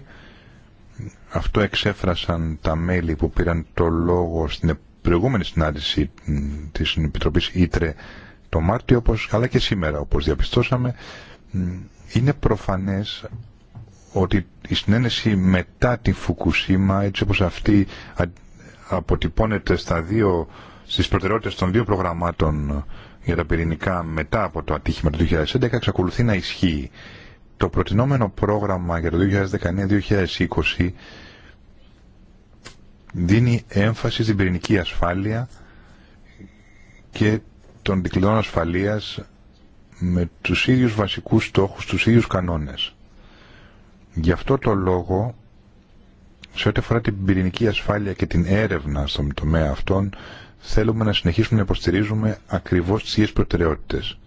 Αυτό εξέφρασαν τα μέλη που πήραν το λόγο στην προηγούμενη συνάντηση της Επιτροπής Ήτρε το Μάρτιο, όπως, αλλά και σήμερα όπως διαπιστώσαμε. Είναι προφανές ότι η συνένεση μετά τη Φουκουσίμα, έτσι όπως αυτή αποτυπώνεται στα δύο στις προτεραιότητες των δύο προγραμμάτων για τα πυρηνικά μετά από το ατύχημα του 2011 εξακολουθεί να ισχύει. Το προτινόμενο πρόγραμμα για το 2019-2020 δίνει έμφαση στην πυρηνική ασφάλεια και των δικλειδών ασφαλείας με τους ίδιους βασικούς στόχους, τους ίδιους κανόνες. Γι' αυτό το λόγο, σε ό,τι αφορά την πυρηνική ασφάλεια και την έρευνα στον τομέα αυτών, θέλουμε να συνεχίσουμε να υποστηρίζουμε ακριβώς τις ίδιες προτεραιότητες.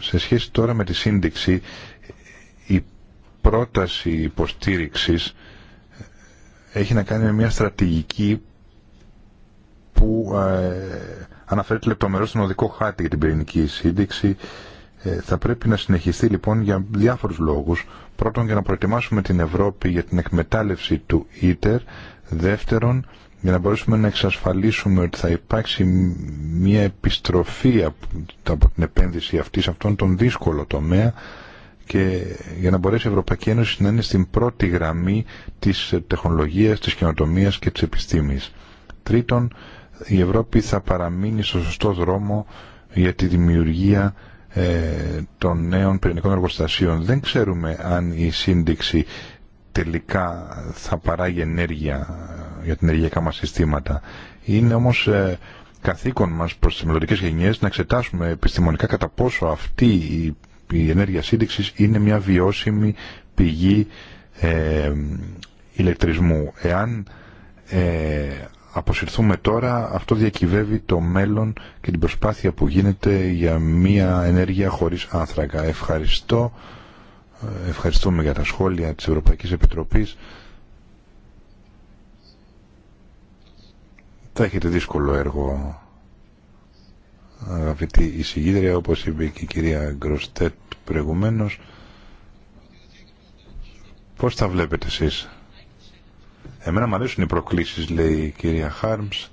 Σε σχέση τώρα με τη σύνδεξη, η πρόταση υποστήριξης έχει να κάνει με μια στρατηγική που ε, αναφέρεται λεπτομερώς στον οδικό χάρτη για την πυρηνική σύνδεξη. Ε, θα πρέπει να συνεχιστεί λοιπόν για διάφορους λόγους. Πρώτον για να προετοιμάσουμε την Ευρώπη για την εκμετάλλευση του ΙΤΕΡ. Δεύτερον για να μπορέσουμε να εξασφαλίσουμε ότι θα υπάρξει μια επιστροφή από την επένδυση αυτή σε αυτόν τον δύσκολο τομέα και για να μπορέσει η Ευρωπαϊκή Ένωση να είναι στην πρώτη γραμμή της τεχνολογίας, της καινοτομίας και της επιστήμης. Τρίτον, η Ευρώπη θα παραμείνει στο σωστό δρόμο για τη δημιουργία ε, των νέων πυρηνικών εργοστασίων. Δεν ξέρουμε αν η σύνδεξη τελικά θα παράγει ενέργεια για την ενεργειακά μας συστήματα. Είναι όμως ε, καθήκον μας προς τις μελλοντικές γενιές να εξετάσουμε επιστημονικά κατά πόσο αυτή η, η ενέργεια σύνδεξης είναι μια βιώσιμη πηγή ε, ηλεκτρισμού. Εάν ε, αποσυρθούμε τώρα, αυτό διακυβεύει το μέλλον και την προσπάθεια που γίνεται για μια ενέργεια χωρίς άνθρακα. Ευχαριστώ. Ευχαριστούμε για τα σχόλια της Ευρωπαϊκής Επιτροπής. Θα έχετε δύσκολο έργο, αγαπητή εισηγήτρια, όπως είπε και η κυρία Γκροστέτ προηγουμένως. Πώς τα βλέπετε εσείς. Εμένα μου αρέσουν οι προκλήσεις, λέει η κυρία Χάρμς.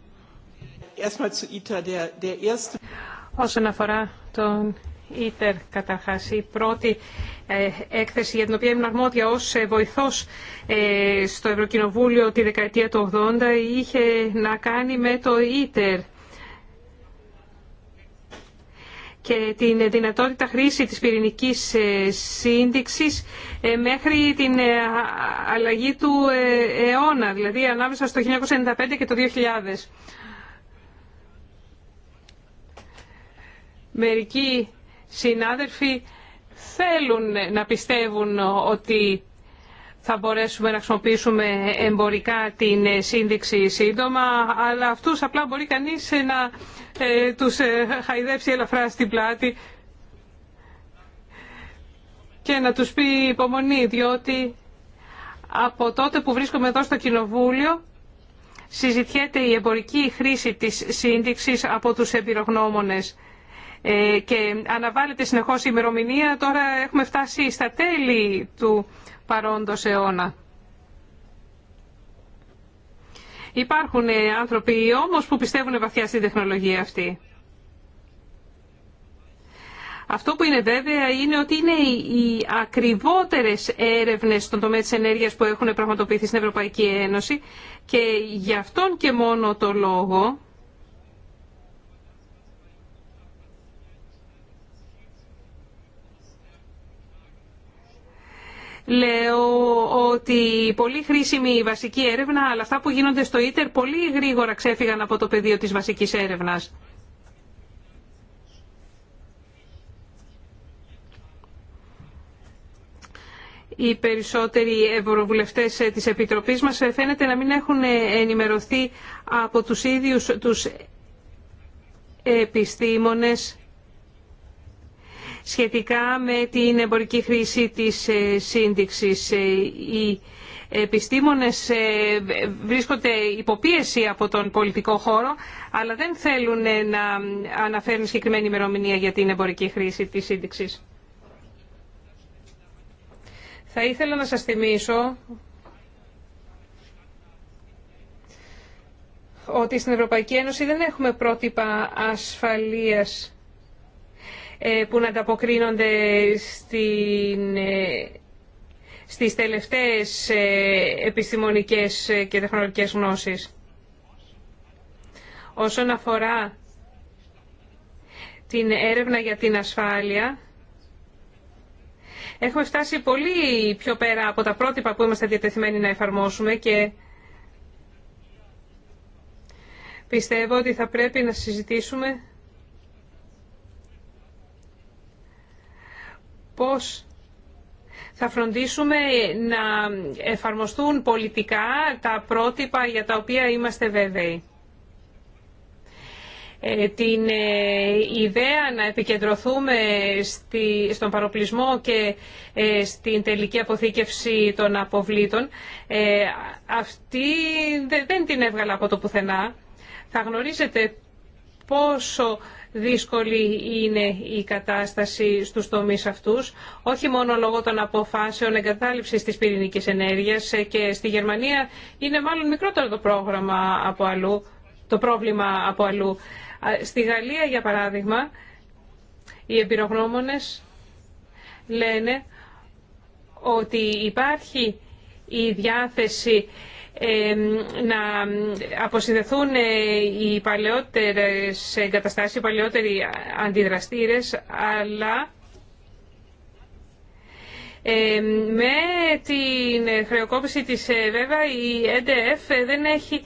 Όσον αφορά τον ΙΤΕΡ καταρχάς η πρώτη ε, έκθεση για την οποία ήμουν αρμόδια ως ε, βοηθός ε, στο Ευρωκοινοβούλιο τη δεκαετία του 80 είχε να κάνει με το ΙΤΕΡ και την δυνατότητα χρήση της πυρηνικής σύνδεξης μέχρι την αλλαγή του αιώνα, δηλαδή ανάμεσα στο 1995 και το 2000. Μερικοί συνάδελφοι θέλουν να πιστεύουν ότι θα μπορέσουμε να χρησιμοποιήσουμε εμπορικά την σύνδεξη σύντομα, αλλά αυτούς απλά μπορεί κανείς να ε, τους ε, χαϊδέψει ελαφρά στην πλάτη και να τους πει υπομονή, διότι από τότε που βρίσκομαι εδώ στο Κοινοβούλιο συζητιέται η εμπορική χρήση της σύνδεξης από τους εμπειρογνώμονες. Ε, και αναβάλλεται συνεχώς η ημερομηνία, τώρα έχουμε φτάσει στα τέλη του παρόντος αιώνα. Υπάρχουν ε, άνθρωποι όμως που πιστεύουν βαθιά στην τεχνολογία αυτή. Αυτό που είναι βέβαια είναι ότι είναι οι ακριβότερες έρευνες στον τομέα της ενέργειας που έχουν πραγματοποιηθεί στην Ευρωπαϊκή Ένωση και γι' αυτόν και μόνο το λόγο λέω ότι πολύ χρήσιμη η βασική έρευνα, αλλά αυτά που γίνονται στο ίτερ πολύ γρήγορα ξέφυγαν από το πεδίο της βασικής έρευνας. οι περισσότεροι ευρωβουλευτές της Επιτροπής μας φαίνεται να μην έχουν ενημερωθεί από τους ίδιους τους επιστήμονες σχετικά με την εμπορική χρήση της ε, σύνδεξης. Ε, οι επιστήμονες ε, βρίσκονται υποπίεση από τον πολιτικό χώρο, αλλά δεν θέλουν να αναφέρουν συγκεκριμένη ημερομηνία για την εμπορική χρήση της σύνδεξης. Θα ήθελα να σας θυμίσω ότι στην Ευρωπαϊκή Ένωση δεν έχουμε πρότυπα ασφαλείας ε, που να ανταποκρίνονται στην, ε, στις τελευταίες ε, επιστημονικές και τεχνολογικές γνώσεις. Όσον αφορά την έρευνα για την ασφάλεια, έχουμε φτάσει πολύ πιο πέρα από τα πρότυπα που είμαστε διατεθειμένοι να εφαρμόσουμε και πιστεύω ότι θα πρέπει να συζητήσουμε θα φροντίσουμε να εφαρμοστούν πολιτικά τα πρότυπα για τα οποία είμαστε βέβαιοι. Ε, την ε, ιδέα να επικεντρωθούμε στον παροπλισμό και ε, στην τελική αποθήκευση των αποβλήτων, αυτή δεν την έβγαλα από το πουθενά. Θα γνωρίζετε πόσο δύσκολη είναι η κατάσταση στους τομείς αυτούς, όχι μόνο λόγω των αποφάσεων εγκατάλειψης της πυρηνικής ενέργειας ε, και στη Γερμανία είναι μάλλον μικρότερο το, πρόγραμμα από αλλού, το πρόβλημα από αλλού. Ε, στη Γαλλία, για παράδειγμα, οι εμπειρογνώμονες λένε ότι υπάρχει η διάθεση ε, να αποσυνδεθούν ε, οι παλαιότερες εγκαταστάσεις, οι παλαιότεροι αντιδραστήρες, αλλά ε, με την χρεοκόπηση της βέβαια η ΕΝΤΕΕΦ δεν έχει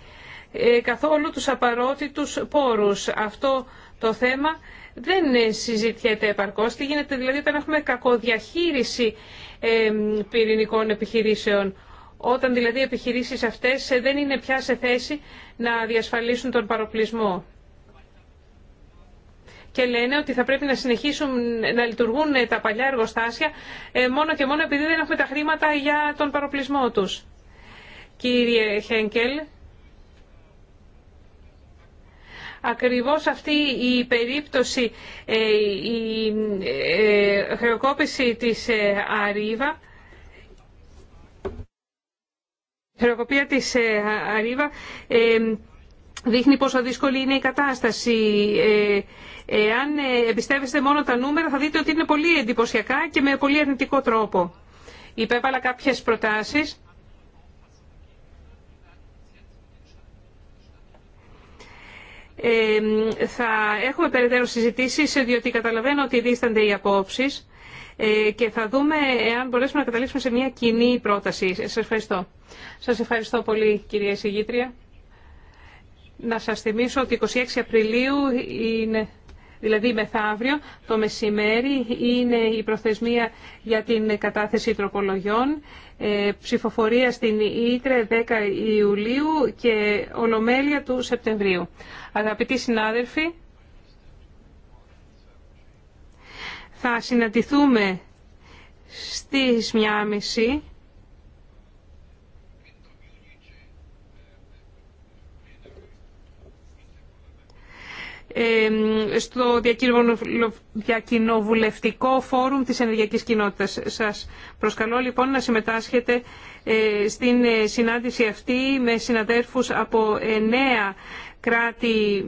καθόλου τους απαρότητους πόρους. Αυτό το θέμα δεν συζητιέται επαρκώς. Τι γίνεται δηλαδή όταν έχουμε κακοδιαχείριση πυρηνικών επιχειρήσεων όταν δηλαδή οι επιχειρήσεις αυτές ε, δεν είναι πια σε θέση να διασφαλίσουν τον παροπλισμό. Και λένε ότι θα πρέπει να συνεχίσουν να λειτουργούν ε, τα παλιά εργοστάσια ε, μόνο και μόνο επειδή δεν έχουμε τα χρήματα για τον παροπλισμό τους. Κύριε Χένκελ, ακριβώς αυτή η περίπτωση, η χρεοκόπηση της Αρίβα, χρεοκοπία της ε, Αρίβα ε, δείχνει πόσο δύσκολη είναι η κατάσταση. Ε, αν εμπιστεύεστε μόνο τα νούμερα θα δείτε ότι είναι πολύ εντυπωσιακά και με πολύ αρνητικό τρόπο. Υπέβαλα κάποιες προτάσεις. θα έχουμε περαιτέρω συζητήσεις διότι καταλαβαίνω ότι δίστανται οι απόψεις ε, και θα δούμε εάν μπορέσουμε να καταλήξουμε σε μια κοινή πρόταση. Σας ευχαριστώ. Σας ευχαριστώ πολύ κυρία εισηγήτρια. Να σας θυμίσω ότι 26 Απριλίου είναι δηλαδή μεθαύριο το μεσημέρι είναι η προθεσμία για την κατάθεση τροπολογιών, ε, ψηφοφορία στην Ήτρε 10 Ιουλίου και Ολομέλεια του Σεπτεμβρίου. Αγαπητοί συνάδελφοι, θα συναντηθούμε στις 1.30 στο διακοινοβουλευτικό φόρουμ της ενεργειακής κοινότητας. Σας προσκαλώ λοιπόν να συμμετάσχετε ε, στην ε, συνάντηση αυτή με συναδέρφους από εννέα κράτη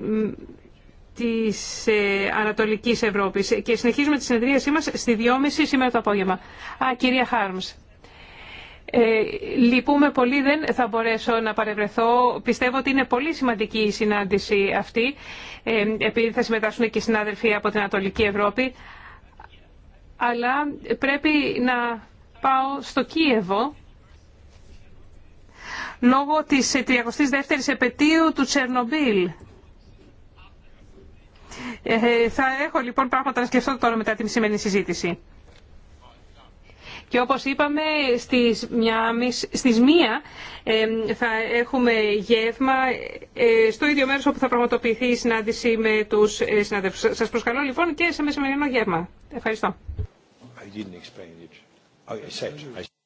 της ε, Ανατολικής Ευρώπης. Και συνεχίζουμε τη συνεδρίασή μας στη 2.30 σήμερα το απόγευμα. Α, κυρία Χάρμς. Ε, λυπούμε πολύ, δεν θα μπορέσω να παρευρεθώ. Πιστεύω ότι είναι πολύ σημαντική η συνάντηση αυτή, ε, επειδή θα συμμετάσχουν και συνάδελφοι από την Ανατολική Ευρώπη. Αλλά πρέπει να πάω στο Κίεβο, λόγω της 32ης επαιτίου του Τσερνομπίλ. Ε, θα έχω λοιπόν πράγματα να σκεφτώ τώρα μετά την σημερινή συζήτηση. Και όπως είπαμε, στις, μια, στις μία θα έχουμε γεύμα ε, στο ίδιο μέρος όπου θα πραγματοποιηθεί η συνάντηση με τους ε, συναδέλφους. Σας προσκαλώ λοιπόν και σε μεσημερινό γεύμα. Ευχαριστώ. I didn't